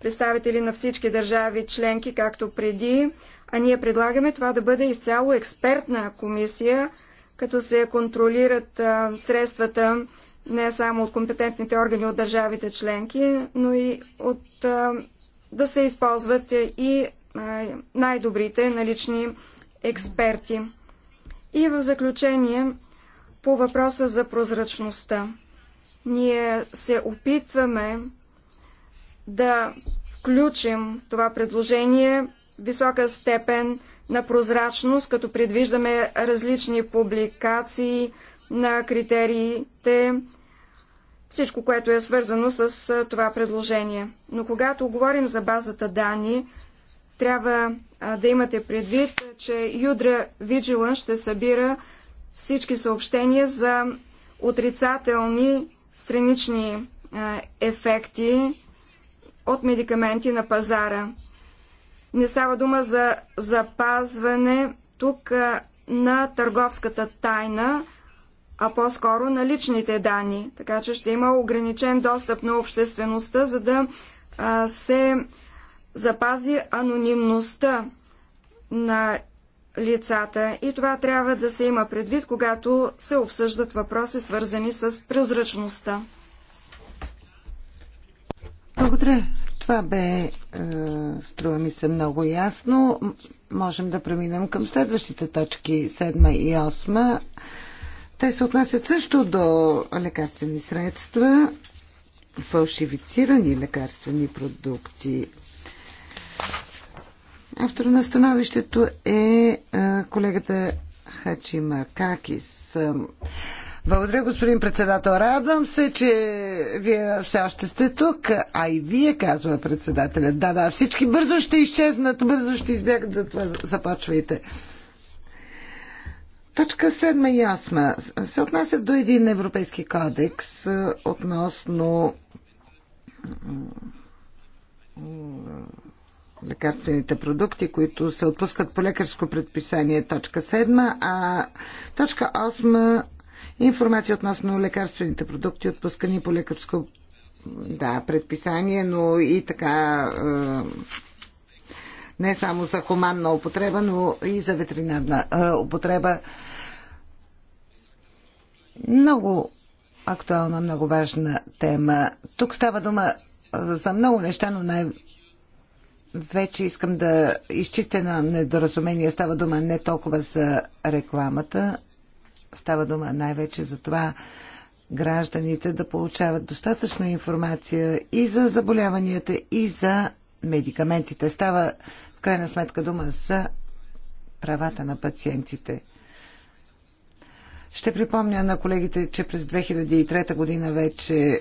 представители на всички държави членки, както преди, а ние предлагаме това да бъде изцяло експертна комисия, като се контролират средствата не само от компетентните органи от държавите членки, но и от, да се използват и най-добрите налични експерти. И в заключение, по въпроса за прозрачността. Ние се опитваме да включим това предложение висока степен на прозрачност, като предвиждаме различни публикации на критериите, всичко, което е свързано с това предложение. Но когато говорим за базата данни, трябва да имате предвид, че Юдра Виджилън ще събира всички съобщения за отрицателни странични ефекти от медикаменти на пазара. Не става дума за запазване тук на търговската тайна, а по-скоро на личните данни. Така че ще има ограничен достъп на обществеността, за да се запази анонимността на лицата и това трябва да се има предвид, когато се обсъждат въпроси, свързани с прозрачността. Благодаря. Това бе, е, струва ми се, много ясно. Можем да преминем към следващите точки, 7 и 8. Те се отнасят също до лекарствени средства, фалшифицирани лекарствени продукти. Автор на становището е, е колегата Хачи Маркакис. Благодаря, господин председател. Радвам се, че вие все още сте тук. А и вие, казва председателят. Да, да, всички бързо ще изчезнат, бързо ще избягат, затова започвайте. Точка 7 и 8 се отнасят до един европейски кодекс е, относно лекарствените продукти, които се отпускат по лекарско предписание, точка 7, а точка 8 информация относно лекарствените продукти, отпускани по лекарско да, предписание, но и така не само за хуманна употреба, но и за ветеринарна употреба. Много актуална, много важна тема. Тук става дума за много неща, но най- вече искам да изчистя на недоразумение. Става дума не толкова за рекламата, става дума най-вече за това гражданите да получават достатъчно информация и за заболяванията, и за медикаментите. Става в крайна сметка дума за правата на пациентите. Ще припомня на колегите, че през 2003 година вече е,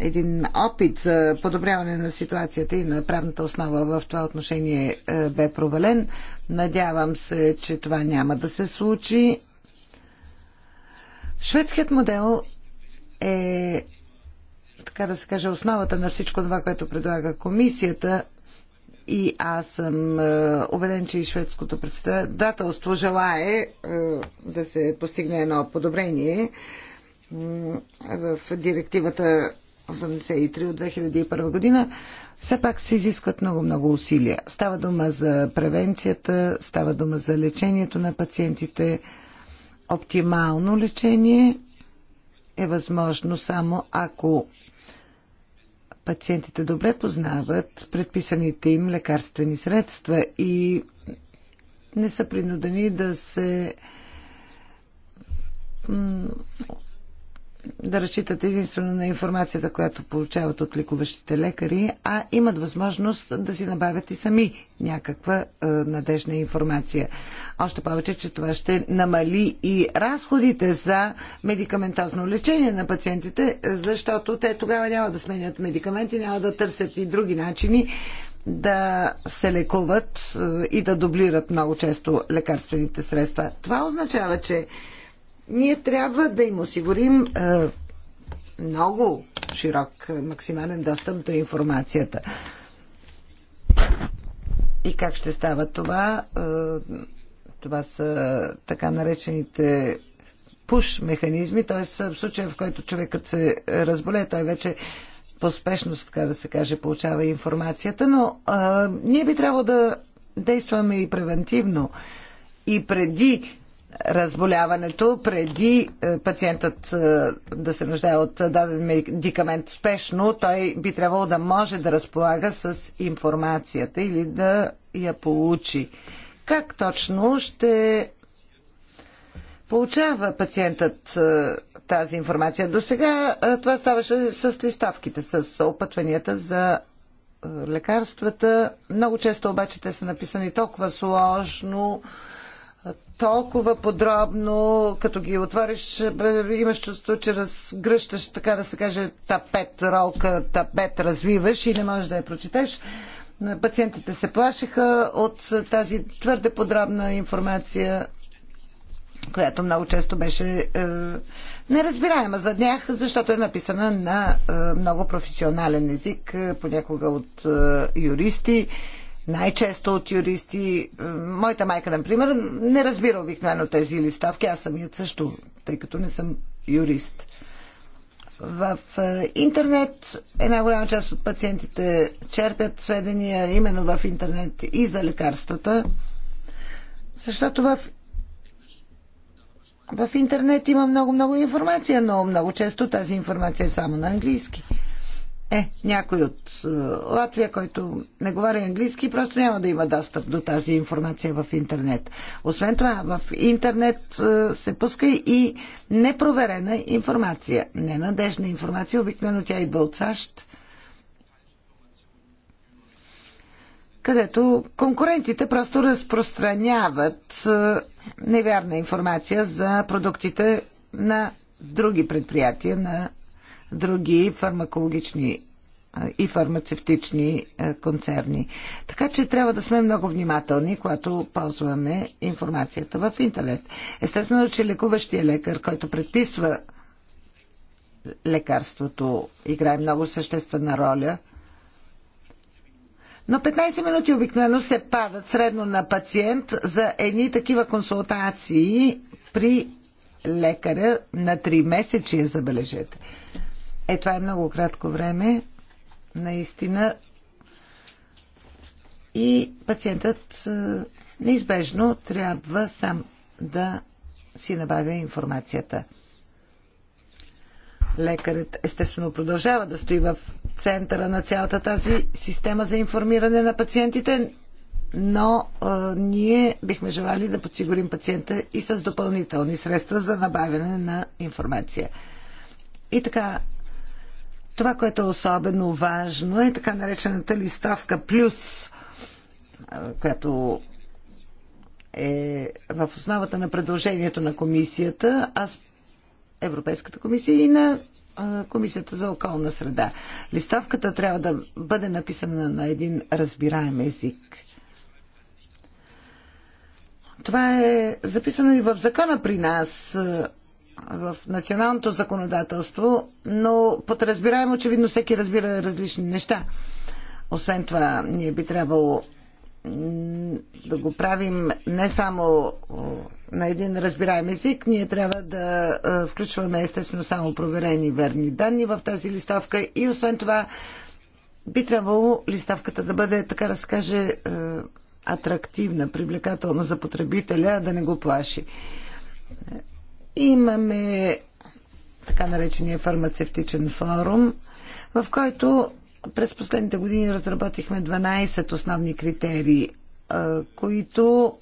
един опит за подобряване на ситуацията и на правната основа в това отношение е, бе провален. Надявам се, че това няма да се случи. Шведският модел е, така да се каже, основата на всичко това, което предлага комисията. И аз съм е, убеден, че и шведското председателство желае е, да се постигне едно подобрение в директивата 83 от 2001 година, все пак се изискват много-много усилия. Става дума за превенцията, става дума за лечението на пациентите. Оптимално лечение е възможно само ако пациентите добре познават предписаните им лекарствени средства и не са принудени да се да разчитат единствено на информацията, която получават от ликуващите лекари, а имат възможност да си набавят и сами някаква е, надежна информация. Още повече, че това ще намали и разходите за медикаментозно лечение на пациентите, защото те тогава няма да сменят медикаменти, няма да търсят и други начини да се лекуват е, и да дублират много често лекарствените средства. Това означава, че ние трябва да им осигурим е, много широк, е, максимален достъп до информацията. И как ще става това? Е, това са така наречените пуш механизми, т.е. в случая, в който човекът се разболее, той вече поспешност, така да се каже, получава информацията, но а, ние би трябвало да действаме и превентивно. И преди разболяването преди е, пациентът е, да се нуждае от даден медикамент спешно, той би трябвало да може да разполага с информацията или да я получи. Как точно ще получава пациентът е, тази информация? До сега това ставаше с листовките, с опътванията за лекарствата. Много често обаче те са написани толкова сложно, толкова подробно, като ги отвориш, имаш чувство, че разгръщаш, така да се каже, тапет ролка, тапет развиваш и не можеш да я прочетеш. Пациентите се плашиха от тази твърде подробна информация, която много често беше е, неразбираема за тях, защото е написана на е, много професионален език, е, понякога от е, юристи най-често от юристи. Е, моята майка, например, не разбира обикновено тези листавки. Аз самият също, тъй като не съм юрист. В е, интернет една голяма част от пациентите черпят сведения именно в интернет и за лекарствата, защото в в интернет има много-много информация, но много често тази информация е само на английски. Е, някой от е, Латвия, който не говори английски, просто няма да има достъп до тази информация в интернет. Освен това, в интернет е, се пуска и непроверена информация, ненадежна информация. Обикновено тя идва от САЩ, където конкурентите просто разпространяват е, невярна информация за продуктите на други предприятия на други фармакологични и фармацевтични концерни. Така че трябва да сме много внимателни, когато ползваме информацията в интернет. Естествено, че лекуващия лекар, който предписва лекарството, играе много съществена роля. Но 15 минути обикновено се падат средно на пациент за едни такива консултации при лекаря на 3 месечия, забележете. Е, това е много кратко време, наистина. И пациентът е, неизбежно трябва сам да си набавя информацията. Лекарът естествено продължава да стои в центъра на цялата тази система за информиране на пациентите, но а, е, ние бихме желали да подсигурим пациента и с допълнителни средства за набавяне на информация. И така, това, което е особено важно е така наречената листовка плюс, която е в основата на предложението на комисията, а Европейската комисия и на Комисията за околна среда. Листовката трябва да бъде написана на един разбираем език. Това е записано и в закона при нас в националното законодателство, но под очевидно всеки разбира различни неща. Освен това, ние би трябвало да го правим не само на един разбираем език, ние трябва да е, включваме естествено само проверени верни данни в тази листовка и освен това би трябвало листовката да бъде, така да се каже, е, атрактивна, привлекателна за потребителя, да не го плаши. Имаме така наречения фармацевтичен форум, в който през последните години разработихме 12 основни критерии, които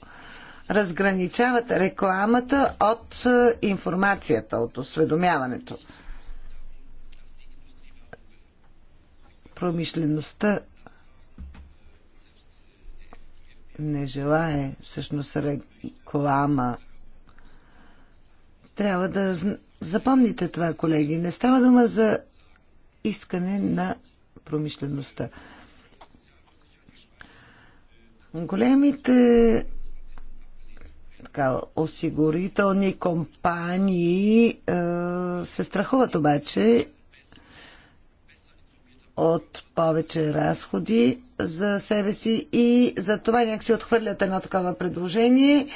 разграничават рекламата от информацията, от осведомяването. Промишлеността не желая всъщност реклама трябва да запомните това, колеги. Не става дума за искане на промишлеността. Големите така, осигурителни компании е, се страхуват обаче от повече разходи за себе си и за това някакси отхвърлят едно такова предложение,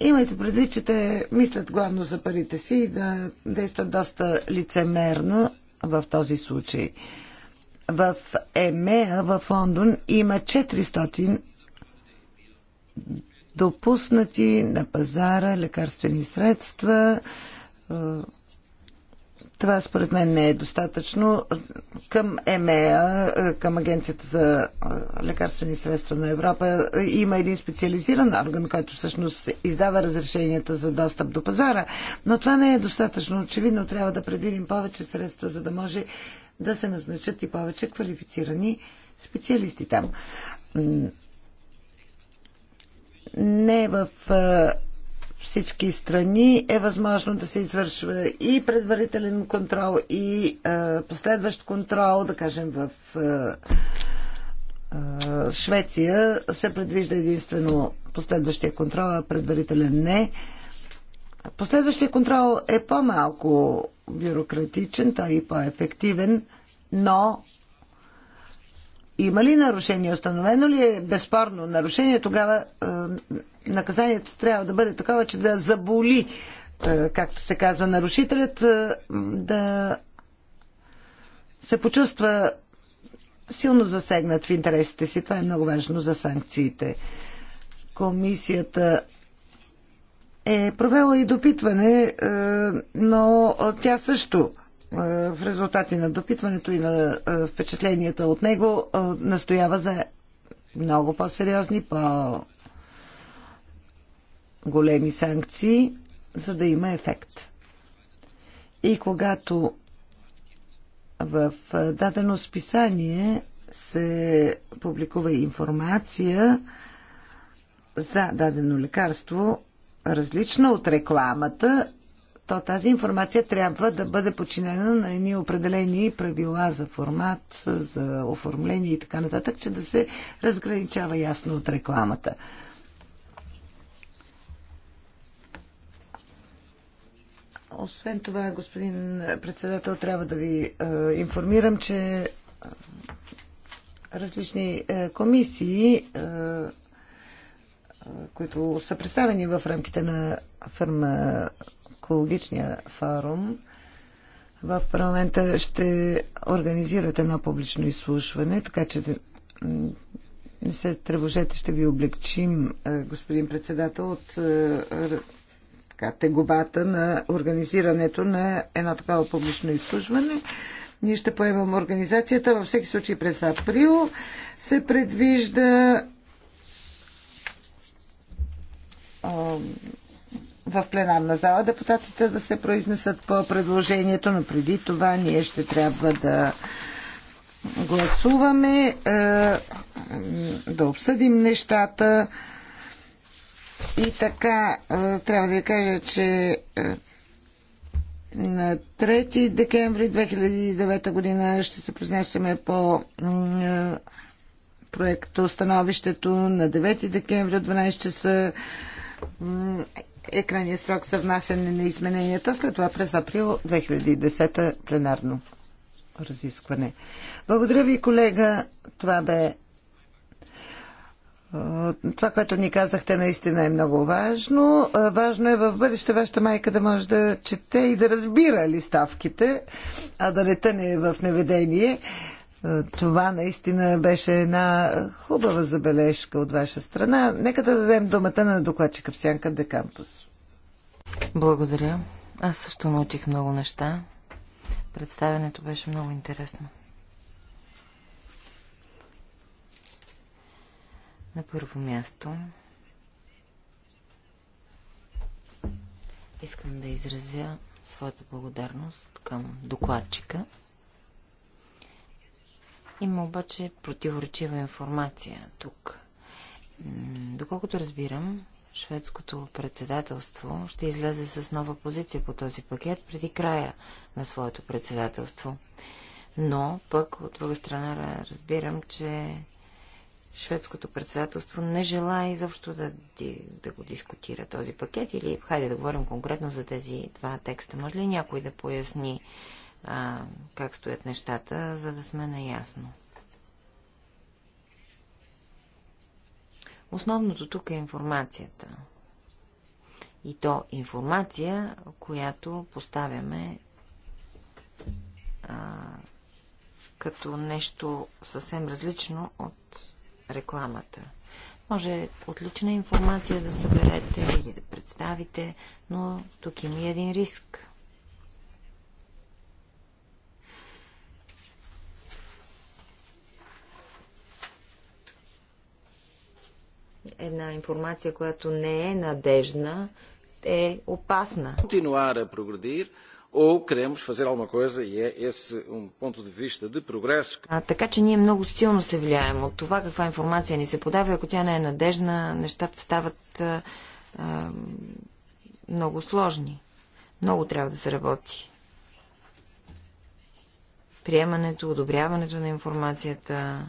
Имайте предвид, че те мислят главно за парите си и да действат доста лицемерно в този случай. В ЕМЕА в Лондон има 400 допуснати на пазара лекарствени средства, това според мен не е достатъчно. Към ЕМЕА, към Агенцията за лекарствени средства на Европа, има един специализиран орган, който всъщност издава разрешенията за достъп до пазара. Но това не е достатъчно. Очевидно трябва да предвидим повече средства, за да може да се назначат и повече квалифицирани специалисти там. Не е в всички страни е възможно да се извършва и предварителен контрол, и а, последващ контрол, да кажем в а, а, Швеция се предвижда единствено последващия контрол, а предварителен не. Последващия контрол е по-малко бюрократичен, той е по-ефективен, но има ли нарушение, установено ли е безспорно нарушение, тогава е, наказанието трябва да бъде такова, че да заболи, е, както се казва, нарушителят е, да се почувства силно засегнат в интересите си. Това е много важно за санкциите. Комисията е провела и допитване, е, но тя също е, в резултати на допитването и на е, впечатленията от него е, настоява за много по-сериозни, по-големи санкции, за да има ефект. И когато в дадено списание се публикува информация за дадено лекарство, различна от рекламата, то тази информация трябва да бъде подчинена на едни определени правила за формат, за оформление и така нататък, че да се разграничава ясно от рекламата. Освен това, господин председател, трябва да ви е, информирам, че различни е, комисии е, които са представени в рамките на фармакологичния форум, в парламента ще организирате едно публично изслушване, така че не се тревожете, ще ви облегчим, е, господин председател, от е, така, тегубата на организирането на едно такова публично изслушване. Ние ще поемем организацията. Във всеки случай през април се предвижда в пленарна зала депутатите да се произнесат по предложението, но преди това ние ще трябва да гласуваме, да обсъдим нещата. И така, трябва да ви кажа, че на 3 декември 2009 година ще се произнесеме по проекто становището на 9 декември от 12 часа е крайният срок за внасяне на измененията, след това през април 2010 пленарно разискване. Благодаря ви, колега. Това бе е, това, което ни казахте, наистина е много важно. Е, важно е в бъдеще вашата майка да може да чете и да разбира листавките, а да не тъне в неведение. Е, това наистина беше една хубава забележка от ваша страна. Нека да дадем думата на докладчика в Сянка де Кампус. Благодаря. Аз също научих много неща. Представянето беше много интересно. На първо място искам да изразя своята благодарност към докладчика – има обаче противоречива информация тук. Доколкото разбирам, шведското председателство ще излезе с нова позиция по този пакет преди края на своето председателство. Но пък от друга страна разбирам, че шведското председателство не желая изобщо да, да го дискутира този пакет или хайде да говорим конкретно за тези два текста. Може ли някой да поясни а, как стоят нещата, за да сме наясно. Основното тук е информацията. И то информация, която поставяме а, като нещо съвсем различно от рекламата. Може отлична информация да съберете или да представите, но тук има и един риск. една информация, която не е надежна, е опасна. Continuar a progredir ou queremos fazer alguma coisa e é esse um ponto de vista de progresso. А, така че ние много силно се влияем от това каква информация ни се подава. Ако тя не е надежна, нещата стават а, а, много сложни. Много трябва да се работи. Приемането, одобряването на информацията,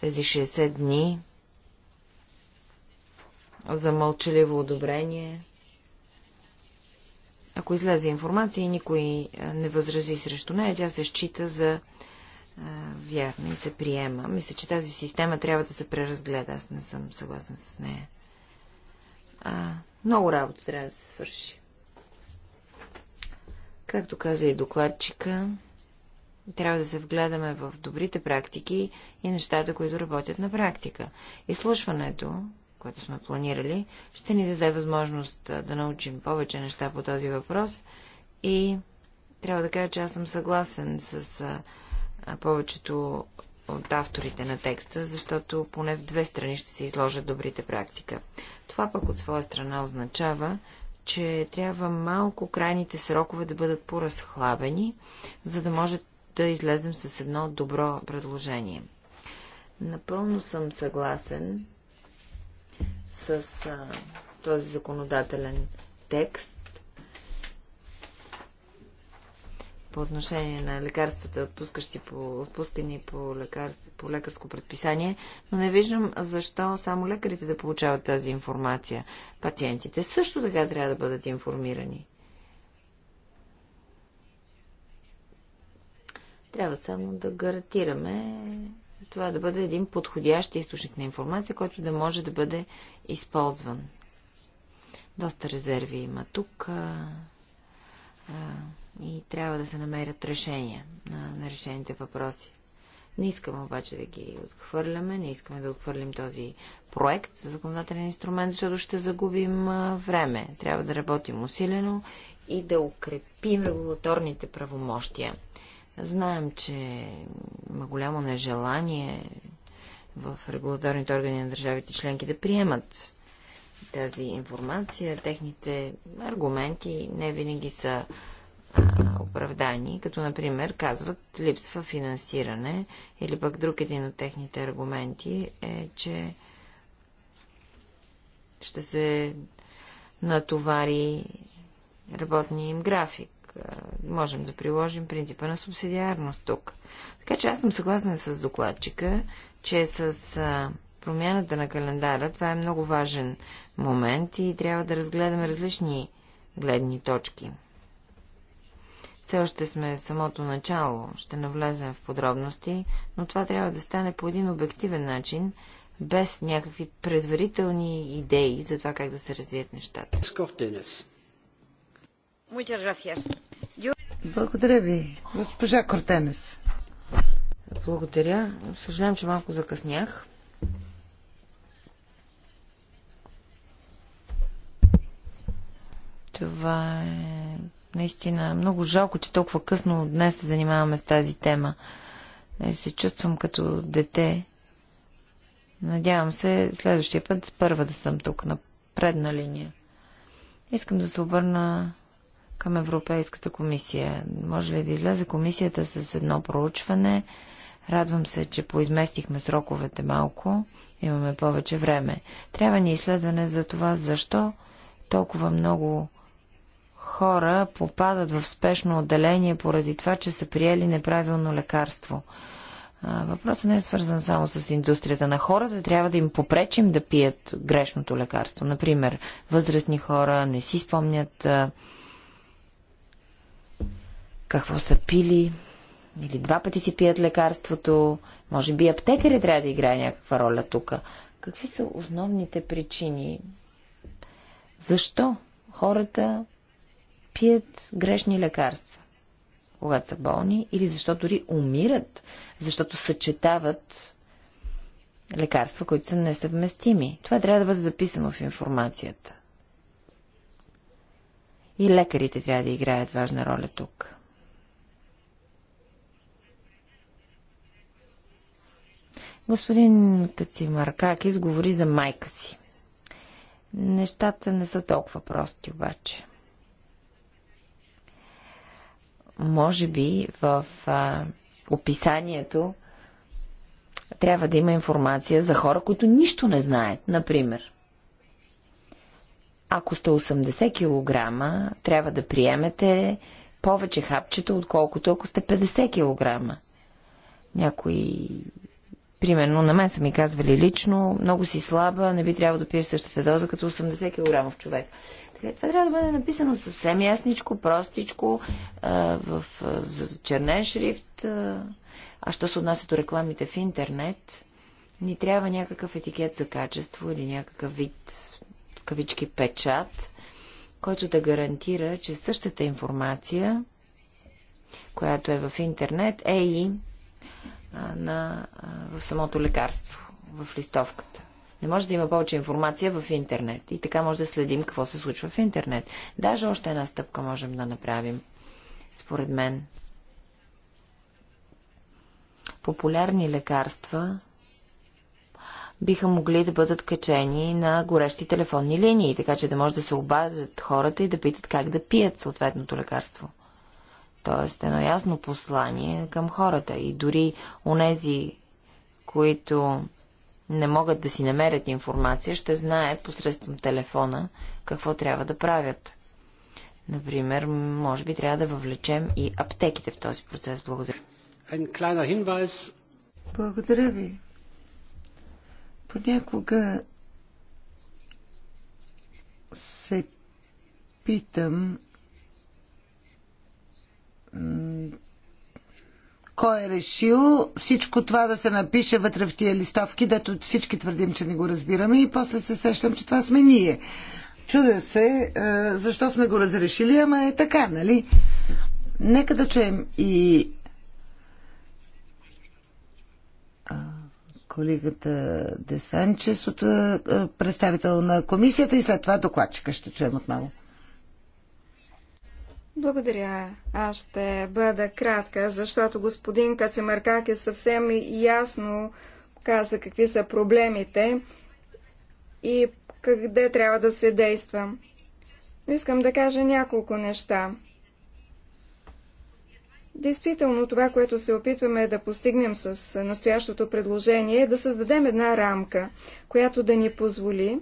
тези 60 дни, за мълчаливо одобрение. Ако излезе информация и никой не възрази срещу нея, тя се счита за вярна и се приема. Мисля, че тази система трябва да се преразгледа. Аз не съм съгласна с нея. А, много работа трябва да се свърши. Както каза и докладчика, трябва да се вгледаме в добрите практики и нещата, които работят на практика. Изслушването което сме планирали, ще ни даде възможност да научим повече неща по този въпрос и трябва да кажа, че аз съм съгласен с повечето от авторите на текста, защото поне в две страни ще се изложат добрите практика. Това пък от своя страна означава, че трябва малко крайните срокове да бъдат поразхлабени, за да може да излезем с едно добро предложение. Напълно съм съгласен с а, този законодателен текст по отношение на лекарствата, отпускащи по, отпускани по, лекарство, по лекарско предписание, но не виждам защо само лекарите да получават тази информация. Пациентите също така трябва да бъдат информирани. Трябва само да гарантираме това да бъде един подходящ източник на информация, който да може да бъде използван. Доста резерви има тук а, а, и трябва да се намерят решения на, на решените въпроси. Не искаме обаче да ги отхвърляме, не искаме да отхвърлим този проект за законодателен инструмент, защото ще загубим време. Трябва да работим усилено и да укрепим регулаторните правомощия. Знаем, че има голямо нежелание в регулаторните органи на държавите членки да приемат тази информация. Техните аргументи не винаги са оправдани, като например казват липсва финансиране или пък друг един от техните аргументи е, че ще се натовари работния им график можем да приложим принципа на субсидиарност тук. Така че аз съм съгласна с докладчика, че с промяната на календара това е много важен момент и трябва да разгледаме различни гледни точки. Все още сме в самото начало, ще навлезем в подробности, но това трябва да стане по един обективен начин, без някакви предварителни идеи за това как да се развият нещата. Благодаря ви, госпожа Кортенес. Благодаря. Съжалявам, че малко закъснях. Това е наистина много жалко, че толкова късно днес се занимаваме с тази тема. Е, се чувствам като дете. Надявам се следващия път първа да съм тук на предна линия. Искам да се обърна към Европейската комисия. Може ли да излезе комисията с едно проучване? Радвам се, че поизместихме сроковете малко. Имаме повече време. Трябва ни изследване за това, защо толкова много хора попадат в спешно отделение поради това, че са приели неправилно лекарство. Въпросът не е свързан само с индустрията на хората. Трябва да им попречим да пият грешното лекарство. Например, възрастни хора не си спомнят какво са пили, или два пъти си пият лекарството, може би аптекари трябва да играе някаква роля тук. Какви са основните причини? Защо хората пият грешни лекарства, когато са болни, или защо дори умират, защото съчетават лекарства, които са несъвместими. Това трябва да бъде записано в информацията. И лекарите трябва да играят важна роля тук. Господин Кацимаркакис говори за майка си. Нещата не са толкова прости обаче. Може би в а, описанието трябва да има информация за хора, които нищо не знаят. Например, ако сте 80 кг, трябва да приемете повече хапчета, отколкото ако сте 50 кг. Някои Примерно, на мен са ми казвали лично, много си слаба, не би трябвало да пиеш същата доза като 80 кг човек. Така, това трябва да бъде написано съвсем ясничко, простичко, в чернен шрифт. А що се отнася до рекламите в интернет, ни трябва някакъв етикет за качество или някакъв вид, в кавички, печат, който да гарантира, че същата информация, която е в интернет, е и на, в самото лекарство, в листовката. Не може да има повече информация в интернет. И така може да следим какво се случва в интернет. Даже още една стъпка можем да направим, според мен. Популярни лекарства биха могли да бъдат качени на горещи телефонни линии, така че да може да се обаждат хората и да питат как да пият съответното лекарство. Тоест едно ясно послание към хората и дори онези, които не могат да си намерят информация, ще знаят посредством телефона какво трябва да правят. Например, може би трябва да въвлечем и аптеките в този процес. Благодаря. Благодаря ви. Понякога се питам кой е решил всичко това да се напише вътре в тия листовки, дето всички твърдим, че не го разбираме и после се сещам, че това сме ние. Чудя се, е, защо сме го разрешили, ама е така, нали? Нека да чуем и колегата Десанчес от е, представител на комисията и след това докладчика ще чуем отново. Благодаря. Аз ще бъда кратка, защото господин е съвсем ясно каза какви са проблемите и къде трябва да се действа. Но искам да кажа няколко неща. Действително, това, което се опитваме да постигнем с настоящото предложение, е да създадем една рамка, която да ни позволи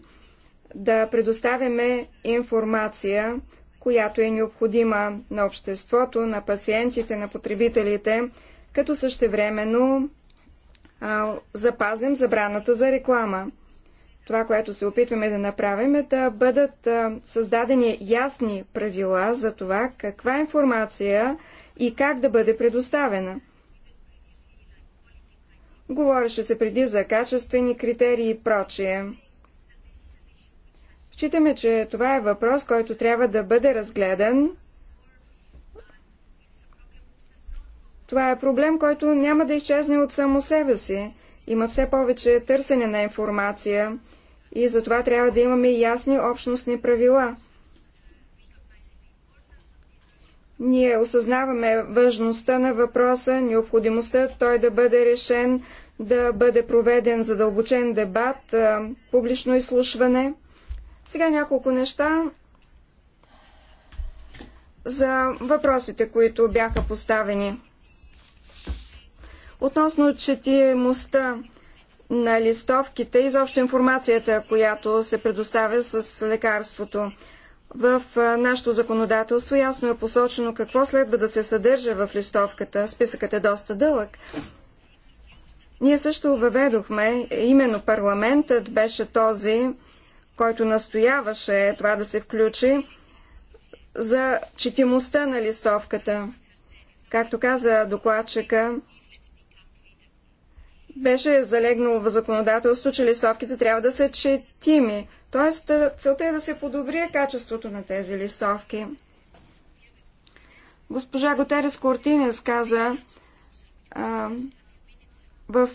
да предоставяме информация която е необходима на обществото, на пациентите, на потребителите, като същевременно а, запазим забраната за реклама. Това, което се опитваме да направим е да бъдат а, създадени ясни правила за това каква информация и как да бъде предоставена. Говореше се преди за качествени критерии и прочие. Считаме, че това е въпрос, който трябва да бъде разгледан. Това е проблем, който няма да изчезне от само себе си. Има все повече търсене на информация и затова трябва да имаме ясни общностни правила. Ние осъзнаваме важността на въпроса, необходимостта той да бъде решен, да бъде проведен задълбочен дебат, публично изслушване – сега няколко неща за въпросите, които бяха поставени. Относно четимостта на листовките и заобщо информацията, която се предоставя с лекарството. В нашето законодателство ясно е посочено какво следва да се съдържа в листовката. Списъкът е доста дълъг. Ние също въведохме, именно парламентът беше този, който настояваше това да се включи, за четимостта на листовката. Както каза докладчика, беше залегнало в законодателство, че листовките трябва да са четими. Тоест, целта е да се подобри качеството на тези листовки. Госпожа Готерес Кортинес каза, в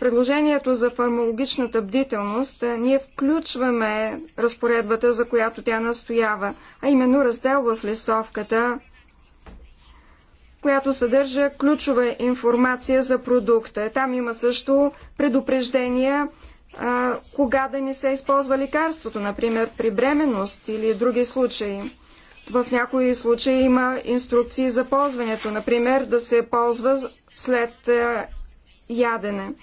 предложението за фармологичната бдителност ние включваме разпоредбата, за която тя настоява, а именно раздел в листовката, която съдържа ключова информация за продукта. Там има също предупреждения а, кога да не се използва лекарството, например при бременност или други случаи. В някои случаи има инструкции за ползването, например да се ползва след ядене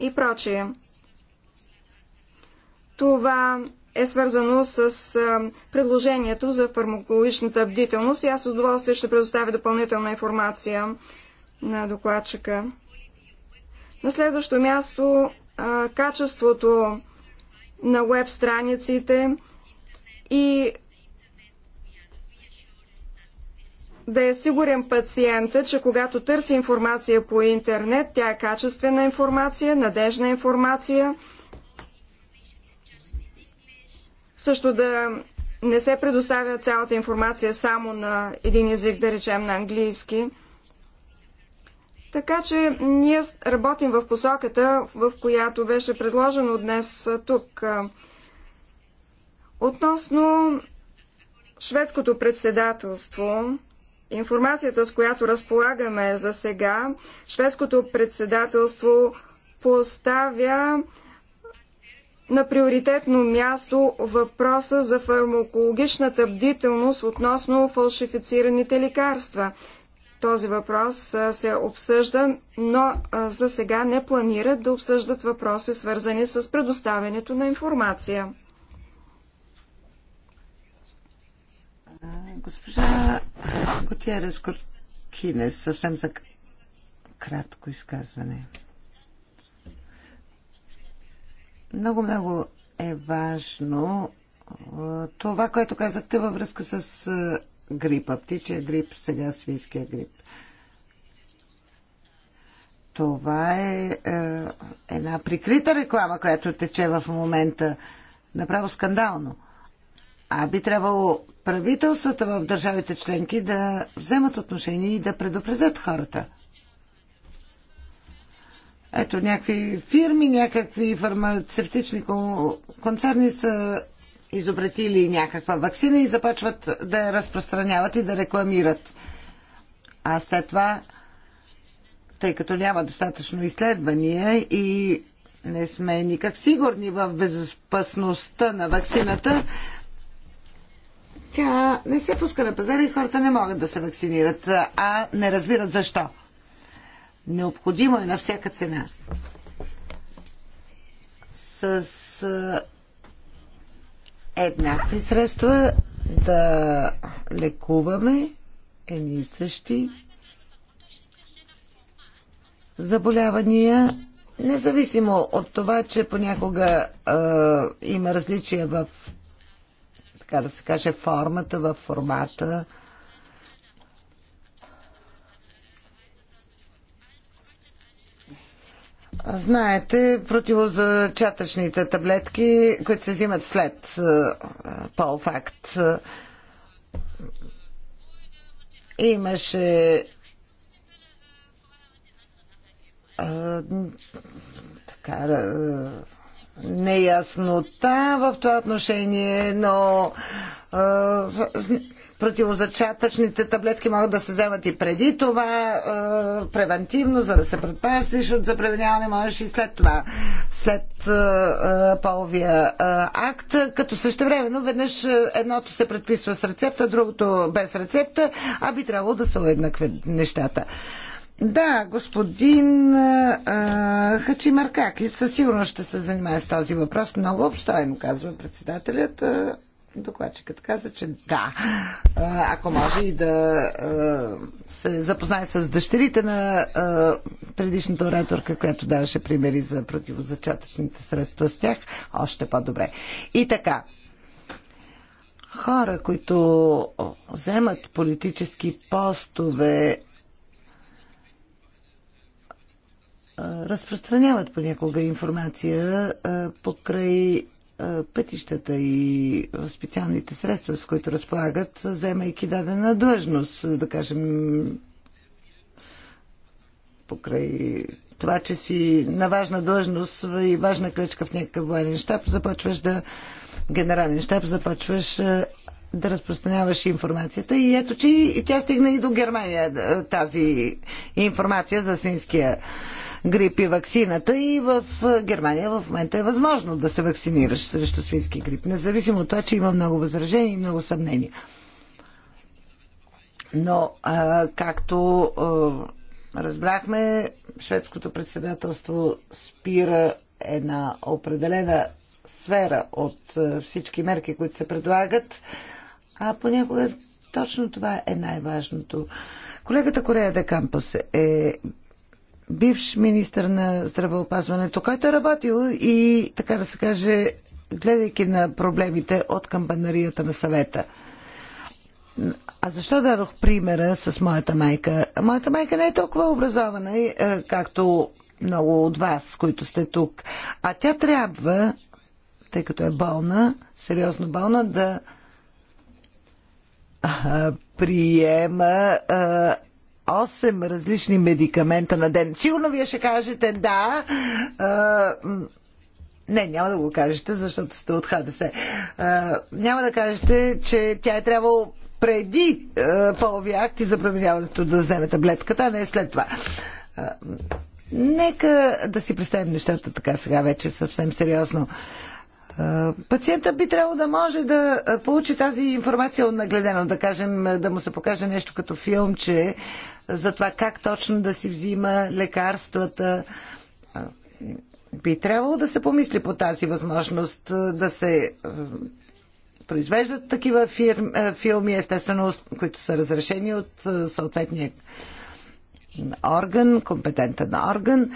и прочие. Това е свързано с предложението за фармакологичната бдителност и аз с удоволствие ще предоставя допълнителна информация на докладчика. На следващо място качеството на веб страниците и да е сигурен пациента, че когато търси информация по интернет, тя е качествена информация, надежна информация. Също да не се предоставя цялата информация само на един език, да речем на английски. Така че ние работим в посоката, в която беше предложено днес тук. Относно шведското председателство, информацията, с която разполагаме за сега, шведското председателство поставя на приоритетно място въпроса за фармакологичната бдителност относно фалшифицираните лекарства. Този въпрос се обсъжда, но за сега не планират да обсъждат въпроси, свързани с предоставянето на информация. Госпожа Готиерес Коркинес, съвсем за кратко изказване. Много-много е важно това, което казахте във връзка с грипа, птичия грип, сега свинския грип. Това е, е една прикрита реклама, която тече в момента. Направо скандално. А би трябвало правителствата в държавите членки да вземат отношение и да предупредят хората. Ето, някакви фирми, някакви фармацевтични концерни са изобретили някаква вакцина и започват да я разпространяват и да рекламират. А след това, тъй като няма достатъчно изследвания и не сме никак сигурни в безопасността на вакцината, тя не се пуска на пазара и хората не могат да се вакцинират, а не разбират защо. Необходимо е на всяка цена. С еднакви средства да лекуваме едни и същи заболявания, независимо от това, че понякога е, има различия в така да се каже, формата, в формата. Знаете, противозачатъчните таблетки, които се взимат след е, полфакт, имаше е, така, е, неяснота в това отношение, но противозачатъчните таблетки могат да се вземат и преди това, превентивно, за да се предпазиш от забременяване, можеш и след това, след половия акт, като същевременно веднъж едното се предписва с рецепта, другото без рецепта, а би трябвало да се уеднакви нещата. Да, господин а, Хачимаркаки със сигурност ще се занимае с този въпрос. Много обстойно, казва председателят. А, докладчикът каза, че да. А, ако може и да а, се запознае с дъщерите на а, предишната ораторка, която даваше примери за противозачатъчните средства с тях, още по-добре. И така, хора, които вземат политически постове разпространяват понякога информация покрай пътищата и специалните средства, с които разполагат, вземайки дадена длъжност, да кажем, покрай това, че си на важна длъжност и важна клечка в някакъв военен щаб, започваш да генерален щаб, започваш да разпространяваш информацията. И ето, че и тя стигна и до Германия тази информация за свинския грип и ваксината и в Германия в момента е възможно да се вакцинираш срещу свински грип. Независимо от това, че има много възражения и много съмнения. Но, а, както а, разбрахме, шведското председателство спира една определена сфера от а, всички мерки, които се предлагат, а понякога точно това е най-важното. Колегата Корея Декампус е бивш министр на здравеопазването, който е работил и, така да се каже, гледайки на проблемите от камбанарията на съвета. А защо дадох примера с моята майка? Моята майка не е толкова образована, е, както много от вас, които сте тук. А тя трябва, тъй като е болна, сериозно болна, да приема 8 различни медикамента на ден. Сигурно вие ще кажете да. Не, няма да го кажете, защото сте от ХДС. няма да кажете, че тя е трябвало преди половия акт за променяването да вземе таблетката, а не след това. Нека да си представим нещата така сега вече съвсем сериозно. Пациентът би трябвало да може да получи тази информация нагледено, да кажем, да му се покаже нещо като филмче за това как точно да си взима лекарствата. Би трябвало да се помисли по тази възможност да се произвеждат такива филми, естествено, които са разрешени от съответния орган, компетентен орган.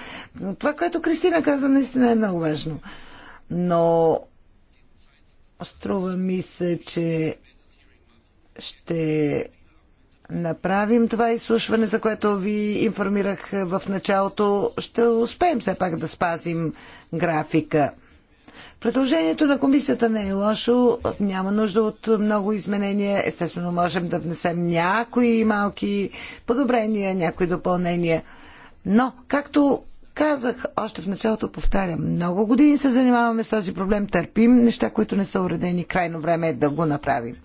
Това, което Кристина каза, наистина е много важно. Но Струва ми се, че ще направим това изслушване, за което ви информирах в началото. Ще успеем все пак да спазим графика. Предложението на комисията не е лошо, няма нужда от много изменения. Естествено, можем да внесем някои малки подобрения, някои допълнения. Но, както Казах още в началото, повтарям, много години се занимаваме с този проблем, търпим неща, които не са уредени. Крайно време е да го направим.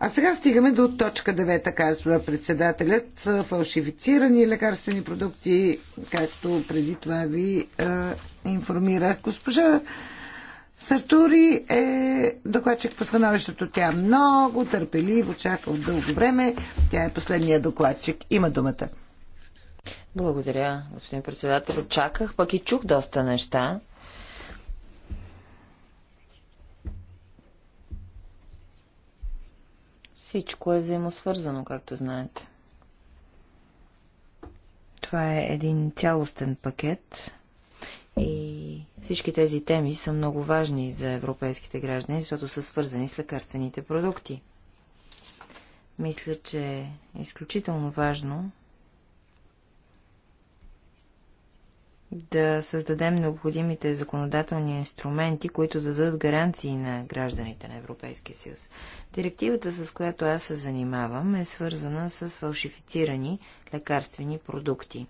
А сега стигаме до точка 9, казва председателят. Фалшифицирани лекарствени продукти, както преди това ви е, информирах. Госпожа Сартури е докладчик по становището. Тя много търпеливо чака от дълго време. Тя е последния докладчик. Има думата. Благодаря, господин председател. Очаках, пък и чух доста неща. Всичко е взаимосвързано, както знаете. Това е един цялостен пакет и всички тези теми са много важни за европейските граждани, защото са свързани с лекарствените продукти. Мисля, че е изключително важно да създадем необходимите законодателни инструменти, които да дадат гаранции на гражданите на Европейския съюз. Директивата, с която аз се занимавам, е свързана с фалшифицирани лекарствени продукти.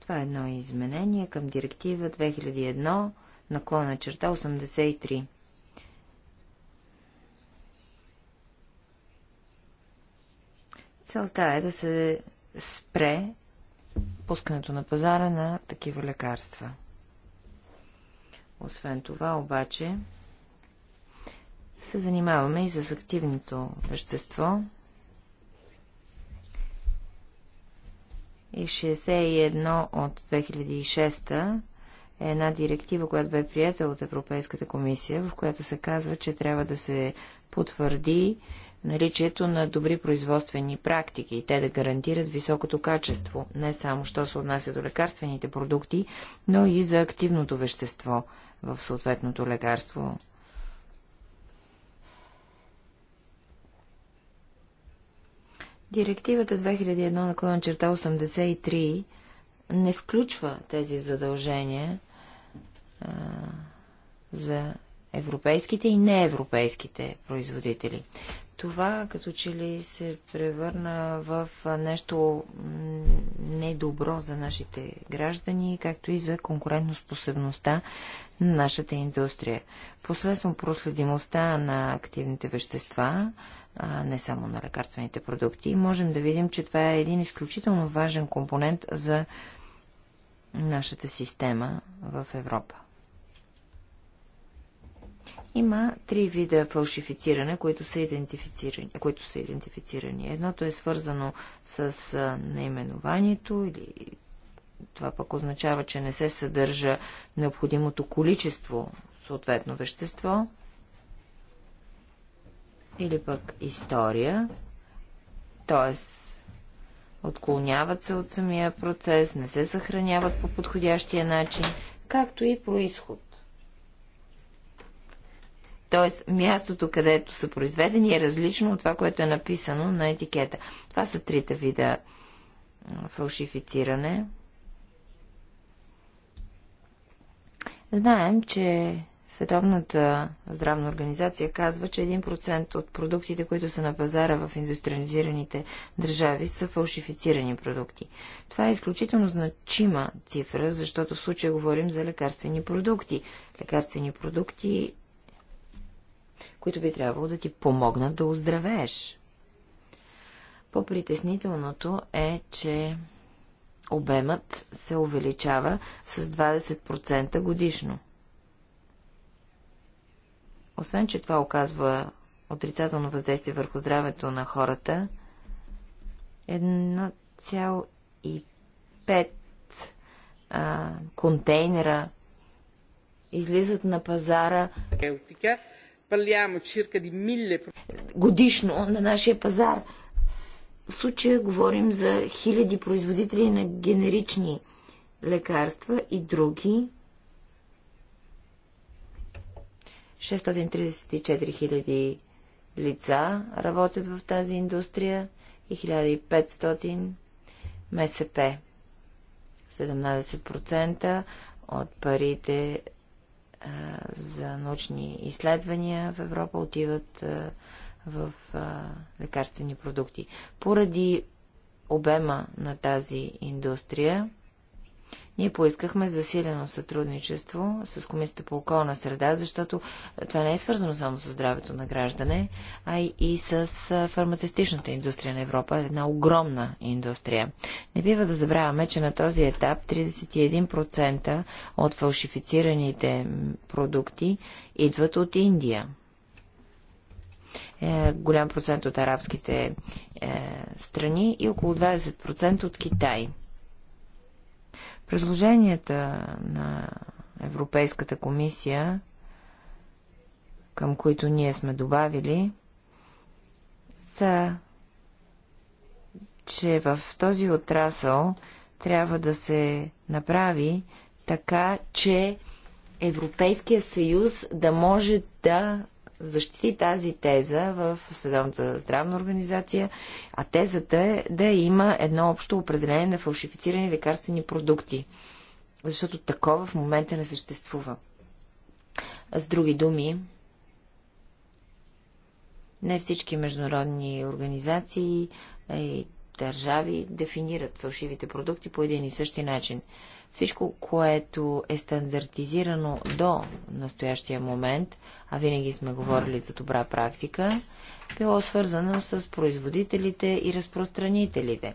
Това е едно изменение към директива 2001 наклона черта 83. Целта е да се спре пускането на пазара на такива лекарства. Освен това, обаче, се занимаваме и с активното вещество. И 61 от 2006 е една директива, която бе приета от Европейската комисия, в която се казва, че трябва да се потвърди наличието на добри производствени практики и те да гарантират високото качество, не само що се отнася до лекарствените продукти, но и за активното вещество в съответното лекарство. Директивата 2001 клон черта 83 не включва тези задължения а, за европейските и неевропейските производители. Това като че ли се превърна в нещо недобро за нашите граждани, както и за конкурентоспособността на нашата индустрия. Посредством проследимостта на активните вещества, а не само на лекарствените продукти, можем да видим, че това е един изключително важен компонент за нашата система в Европа. Има три вида фалшифициране, които са идентифицирани. Които са идентифицирани. Едното е свързано с наименованието или това пък означава, че не се съдържа необходимото количество съответно вещество или пък история, т.е. отклоняват се от самия процес, не се съхраняват по подходящия начин, както и происход. Т.е. мястото, където са произведени е различно от това, което е написано на етикета. Това са трите вида фалшифициране. Знаем, че Световната здравна организация казва, че 1% от продуктите, които са на пазара в индустриализираните държави, са фалшифицирани продукти. Това е изключително значима цифра, защото в случая говорим за лекарствени продукти. Лекарствени продукти които би трябвало да ти помогнат да оздравееш. По-притеснителното е, че обемът се увеличава с 20% годишно. Освен, че това оказва отрицателно въздействие върху здравето на хората, 1,5 контейнера излизат на пазара. Еутика parliamo circa di mille... Годишно на нашия пазар. В случая говорим за хиляди производители на генерични лекарства и други. 634 хиляди лица работят в тази индустрия и 1500 МСП. 17% от парите за научни изследвания в Европа отиват в лекарствени продукти. Поради обема на тази индустрия, ние поискахме засилено сътрудничество с Комисията по околна среда, защото това не е свързано само с здравето на граждане, а и с фармацевтичната индустрия на Европа, една огромна индустрия. Не бива да забравяме, че на този етап 31% от фалшифицираните продукти идват от Индия е, голям процент от арабските е, страни и около 20% от Китай. Предложенията на Европейската комисия, към които ние сме добавили, са, че в този отрасъл трябва да се направи така, че Европейския съюз да може да защити тази теза в Световната здравна организация, а тезата е да има едно общо определение на фалшифицирани лекарствени продукти, защото такова в момента не съществува. С други думи, не всички международни организации и държави дефинират фалшивите продукти по един и същи начин. Всичко, което е стандартизирано до настоящия момент, а винаги сме говорили за добра практика, било свързано с производителите и разпространителите.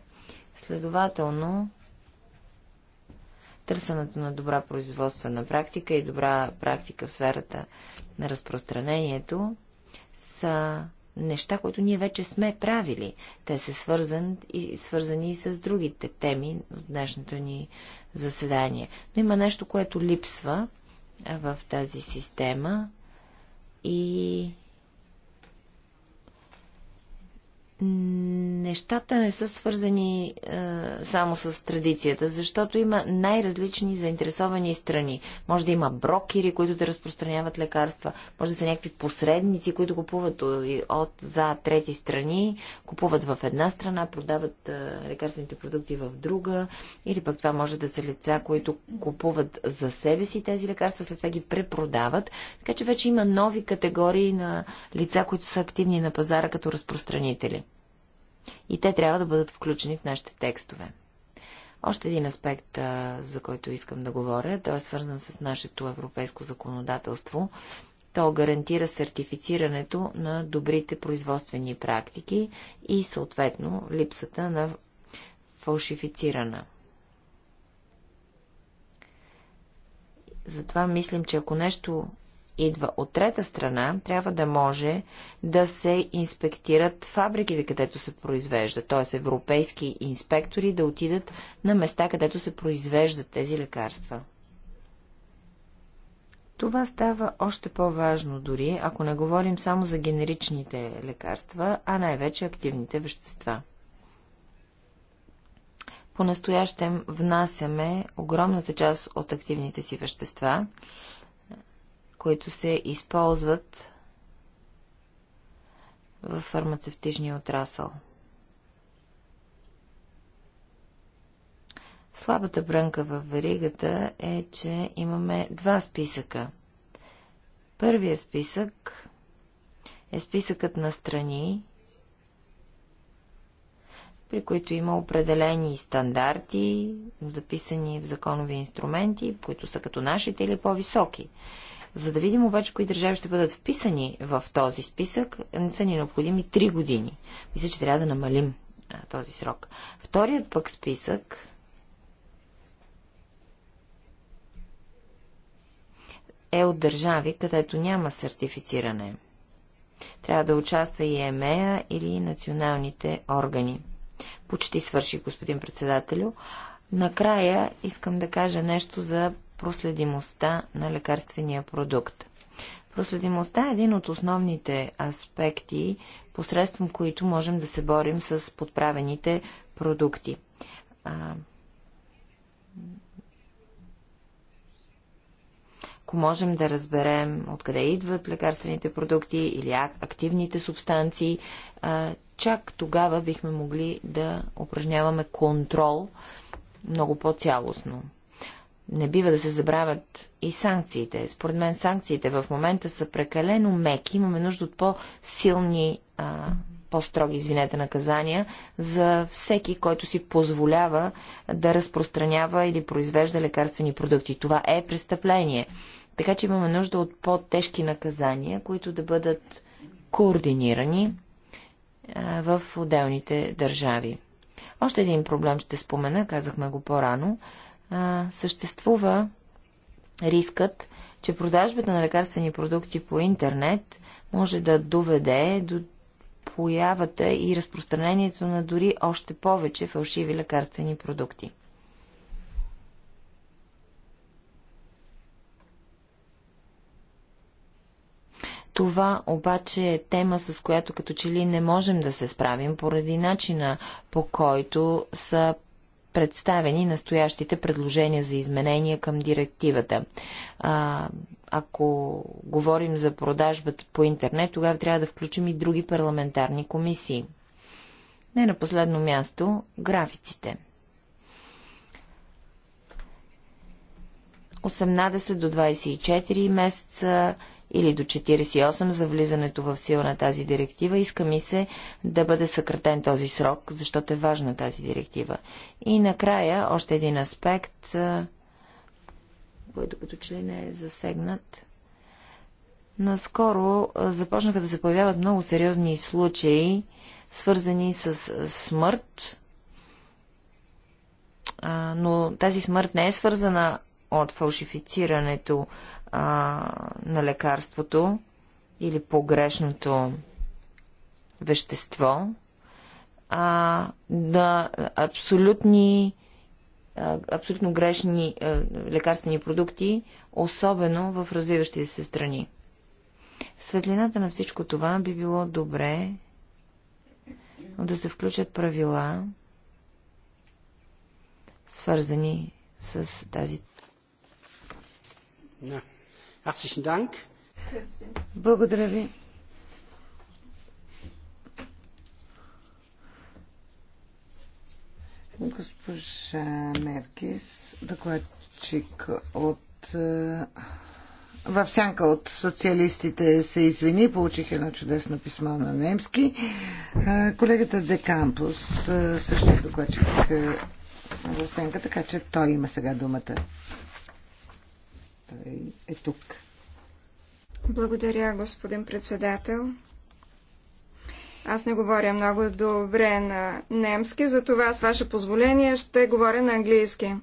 Следователно, търсенето на добра производствена практика и добра практика в сферата на разпространението са неща, които ние вече сме правили. Те са свързани и, свързани и с другите теми от днешното ни заседание. Но има нещо, което липсва в тази система и нещата не са свързани е, само с традицията, защото има най-различни заинтересовани страни. Може да има брокери, които да разпространяват лекарства, може да са някакви посредници, които купуват от за трети страни, купуват в една страна, продават е, лекарствените продукти в друга, или пък това може да са лица, които купуват за себе си тези лекарства, след това ги препродават. Така че вече има нови категории на лица, които са активни на пазара като разпространители. И те трябва да бъдат включени в нашите текстове. Още един аспект, за който искам да говоря, той е свързан с нашето европейско законодателство. То гарантира сертифицирането на добрите производствени практики и съответно липсата на фалшифицирана. Затова мислим, че ако нещо идва от трета страна, трябва да може да се инспектират фабриките, където се произвежда, т.е. европейски инспектори да отидат на места, където се произвеждат тези лекарства. Това става още по-важно дори, ако не говорим само за генеричните лекарства, а най-вече активните вещества. По-настоящем внасяме огромната част от активните си вещества които се използват в фармацевтичния отрасъл. Слабата брънка в веригата е, че имаме два списъка. Първият списък е списъкът на страни, при които има определени стандарти, записани в законови инструменти, които са като нашите или по-високи. За да видим обаче кои държави ще бъдат вписани в този списък, не са ни необходими 3 години. Мисля, че трябва да намалим този срок. Вторият пък списък е от държави, където няма сертифициране. Трябва да участва и ЕМЕА или националните органи. Почти свърши, господин председателю. Накрая искам да кажа нещо за проследимостта на лекарствения продукт. Проследимостта е един от основните аспекти, посредством които можем да се борим с подправените продукти. Ако можем да разберем откъде идват лекарствените продукти или активните субстанции, чак тогава бихме могли да упражняваме контрол много по-цялостно не бива да се забравят и санкциите. Според мен санкциите в момента са прекалено меки. Имаме нужда от по-силни, по-строги, извинете, наказания за всеки, който си позволява да разпространява или произвежда лекарствени продукти. Това е престъпление. Така че имаме нужда от по-тежки наказания, които да бъдат координирани а, в отделните държави. Още един проблем ще спомена, казахме го по-рано а, съществува рискът, че продажбата на лекарствени продукти по интернет може да доведе до появата и разпространението на дори още повече фалшиви лекарствени продукти. Това обаче е тема, с която като че ли не можем да се справим, поради начина по който са представени настоящите предложения за изменения към директивата. А, ако говорим за продажбата по интернет, тогава трябва да включим и други парламентарни комисии. Не на последно място, графиците. 18 до 24 месеца или до 48 за влизането в сила на тази директива. Иска ми се да бъде съкратен този срок, защото е важна тази директива. И накрая още един аспект, който като че не е засегнат. Наскоро започнаха да се появяват много сериозни случаи, свързани с смърт, но тази смърт не е свързана от фалшифицирането а, на лекарството или погрешното вещество, а, да абсолютни абсолютно грешни лекарствени продукти, особено в развиващите се страни. светлината на всичко това би било добре да се включат правила, свързани с тази. Да. Herzlichen Dank. Благодаря ви. Госпожа Меркис, докладчик от е, в сянка от социалистите се извини, получих едно чудесно писмо на немски. Е, колегата Декампус е, също е докладчик в сянка, така че той има сега думата е тук. Благодаря, господин председател. Аз не говоря много добре на немски, затова с ваше позволение ще говоря на английски.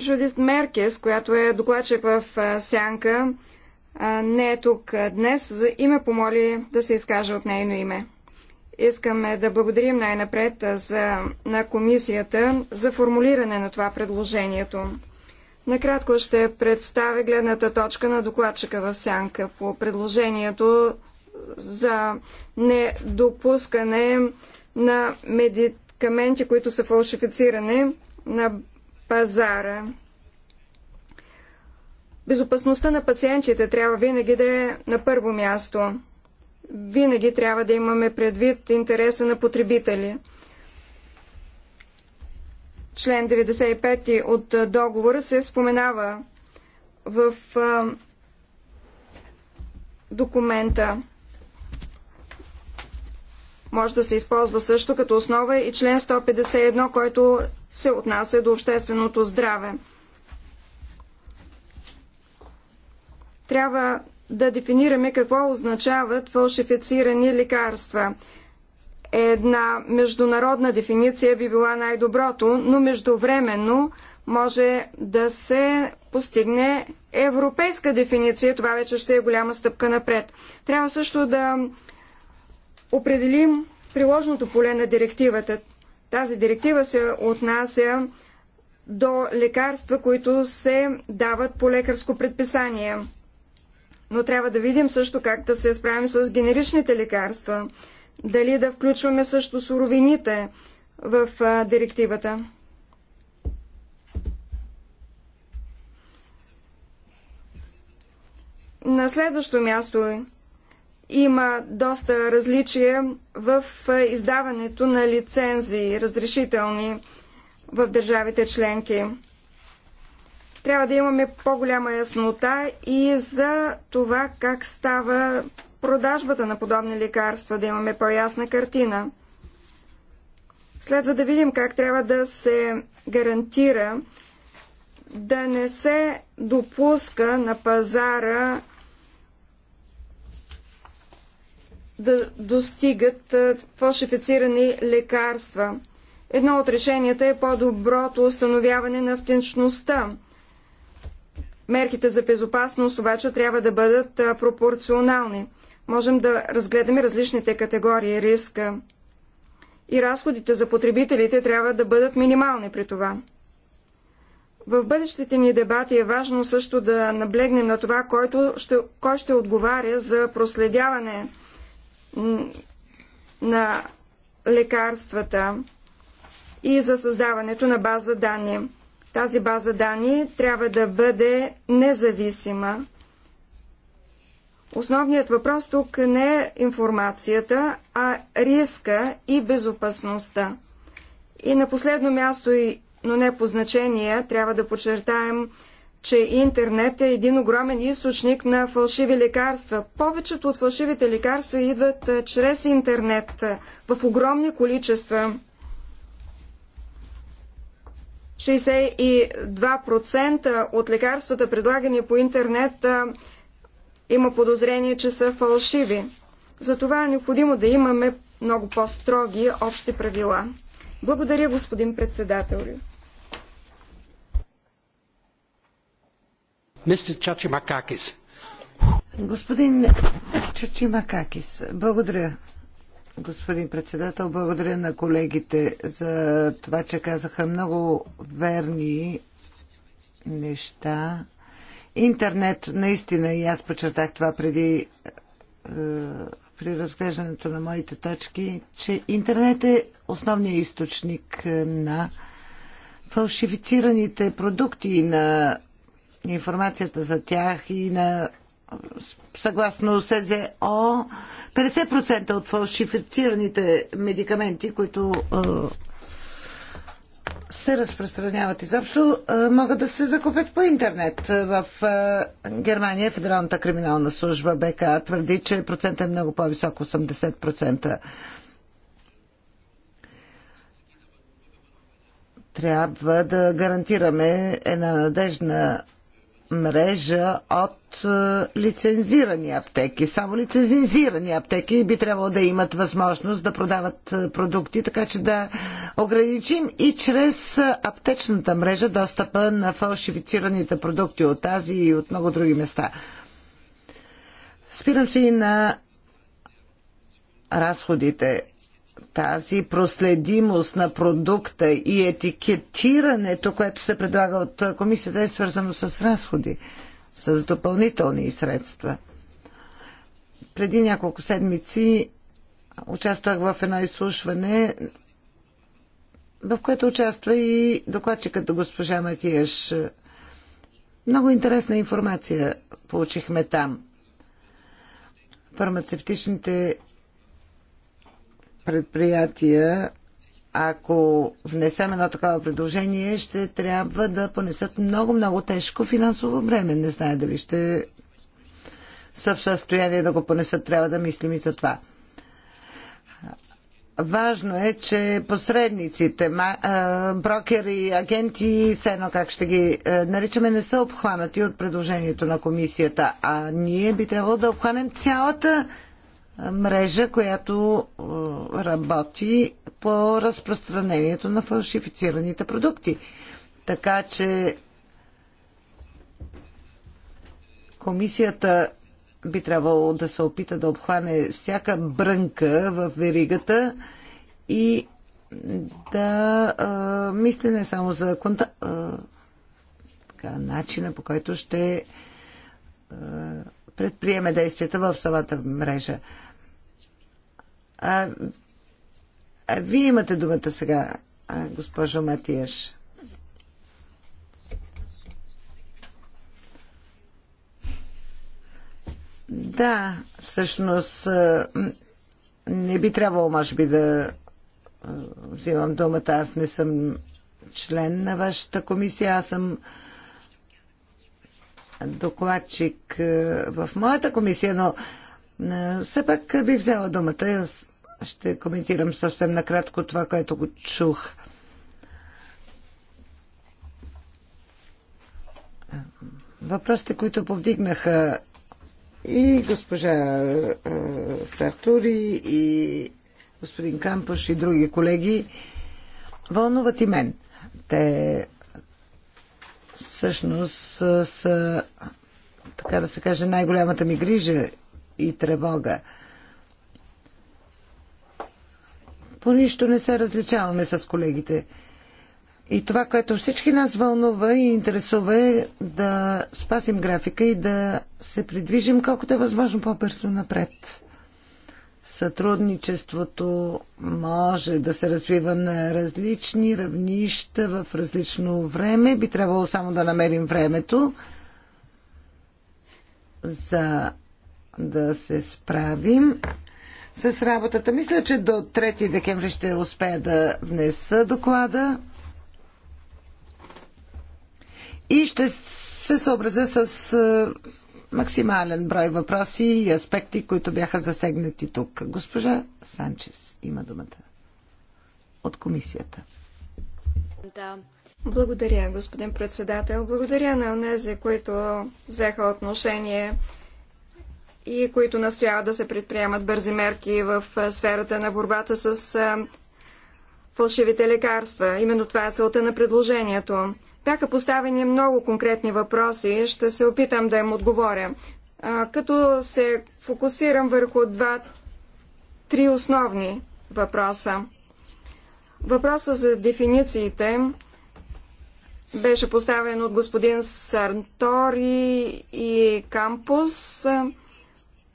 Жудист Меркес, която е докладчик в Сянка, не е тук днес, и ме помоли да се изкаже от нейно име. Искаме да благодарим най-напред за, на комисията за формулиране на това предложението. Накратко ще представя гледната точка на докладчика в сянка по предложението за недопускане на медикаменти, които са фалшифицирани на пазара. Безопасността на пациентите трябва винаги да е на първо място винаги трябва да имаме предвид интереса на потребители. Член 95 от договора се споменава в документа. Може да се използва също като основа и член 151, който се отнася до общественото здраве. Трябва да дефинираме какво означават фалшифицирани лекарства. Една международна дефиниция би била най-доброто, но междувременно може да се постигне европейска дефиниция. Това вече ще е голяма стъпка напред. Трябва също да определим приложното поле на директивата. Тази директива се отнася до лекарства, които се дават по лекарско предписание. Но трябва да видим също как да се справим с генеричните лекарства. Дали да включваме също суровините в а, директивата. На следващо място има доста различия в издаването на лицензии, разрешителни в държавите членки. Трябва да имаме по-голяма яснота и за това как става продажбата на подобни лекарства, да имаме по-ясна картина. Следва да видим как трябва да се гарантира да не се допуска на пазара да достигат фалшифицирани лекарства. Едно от решенията е по-доброто установяване на автентичността Мерките за безопасност обаче трябва да бъдат пропорционални. Можем да разгледаме различните категории риска. И разходите за потребителите трябва да бъдат минимални при това. В бъдещите ни дебати е важно също да наблегнем на това, който ще, кой ще отговаря за проследяване на лекарствата и за създаването на база данни. Тази база данни трябва да бъде независима. Основният въпрос тук не е информацията, а риска и безопасността. И на последно място, но не по значение, трябва да подчертаем, че интернет е един огромен източник на фалшиви лекарства. Повечето от фалшивите лекарства идват чрез интернет в огромни количества. 62% от лекарствата, предлагани по интернет, има подозрение, че са фалшиви. Затова е необходимо да имаме много по-строги общи правила. Благодаря, господин председател. Господин Чачимакакис, благодаря господин председател. Благодаря на колегите за това, че казаха много верни неща. Интернет, наистина, и аз подчертах това преди е, при разглеждането на моите точки, че интернет е основният източник на фалшифицираните продукти и на информацията за тях и на съгласно СЗО, 50% от фалшифицираните медикаменти, които се разпространяват изобщо, могат да се закупят по интернет. В Германия Федералната криминална служба БК твърди, че процентът е много по-висок 80%. Трябва да гарантираме една надежна мрежа от е, лицензирани аптеки. Само лицензирани аптеки би трябвало да имат възможност да продават е, продукти, така че да ограничим и чрез е, аптечната мрежа достъпа на фалшифицираните продукти от тази и от много други места. Спирам се и на разходите тази проследимост на продукта и етикетирането, което се предлага от комисията, е свързано с разходи, с допълнителни средства. Преди няколко седмици участвах в едно изслушване, в което участва и докладчикът до госпожа Матиеш. Много интересна информация получихме там. Фармацевтичните предприятия, ако внесем едно такова предложение, ще трябва да понесат много-много тежко финансово бреме. Не знае дали ще са в състояние да го понесат. Трябва да мислим и за това. Важно е, че посредниците, брокери, агенти, все едно как ще ги наричаме, не са обхванати от предложението на комисията, а ние би трябвало да обхванем цялата мрежа, която е, работи по разпространението на фалшифицираните продукти. Така че комисията би трябвало да се опита да обхване всяка брънка в веригата и да а, е, мисли не само за конта... а, е, така, начина по който ще а, предприеме действията в самата мрежа. А, а вие имате думата сега, госпожо Матиеш. Да, всъщност не би трябвало, може би, да взимам думата. Аз не съм член на вашата комисия. Аз съм докладчик в моята комисия, но все пак би взела думата аз ще коментирам съвсем накратко това, което го чух. Въпросите, които повдигнаха и госпожа е, Сартури, и господин Кампуш, и други колеги, вълнуват и мен. Те всъщност е, са, така да се каже, най-голямата ми грижа и тревога. По нищо не се различаваме с колегите. И това, което всички нас вълнува и интересува е да спасим графика и да се придвижим колкото е възможно по-бързо напред. Сътрудничеството може да се развива на различни равнища в различно време. Би трябвало само да намерим времето за да се справим с работата. Мисля, че до 3 декември ще успея да внеса доклада и ще се съобразя с е, максимален брой въпроси и аспекти, които бяха засегнати тук. Госпожа Санчес има думата от комисията. Да. Благодаря, господин председател. Благодаря на онези, които взеха отношение и които настояват да се предприемат бързи мерки в сферата на борбата с фалшивите лекарства. Именно това е целта на предложението. Бяха поставени много конкретни въпроси. Ще се опитам да им отговоря. като се фокусирам върху два, три основни въпроса. Въпроса за дефинициите беше поставен от господин Сартори и Кампус.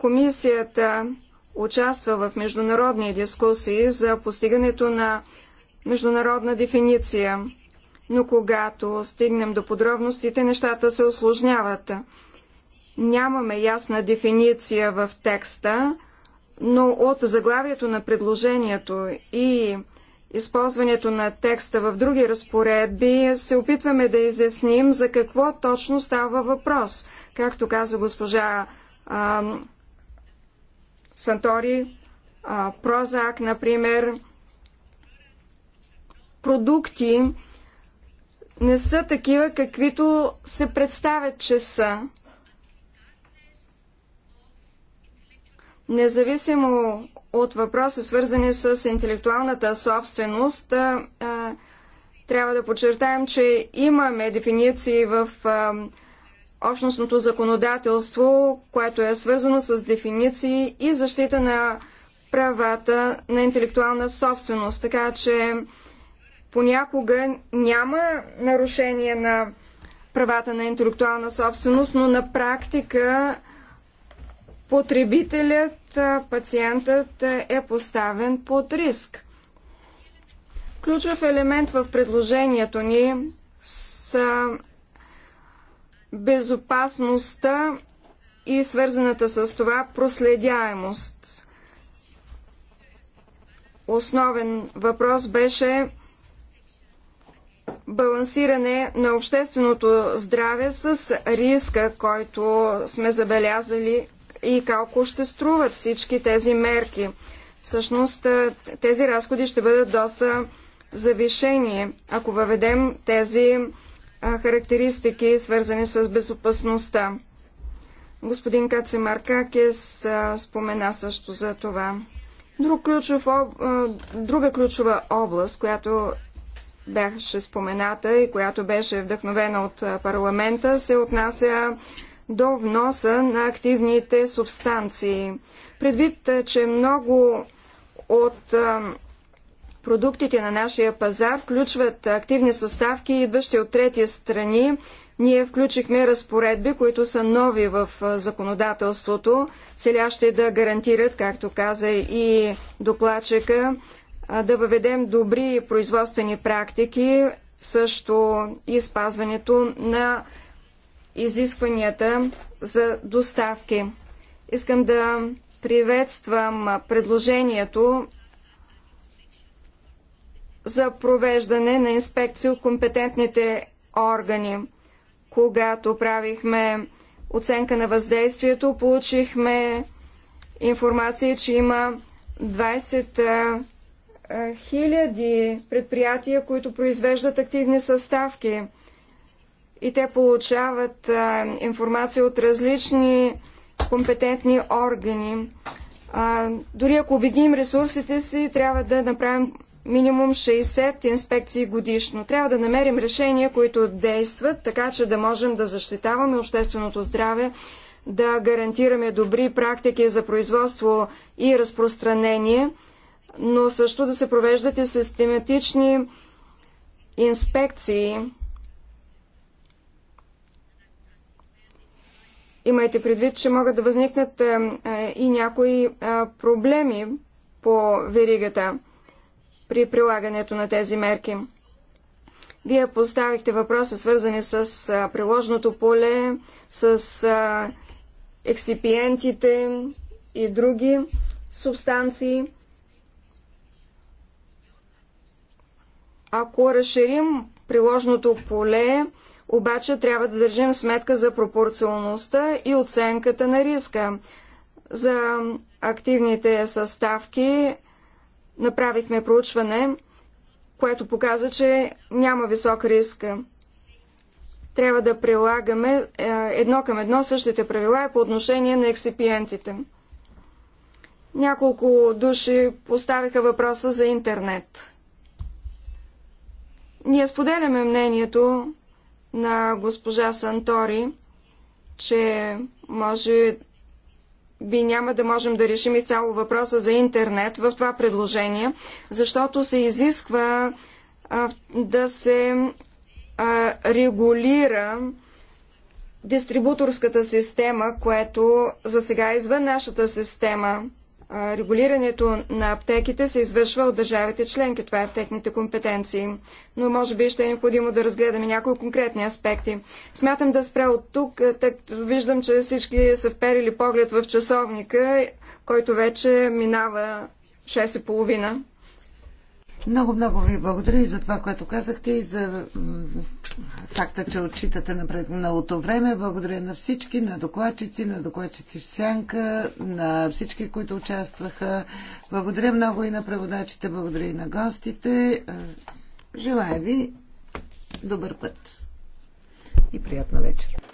Комисията участва в международни дискусии за постигането на международна дефиниция, но когато стигнем до подробностите, нещата се осложняват. Нямаме ясна дефиниция в текста, но от заглавието на предложението и използването на текста в други разпоредби се опитваме да изясним за какво точно става въпрос. Както каза госпожа Сантори, Прозак, например, продукти не са такива, каквито се представят, че са. Независимо от въпроса, свързани с интелектуалната собственост, трябва да подчертаем, че имаме дефиниции в общностното законодателство, което е свързано с дефиниции и защита на правата на интелектуална собственост. Така че понякога няма нарушение на правата на интелектуална собственост, но на практика потребителят, пациентът е поставен под риск. Ключов елемент в предложението ни са безопасността и свързаната с това проследяемост. Основен въпрос беше балансиране на общественото здраве с риска, който сме забелязали и колко ще струват всички тези мерки. Всъщност тези разходи ще бъдат доста завишени, ако въведем тези характеристики, свързани с безопасността. Господин Кацемаркакес спомена също за това. Друг ключов, друга ключова област, която беше спомената и която беше вдъхновена от парламента, се отнася до вноса на активните субстанции. Предвид, че много от Продуктите на нашия пазар включват активни съставки, идващи от трети страни. Ние включихме разпоредби, които са нови в законодателството, целящи да гарантират, както каза и докладчика, да въведем добри производствени практики, също и спазването на изискванията за доставки. Искам да приветствам предложението за провеждане на инспекции от компетентните органи. Когато правихме оценка на въздействието, получихме информация, че има 20 000 предприятия, които произвеждат активни съставки. И те получават а, информация от различни компетентни органи. А, дори ако обединим ресурсите си, трябва да направим минимум 60 инспекции годишно. Трябва да намерим решения, които действат, така че да можем да защитаваме общественото здраве, да гарантираме добри практики за производство и разпространение, но също да се провеждат и систематични инспекции. Имайте предвид, че могат да възникнат и някои проблеми по веригата при прилагането на тези мерки. Вие поставихте въпроса, свързани с приложното поле, с ексипиентите и други субстанции. Ако разширим приложното поле, обаче трябва да държим сметка за пропорционалността и оценката на риска. За активните съставки направихме проучване, което показа, че няма висок риск. Трябва да прилагаме е, едно към едно същите правила по отношение на ексипиентите. Няколко души поставиха въпроса за интернет. Ние споделяме мнението на госпожа Сантори, че може би няма да можем да решим изцяло въпроса за интернет в това предложение, защото се изисква а, да се а, регулира дистрибуторската система, което за сега е извън нашата система регулирането на аптеките се извършва от държавите членки. Това е в техните компетенции. Но може би ще е необходимо да разгледаме някои конкретни аспекти. Смятам да спра от тук, тъй като виждам, че всички са вперили поглед в часовника, който вече минава 6.30. Много, много ви благодаря и за това, което казахте и за факта, че отчитате напредналото време. Благодаря на всички, на докладчици, на докладчици в Сянка, на всички, които участваха. Благодаря много и на преводачите, благодаря и на гостите. Е, желая ви добър път и приятна вечер.